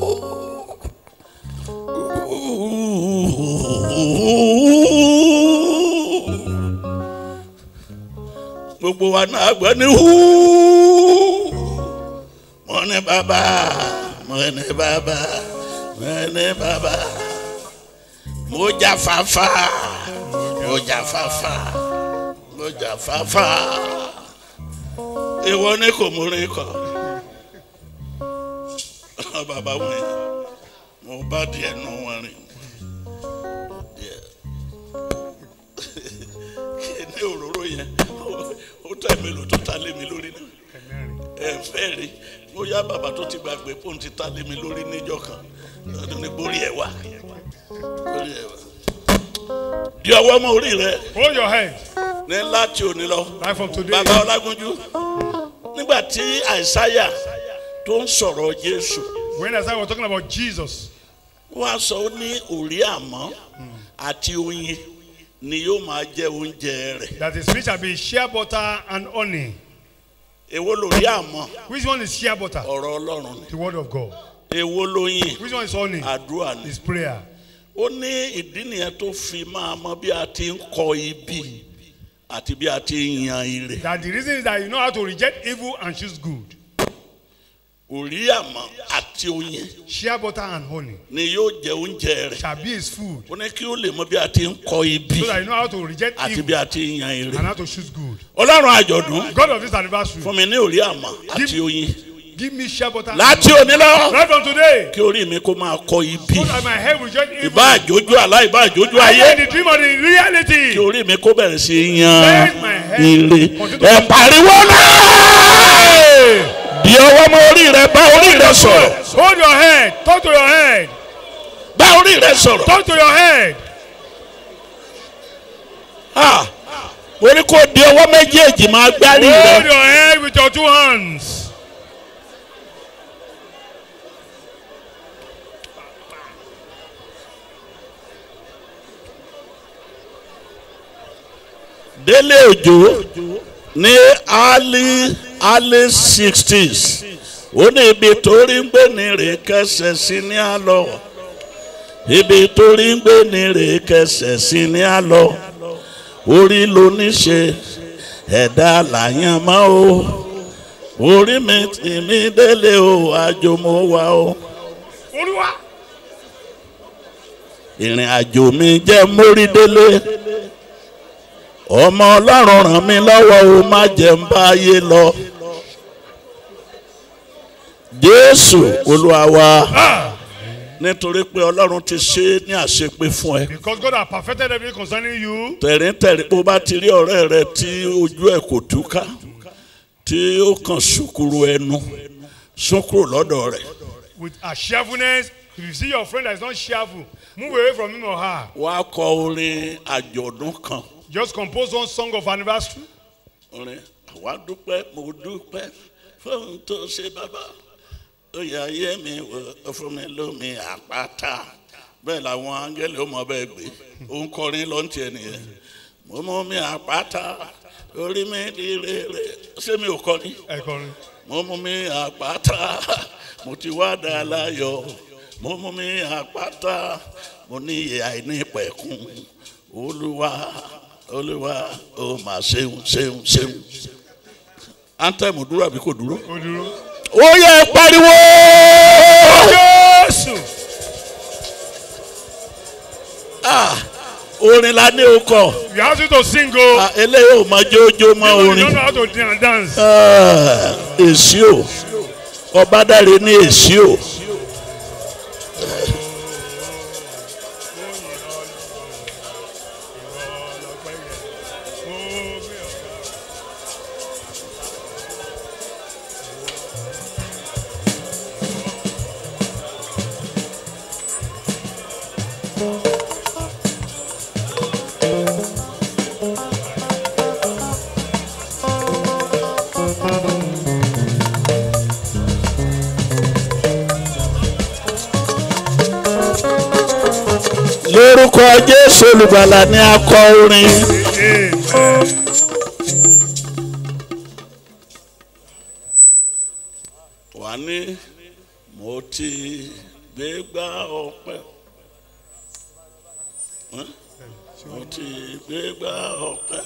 gbogbo wa náà gbọ́ ní húúú mo ní bàbá mo ní bàbá mo ní bàbá mo jà fàfà mo jà fàfà mo jà fàfà ìwọ ní kò mú rí kọ bàbá wọn yẹn mo bá díẹ̀ nù wọn rìn díẹ̀ ní òróró yẹn ó tẹ̀ mélòó tó ta lé mi lórí náà ẹ fẹ́ rí bóyá bàbá tó ti gbàgbé pò ti ta lé mi lórí níjọ́ kan lọ́dún ní borí ẹ̀ borí ẹ̀ di ọwọ́ mọ́ orí rẹ. hold your head. ní láti òní lọ. bàbá ọlágúnjú nígbà tí àìsáyà tó ń sọ̀rọ̀ jésù. when Isaiah was talking about Jesus. wọ́n á sọ ó ní òrí àmọ́ àti oyin ni yóò máa jẹ oúnjẹ rẹ̀. that is which shall be shea butter and honey. èwo lórí àmọ́. which one is shea butter. ọ̀rọ̀ ọlọ́run ni. the word of God. èwo lóyin. which one is honey. àdúrà ni. is prayer. ó ní ìdí nìyẹn tó fi máa mọ bí a ti ń kọ ibi àti bí a ti ń yan ire. that the reason is that you know how to reject evil and choose good òríàmọ àti oyin. shea butter and honey. ni yóò jẹ oúnjẹ rẹ. shall be food. ó ní kí ó lè mọ bí a ti ń kọ ibi. so that you know how to reject evil. àti bí a ti ń yan ire. and how to choose good. ọlọ́run àjọ̀dún. God of this anniversary. fún mi ní òríàmọ àti oyin. give me shea butter. láti òní lọ. right from today. kí orí mi kó máa kọ ibi. so that my head will judge evil. ìbá àjójú àlá ìbá àjójú ayé. I the dream of the reality. kí orí mi kó bẹ̀rẹ̀ sí yan ire. ẹ̀ pariwo náà. Yọ ọwọ́ mọ orí rẹ bá orí rẹ sọ̀rọ̀. Hold your head, talk to your head. Bá orí rẹ sọ̀rọ̀. Talk to your head. Ah, mo ní kó di ọwọ́ méjèèjì máa gbárí rẹ. Hold your head with your two hands. Délé Òjó ní early early sixties ó ní ibi torí ń gbé ní rè kẹsẹ̀ sí ní àlọ́ ibi torí ń gbé ní rè kẹsẹ̀ sí ní àlọ́ orí lóníṣe ẹ̀dá làyàn mọ́ o orí mi tì mí délé o àjò mo wà o. ìrìn àjò mi jẹ́ mórí délé ọmọ ọlọ́run ràn mí lọ́wọ́ o má jẹ́ ń bá ayé lọ jésù olúwa nítorí pé ọlọ́run ti ṣe é ní àṣepé fún ẹ. because God has perfected everything concerning you. tẹ̀ríntẹ̀rí bó bá ti rí ọ̀rẹ́ rẹ tí ojú ẹ̀ kò túká tí ó kàn sùkúrú ẹnu sùkúrú lọ́dọ̀ rẹ̀. with her if you see your friend that is not cheerful move away from him or her. wá kọ orin àjọ̀dún kan. Just compose one song of anniversary. Orin àwa dúpẹ́ mo dúpẹ́ fóun tó ṣe bàbá. Ó yà ayé mi wò fún mi lómi àpáta. Bẹ́ẹ̀ làwọn áńgẹ́lì ó mọ bẹ́ẹ̀ gbé. Ó kọrin lọ́ntì ẹ̀ nìyẹn. Mo mú mi àpáta orí mi di rere ṣé mi ò kọrin. ẹ kọrin. mo mú mi àpáta mo ti wá dá láyọ̀ mo mú mi àpáta mo ní ìyá ìní pẹ̀kun olúwa olúwa ó mà ṣeun ṣeun ṣeun antẹ́mù dúró àbí kò dúró ó yẹ pariwo Jésù ah, orin la ní o kọ. you have to sing o. Ah, eléyìí ò máa jójó mọ orin. you don't know how to dance. Ah, èsì o ọbadàre ní èsì o. olùgbàlà ni a kọ orin. wà ní mo ti gbégbá ọpẹ́ mo ti gbégbá ọpẹ́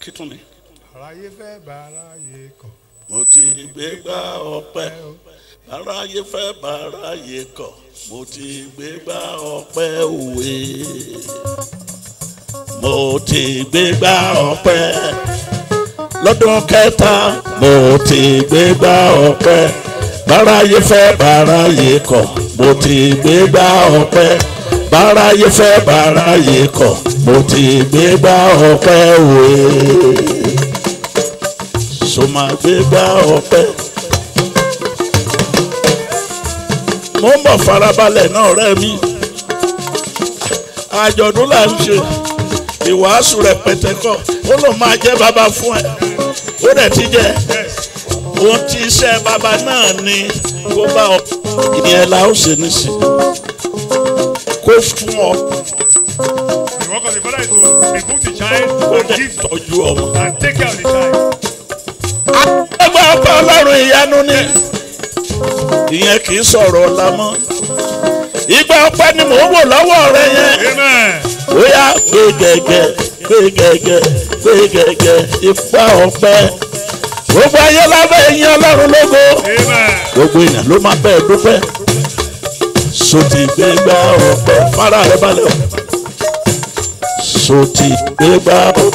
kí tún ni. mo ti gbégbá ọpẹ́ aráyé fẹ́ bàráyé kọ̀ mo ti gbégbá ọpẹ́ òwe mo ti gbégbá ọpẹ́ lọ́dún kẹta mo ti gbégbá ọpẹ́ bàráyé fẹ́ bàráyé kọ̀ mo ti gbégbá ọpẹ́ bàráyé fẹ́ bàráyé kọ̀ mo ti gbégbá ọpẹ́ òwe so máa gbégbá ọpẹ́. mo ń bọ̀ farabalẹ̀ náà ọ̀rẹ́ mi àjọ̀dún là ń ṣe ìwàásù rẹpẹtẹ kọ ó lọ máa jẹ́ bàbá fún ẹ ó dẹ̀ ti jẹ́ ohun tí iṣẹ́ bàbá náà ni kó bá ọ ìyẹn la ó ṣe nísìn kó fún ọ. The work of the father the child and take care of the child. ọlọ́run ìyanu ni. Yes ìyẹn kì í sọ̀rọ̀ ọ̀la mọ́ ìgbà ọpẹ́ ni mò ń wò lọ́wọ́ rẹ yẹn ó yá pé gẹ́gẹ́ pé gẹ́gẹ́ pé gẹ́gẹ́ ìfá ọpẹ́ gbogbo ayé lábẹ́ ìyìn ọlọ́run lógo gbogbo èèyàn ló máa bẹ́ẹ̀ dúpẹ́ sotí gbégbá ọpẹ́ fara rẹ balẹ̀ o sotí gbégbá ọpẹ́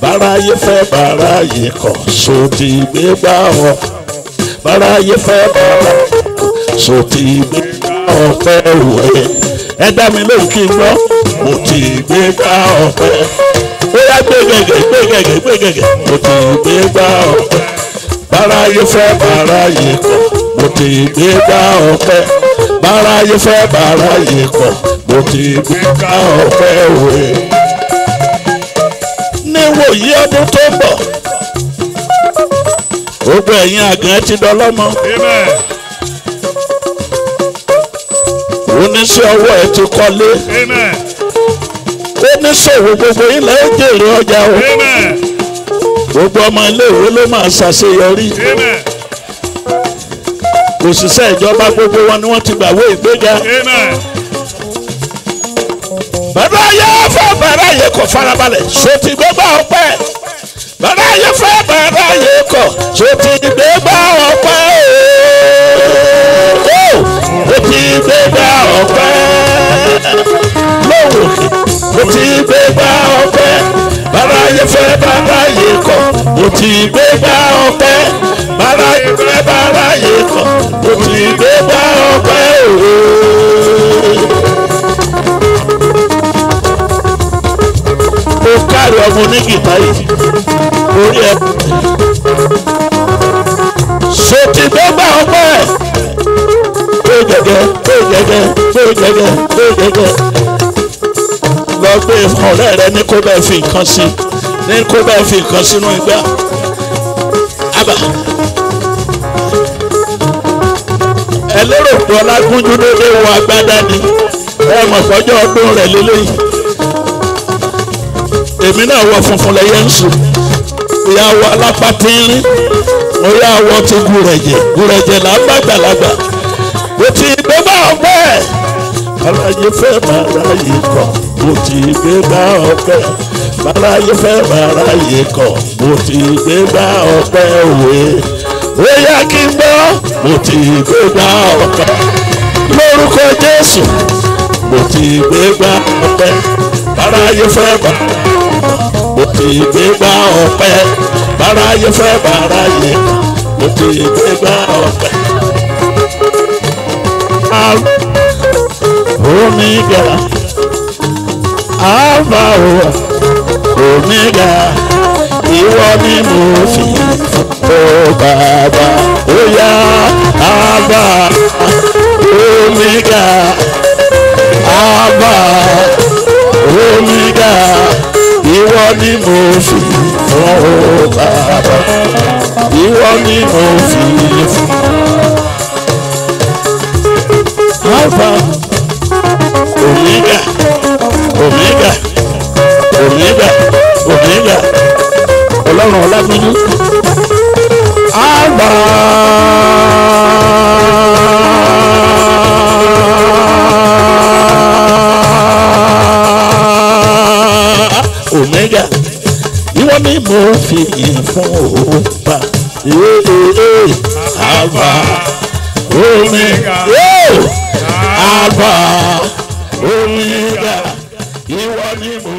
bàrà yìí fẹ́ bàrà yìí kọ̀ sotí gbégbá ọpẹ́ bára yé fẹ́ bàbá sòtì gbé ká ọ̀fẹ́ òwe ẹgbà mi ló kí n gbọ́ mo ti gbé ká ọ̀fẹ́ ó yá gbé gẹ̀gẹ̀ gbé gẹ̀gẹ̀ gbé gẹ̀gẹ̀ mo ti gbé ká ọ̀fẹ́ bára yé fẹ́ bàrá yé kọ́ mo ti gbé ká ọ̀fẹ́ bára yé fẹ́ bàrá yé kọ́ mo ti gbé ká ọ̀fẹ́ òwe níwòyí ọdún tó bọ̀ gbogbo ẹ̀yin àgàn ti dọlọ́mọ. oníṣẹ́ ọwọ́ ẹ ti kọ́lé. oníṣòwò gbogbo ilẹ̀ ó jèrè ọjà o. gbogbo ọmọ iléèwé ló máa ṣàṣeyọrí. òṣìṣẹ́ ìjọba gbogbo wọn ni wọ́n ti gbàwé ìgbéga. bàbá yẹ fẹ́ bàbá yẹ kò farabalẹ̀ sotí gbogbo ọpẹ́ bàbá yẹ fẹ́ bàbá yẹ ṣó ti gbé bá ọpẹ́ o ó ti gbé bá ọpẹ́ lóhùn ó ti gbé bá ọpẹ́ bàbá yẹ fẹ́ bàbá yẹ kọ̀ ó ti gbé bá ọpẹ́ bàbá yẹ fẹ́ bàbá yẹ kọ̀ ó ti gbé bá ọpẹ́ o. ó kárí ọmọ onígìtá yìí lórí ẹ. sotí gbẹ́gbà ọgbẹ́ tó jẹgẹ tó jẹgẹ tó jẹgẹ tó jẹgẹ lọ gbé ọ̀rẹ́ rẹ ní kó bẹ́ẹ̀ fi nǹkan sí ní kó bẹ́ẹ̀ fi nǹkan sínú igbá. ẹ lérò pé ọlágúnjú ló dé wọ agbádá ni ẹ mọ̀ sọ́jọ́ ọdún rẹ̀ lélẹ́yìí èmi náà wọ funfun lẹ́yẹ ń sùn ìyàwó alápatínrín mo yá wọ ti gùrẹ̀jẹ̀ gùrẹ̀jẹ̀ là ń bá gbàlagbà mo ti gbé bá ọgbẹ́ aláyé fẹ́ máa ráyè kọ̀ mo ti gbé bá ọgbẹ́ aláyé fẹ́ máa ráyè kọ̀ mo ti gbé bá ọgbẹ́ òwe ó yá kí n gbọ́ mo ti gbé bá ọgbẹ́ lórúkọ Jésù mo ti gbé bá ọgbẹ́ aláyé fẹ́ máa ìgbéga ọpẹ́ báráyé fẹ́ báráyé mo ti ìgbéga ọpẹ́. omega alfa omega ìwọ ni mo fi tó bàbá ó yá alfa omega alfa omega ìwọ ni mo fi fún o bàbá ìwọ ni mo fi fún. alfa omega omega omega omega ọlọ́run ọlábíyí alfa. omega ìwọ ni mo fi yìn fún òun pa ee alfa omega alfa omega ìwọ ni mo.